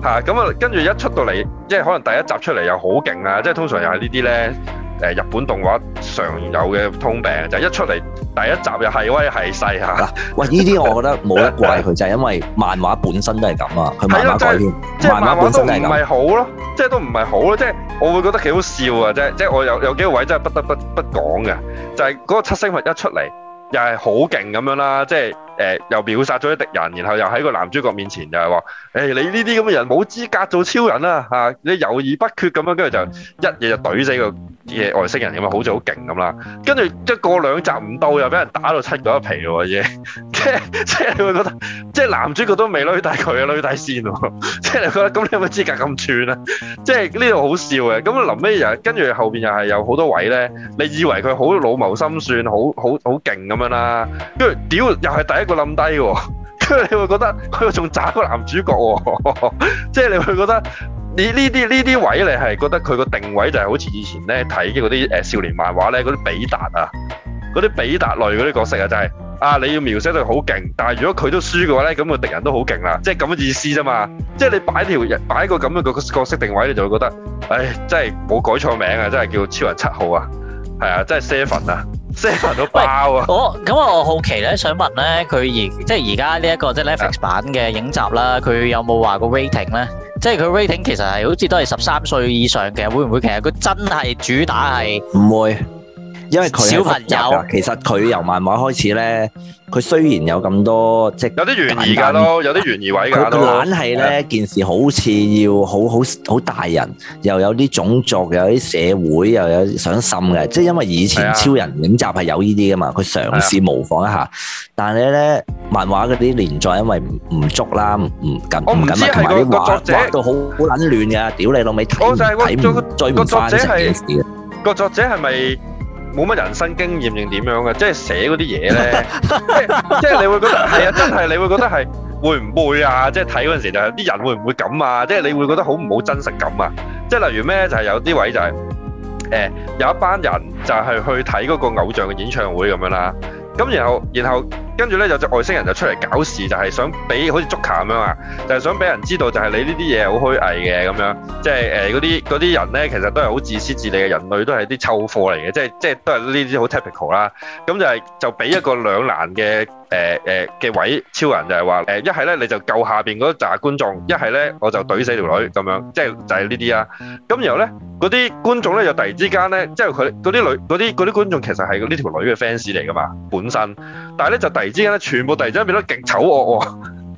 吓？咁啊，跟、嗯、住一出到嚟，即係可能第一集出嚟又好勁啊，即係通常又係呢啲咧。 誒，日本動畫常有嘅通病就係、是、一出嚟第一集又係威係細吓，喂呢啲我覺得冇得怪佢， 就係因為漫畫本身都係咁啊，係咯，即係、就是、漫畫本身唔係好咯，即、就、係、是、都唔係好咯，即、就、係、是、我會覺得幾好笑啊，即係即係我有有幾個位真係不得不不講嘅，就係、是、嗰個七星物一出嚟又係好勁咁樣啦，即係誒又秒殺咗啲敵人，然後又喺個男主角面前就係話，誒、欸、你呢啲咁嘅人冇資格做超人啊！啊吓，你猶豫不決咁樣，跟住就一嘢就懟死佢。外星人咁啊，好似好勁咁啦，跟住一過兩集唔到又俾人打到七咗一皮喎、yeah. 即係即係你會覺得，即係男主角都未攞低佢，攞低先喎，即係你覺得咁你有乜資格咁串啊？即係呢度好笑嘅，咁臨尾又跟住後邊又係有好多位咧，你以為佢好老謀深算，好好好勁咁樣啦，跟住屌又係第一個冧低喎，跟住你會覺得佢仲渣個男主角喎，即係你會覺得。呢呢啲呢啲位，你係覺得佢個定位就係好似以前咧睇嗰啲誒少年漫畫咧嗰啲比達、就是、啊，嗰啲比達類嗰啲角色啊，就係啊你要描寫到佢好勁，但係如果佢都輸嘅話咧，咁個敵人都好勁啦，即係咁嘅意思啫嘛，即係你擺條人擺個咁樣個角色定位，你就會覺得，唉、哎，真係冇改錯名啊，真係叫超人七號啊！係、哎、啊，真係 seven 啊，seven 都包啊！哦，咁啊，我好奇咧，想問咧，佢而即係而家呢一個即係 Netflix 版嘅影集啦，佢有冇話過 rating 咧？即係佢 rating 其實係好似都係十三歲以上嘅，會唔會其實佢真係主打係唔會？因為佢小朋友，其實佢由漫畫開始咧。佢雖然有咁多即係，有啲懸疑噶咯，有啲懸疑位噶啦。佢佢懶係咧，件事好似要好好好大人，又有啲種族，有啲社會，又有想滲嘅。即係因為以前超人影集係有呢啲噶嘛，佢嘗試模仿一下。但係咧，漫畫嗰啲連載因為唔唔足啦，唔緊唔緊啊，同埋啲畫畫到好好撚亂嘅，屌你老味睇唔睇唔追唔翻件事。個作者係咪？冇乜人生經驗定點樣嘅？即係寫嗰啲嘢咧， 即係你會覺得係啊，真係你會覺得係會唔會啊？即係睇嗰陣時就係啲人會唔會咁啊？即係你會覺得好唔好真實感啊？即係例如咩就係，是，有啲位就係，是，誒、欸、有一班人就係去睇嗰個偶像嘅演唱會咁樣啦，咁然後然後。然後跟住咧有隻外星人就出嚟搞事，就係、是、想俾好似捉球咁樣啊，就係、是、想俾人知道就，就係、是、你、呃、呢啲嘢好虛偽嘅咁樣，即係誒嗰啲嗰啲人咧，其實都係好自私自利嘅人類，都係啲臭貨嚟嘅，即係即係都係呢啲好 typical 啦。咁就係、是、就俾一個兩難嘅誒誒嘅位，超人就係話誒，一係咧你就救下邊嗰紮觀眾，一係咧我就懟死條女咁樣，即係就係呢啲啊。咁然後咧嗰啲觀眾咧就突然之間咧，即係佢嗰啲女嗰啲啲觀眾其實係呢條女嘅 fans 嚟噶嘛，本身，但係咧就第。之間咧，全部突然之間變得極醜惡，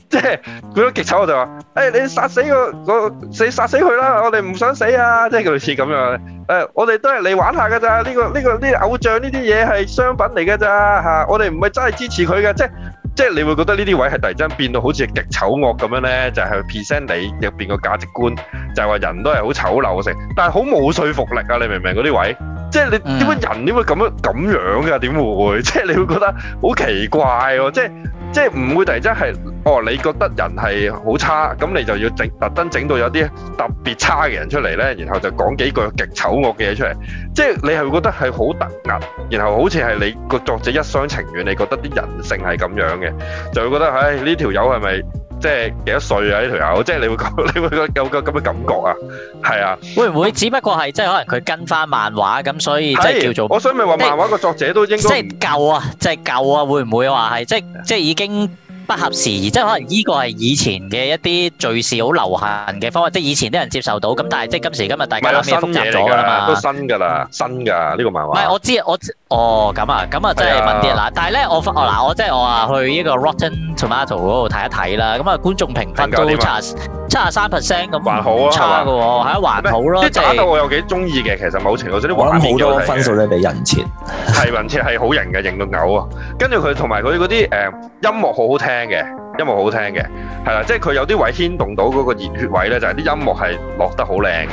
即係佢都極醜，就話誒、欸，你殺死個個，你殺死佢啦！我哋唔想死啊，即係類似咁樣。誒、呃，我哋都係嚟玩下噶咋？呢、呢個呢、呢個呢、呢個、偶像呢啲嘢係商品嚟噶咋吓？我哋唔係真係支持佢嘅，即係。即係你會覺得呢啲位係突然間變到好似極醜惡咁樣呢，就係、是、present 你入邊個價值觀，就係、是、話人都係好醜陋嘅成，但係好冇説服力啊！你明唔明嗰啲位？即係你點解人點會咁樣咁樣㗎？點會？即係你會覺得好奇怪喎、啊！即係。即係唔會突然之間係，哦，你覺得人係好差，咁你就要整特登整到有啲特別差嘅人出嚟咧，然後就講幾句極醜惡嘅嘢出嚟，即係你係會覺得係好突兀，然後好似係你個作者一廂情願，你覺得啲人性係咁樣嘅，就會覺得唉呢條友係咪？哎這個即係幾多歲啊？呢條友即係你會，你會有個咁嘅感覺啊？係啊，會唔會只不過係即係可能佢跟翻漫畫咁，所以即係叫做我想咪話漫畫個作者都應該即係舊啊，即係舊啊，會唔會話係即係即係已經？不合時，即係可能呢個係以前嘅一啲敘事好流行嘅方法，即係以前啲人接受到。咁但係即係今時今日大家咩複雜咗啦嘛？都新㗎啦，新㗎呢個漫畫。唔係我知，我哦咁啊，咁啊，即係問啲啦。但係咧，我發嗱，我即係我啊去呢個 Rotten Tomato 嗰度睇一睇啦。咁啊，觀眾評分都七十七十三 percent 咁差嘅喎，係啊，還好咯。即係我有幾鍾意嘅，其實某程度上啲環境都分數咧俾人設係人設係好型嘅，型到嘔啊！跟住佢同埋佢嗰啲誒音樂好好聽。聽嘅音樂好聽嘅，係啦，即係佢有啲位牽動到嗰個熱血位咧，就係、是、啲音樂係落得好靚嘅，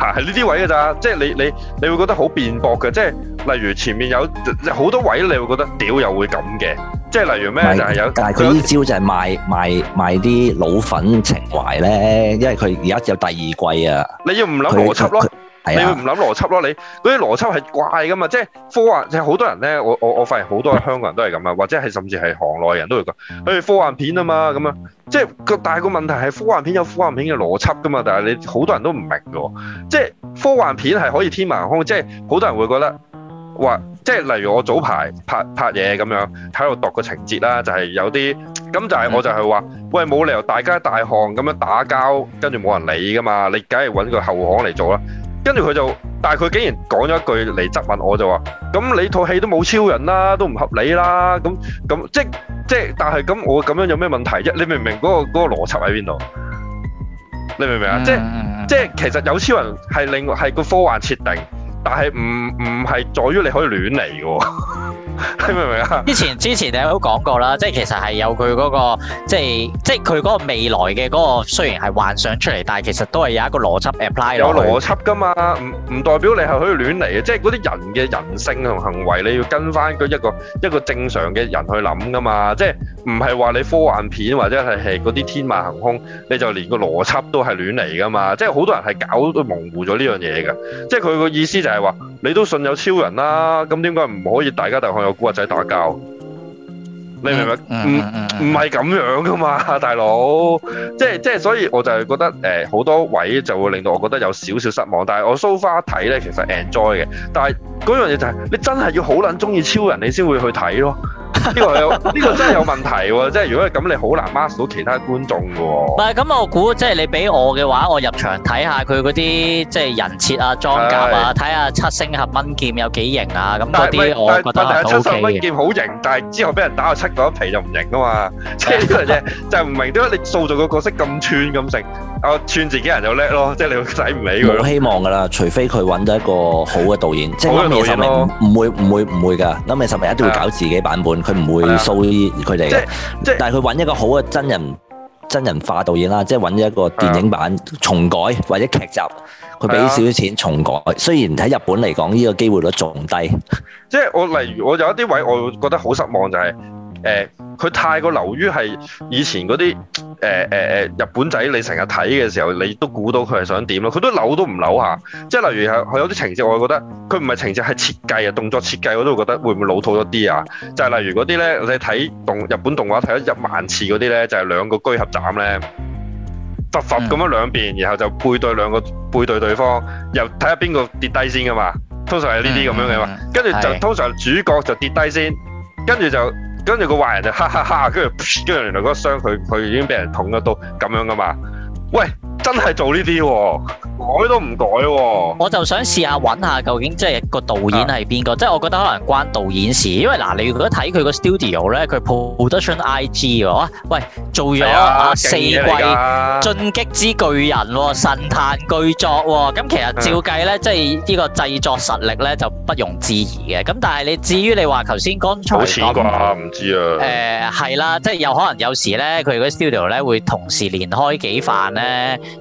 吓係呢啲位噶咋，即係你你你會覺得好辯駁嘅，即係例如前面有好多位你會覺得屌又會咁嘅，即係例如咩是就係有，但係佢呢招就係賣賣賣啲老粉情懷咧，因為佢而家有第二季啊，你要唔諗邏輯咯。你會唔諗邏輯咯，你嗰啲邏輯係怪噶嘛？即係科幻，即係好多人咧。我我我發現好多香港人都係咁啊，或者係甚至係行內人都會講，佢、欸、科幻片啊嘛咁啊。即係個但係個問題係科幻片有科幻片嘅邏輯噶嘛？但係你好多人都唔明嘅，即係科幻片係可以天馬行空。即係好多人會覺得，或即係例如我早排拍拍嘢咁樣，喺度讀個情節啦，就係、是、有啲咁就係我就係話，嗯、喂冇理由大家大巷咁樣打交，跟住冇人理噶嘛？你梗係揾個後巷嚟做啦。跟住佢就，但係佢竟然講咗一句嚟，質問我，我就話，咁你套戲都冇超人啦，都唔合理啦，咁咁即即但係咁我咁樣有咩問題啫？你明唔明嗰個嗰個邏輯喺邊度？你明唔明啊？mm hmm。即係即係，其實有超人係另外係個科幻設定。但係唔唔係在於你可以亂嚟嘅。 你明唔明啊？之前之前你都講過啦，即係其實係有佢嗰個，即係即係佢嗰個未來嘅嗰個，雖然係幻想出嚟，但係其實都係有一個邏輯 apply 有邏輯噶嘛？唔唔代表你係可以亂嚟嘅，即係嗰啲人嘅人性同行為，你要跟翻嗰一個一個正常嘅人去諗噶嘛。即係唔係話你科幻片或者係係嗰啲天馬行空，你就連個邏輯都係亂嚟噶嘛？即係好多人係搞到模糊咗呢樣嘢嘅，即係佢個意思就就係話，你都信有超人啦，咁點解唔可以大家大漢有古惑仔打交？你明唔明？唔唔係咁樣噶嘛，大佬，即係即係，所以我就係覺得誒好、呃、多位就會令到我覺得有少少失望。但係我 so far 睇咧，其實 enjoy 嘅。但係嗰樣嘢就係、是、你真係要好撚中意超人，你先會去睇咯。呢、這個係呢 個真係有問題喎、啊！即、就、係、是、如果係咁，你好難 mask 到其他觀眾噶喎、啊。唔係咁，我估即係你俾我嘅話，我入場睇下佢嗰啲即係人設啊、裝甲啊，睇下的七星合蚊劍有幾型啊。咁嗰啲我係七星合蚊劍好型，但係之後俾人打個七嗰皮就唔型噶嘛，即係呢個啫，就唔明點解你塑造個角色咁串咁食啊，串自己人就叻咯，即係你使唔起佢咯。冇希望噶啦，除非佢揾到一個好嘅導演，導演即係冇人唔會唔會唔會噶，諗你十日一定會搞自己版本，佢唔的會掃啲佢哋即係即係，但係佢揾一個好嘅真人真人化導演啦，即係揾一個電影版重改或者劇集，佢俾少少錢重改。的雖然喺日本嚟講呢個機會率仲低，的 即係我例如我有一啲位，我會覺得好失望就係。誒，佢、欸、太過流於係以前嗰啲誒誒誒日本仔，你成日睇嘅時候，你都估到佢係想點咯。佢都扭都唔扭下，即係例如係佢有啲情，情節，我覺得佢唔係情節，係設計啊，動作設計，我都會覺得會唔會老土咗啲啊？就係、是、例如嗰啲咧，你睇動日本動畫睇咗一萬次嗰啲咧，就係、是、兩個居合斬咧，突突咁樣兩邊，然後就背對兩個背對對方，又睇下邊個跌低先㗎嘛。通常係呢啲咁樣嘅嘛，跟住就通常主角就跌低先，跟住就。跟住個壞人就哈哈哈，哈，跟住跟住原來嗰個箱佢佢已經俾人捅一刀，咁樣㗎嘛？喂！真係做呢啲、哦，改都唔改、哦。我就想試下揾下究竟即係個導演係邊個，啊、即係我覺得可能關導演事。因為嗱，你如果睇佢個 studio 呢，佢 production IG 喂，做咗、啊啊、四季進擊之巨人、哦、神壇巨作、哦，咁其實照計呢，啊、即係呢個製作實力呢，就不容置疑嘅。咁但係你至於你話頭先剛才、剛才好似啩，唔知啊。誒、呃，係啦，即係有可能有時呢，佢個 studio 呢會同時連開幾番呢。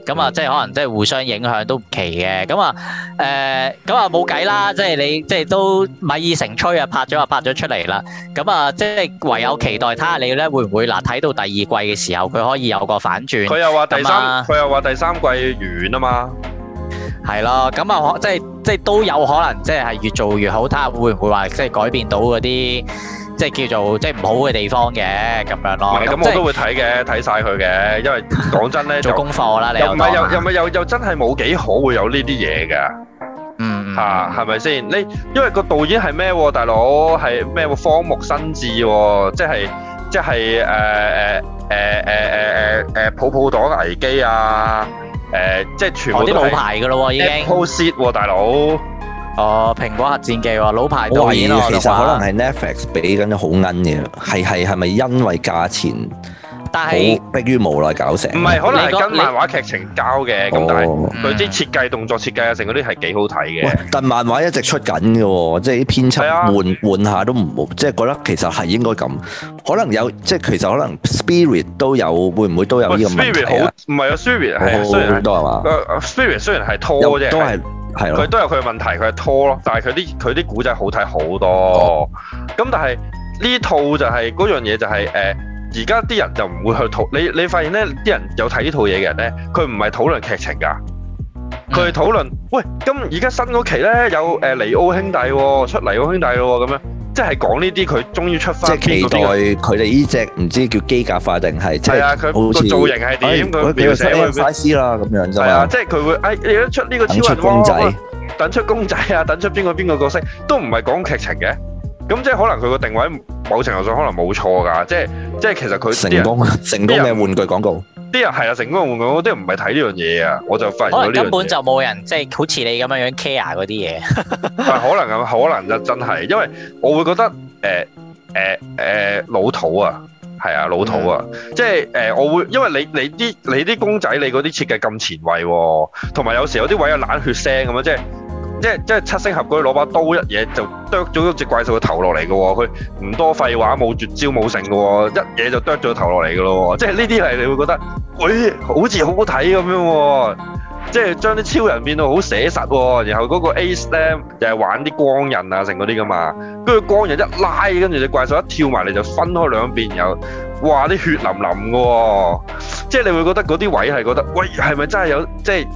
咁啊，即係可能，即係互相影響都唔奇嘅。咁啊，誒、呃，咁啊冇計啦，即係你，即係都米已成炊啊，拍咗啊，拍咗出嚟啦。咁啊，即係唯有期待睇下你咧會唔會嗱睇到第二季嘅時候，佢可以有個反轉。佢又話第三，佢嘛又話第三季完啊嘛。係咯，咁啊，即係即係都有可能，即係係越做越好。睇下會唔會話即係改變到嗰啲。即係叫做即係唔好嘅地方嘅咁樣咯。咁我都會睇嘅，睇晒佢嘅，因為講真咧，做功課啦，你又唔係又又唔係又又真係冇幾好會有呢啲嘢嘅，嗯嚇係咪先？你因為個導演係咩喎，大佬係咩荒牧伸志喎，即係即係誒誒誒誒誒誒誒泡泡黨危機啊！誒即係全部啲老牌嘅咯已經，好蝕喎大佬。哦，蘋果核戰記喎，老牌嘅話，其實可能係 Netflix 俾緊好恩嘅，係係係咪因為價錢？但係迫於無奈搞成。唔係，可能係跟漫畫劇情交嘅，咁、哦、但係啲設計動作設計啊，成嗰啲係幾好睇嘅。但漫畫一直出緊嘅喎，即係啲編輯換換下都唔好，即係覺得其實係應該咁。可能有即係其實可能 Spirit 都有，會唔會都有呢個問題？唔係啊，Spirit 係啊，雖然多係嘛？Spirit 雖然係、哦哦、拖啫，都係。係，佢都有佢嘅問題，佢係拖咯。但係佢啲佢啲古仔好睇好多。咁但係呢套就係、是、嗰樣嘢就係、是、誒，而家啲人就唔會去討你。你發現咧，啲人有睇呢套嘢嘅人咧，佢唔係討論劇情㗎，佢係討論、嗯、喂。咁而家新嗰期咧，有誒、呃、尼奧兄弟、哦、出尼奧兄弟咯、哦、咁樣。即係講呢啲佢終於出翻，即係期待佢哋呢隻唔知叫機甲化定係係啊，佢個造型係點？佢譬如睇個怪獅啦咁樣啫嘛。係啊，即係佢會誒你一出呢個超人咁出公仔，等出公仔啊，等出邊個邊個角色都唔係講劇情嘅。咁即係可能佢個定位某程度上可能冇錯㗎。即係即係其實佢成功成功嘅玩具廣告。啲人係啊，成功換我啲人唔係睇呢樣嘢啊，我就發現咗呢樣嘢。根本就冇人即係、就是、好似你咁樣樣 care 嗰啲嘢。但 可能啊，可能就真係，因為我會覺得誒誒誒老土啊，係啊老土啊，嗯、即係誒、欸、我會，因為你你啲你啲公仔你嗰啲設計咁前衞、啊，同埋有，有時有啲位有冷血聲咁樣即係。即係即係七星俠嗰啲攞把刀一嘢就剁咗隻怪獸嘅頭落嚟嘅，佢唔多廢話，冇絕招冇成嘅，一嘢就剁咗頭落嚟嘅咯。即係呢啲係你會覺得，咦、哎，好似好好睇咁樣、哦。即係將啲超人變到好寫實、哦，然後嗰個 Ace slam 又係玩啲光人啊成嗰啲噶嘛。跟住光人一拉，跟住隻怪獸一跳埋嚟就分開兩邊，然後哇啲血淋淋嘅、哦。即係你會覺得嗰啲位係覺得，喂，係咪真係有即係？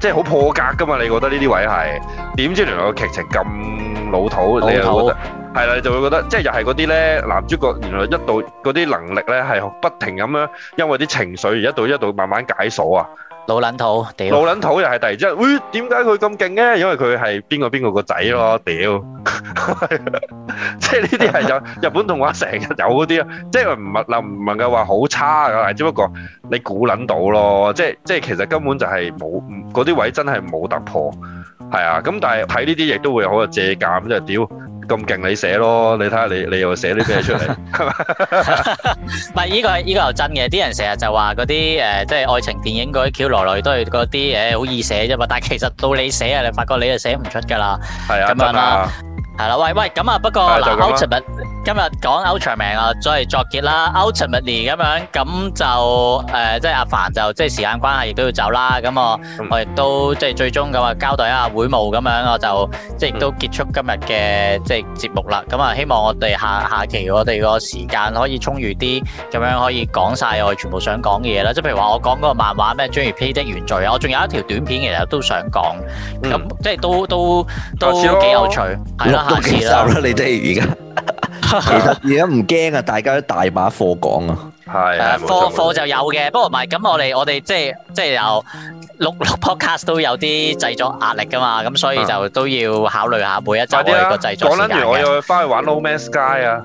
即係好破格㗎嘛？你覺得呢啲位係，點知原來個劇情咁老土，老土你又覺得？係啦，就會覺得即係又係嗰啲咧男主角，原來一度嗰啲能力咧係不停咁樣，因為啲情緒而一度一度慢慢解鎖啊！老撚土，屌！老撚土又係突然之間，喂，點解佢咁勁嘅？因為佢係邊個邊個個仔咯，屌！即係呢啲係有日本動畫成日有嗰啲啊！即係唔係嗱唔能夠話好差噶，只不過你估捻到咯，即係即係其實根本就係冇嗰啲位真係冇突破，係啊！咁但係睇呢啲亦都會好有借鑒，即係屌。咁勁你寫咯，你睇下你你又寫啲咩出嚟？唔係依個依個又真嘅，啲人成日就話嗰啲誒，即係愛情電影嗰啲橋來來都係嗰啲誒，好易寫啫嘛，但係其實到你寫啊，你發覺你就寫唔出㗎啦，係啊，咁樣啦。 係啦，喂喂，咁啊，不過，ultimate, 今日今日講 Ultraman 啊，再作結啦。ultimately 咁樣，咁就誒、呃，即係阿凡就即係時間關係，亦都要走啦。咁我、嗯、我亦都即係最終咁啊，交代一下會務咁樣，我就即係亦都結束今日嘅、嗯、即係節目啦。咁啊，希望我哋下下期我哋個時間可以充裕啲，咁樣可以講晒我全部想講嘅嘢啦。即係譬如話我講嗰個漫畫咩，專業 P 的原罪啊，我仲有一條短片其實想、嗯、都想講，咁即係都都都幾有趣，係啦。多集啦，你哋而家，其實而家唔驚啊，大家都大把貨講啊，係， 貨貨就有嘅，不過唔係，咁我哋我哋即係即係又六六 podcast 都有啲製作壓力噶嘛，咁所以就都要考慮下每一周都哋個製作我諗住我要翻去玩 No Man's Sky 啊。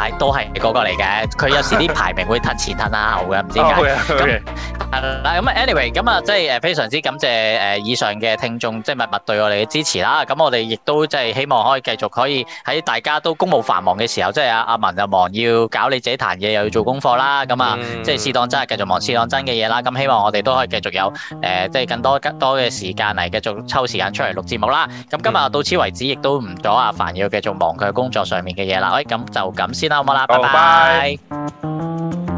係都係個個嚟嘅，佢有時啲排名會褪前褪下後嘅，唔知點解。咁係啦，咁啊 anyway，咁啊即係誒非常之感謝誒以上嘅聽眾，即係默默對我哋嘅支持啦。咁我哋亦都即係希望可以繼續可以喺大家都公務繁忙嘅時候，即係阿阿文又忙要搞你自己彈嘢，又要做功課啦。咁啊，即係試當真係繼續忙，試當真嘅嘢啦。咁希望我哋都可以繼續有誒，即係更多多嘅時間嚟繼續抽時間出嚟錄節目啦。咁今日到此為止，亦都唔阻阿文要繼續忙佢工作上面嘅嘢啦。喂，咁就咁先。咁我哋啦，拜拜。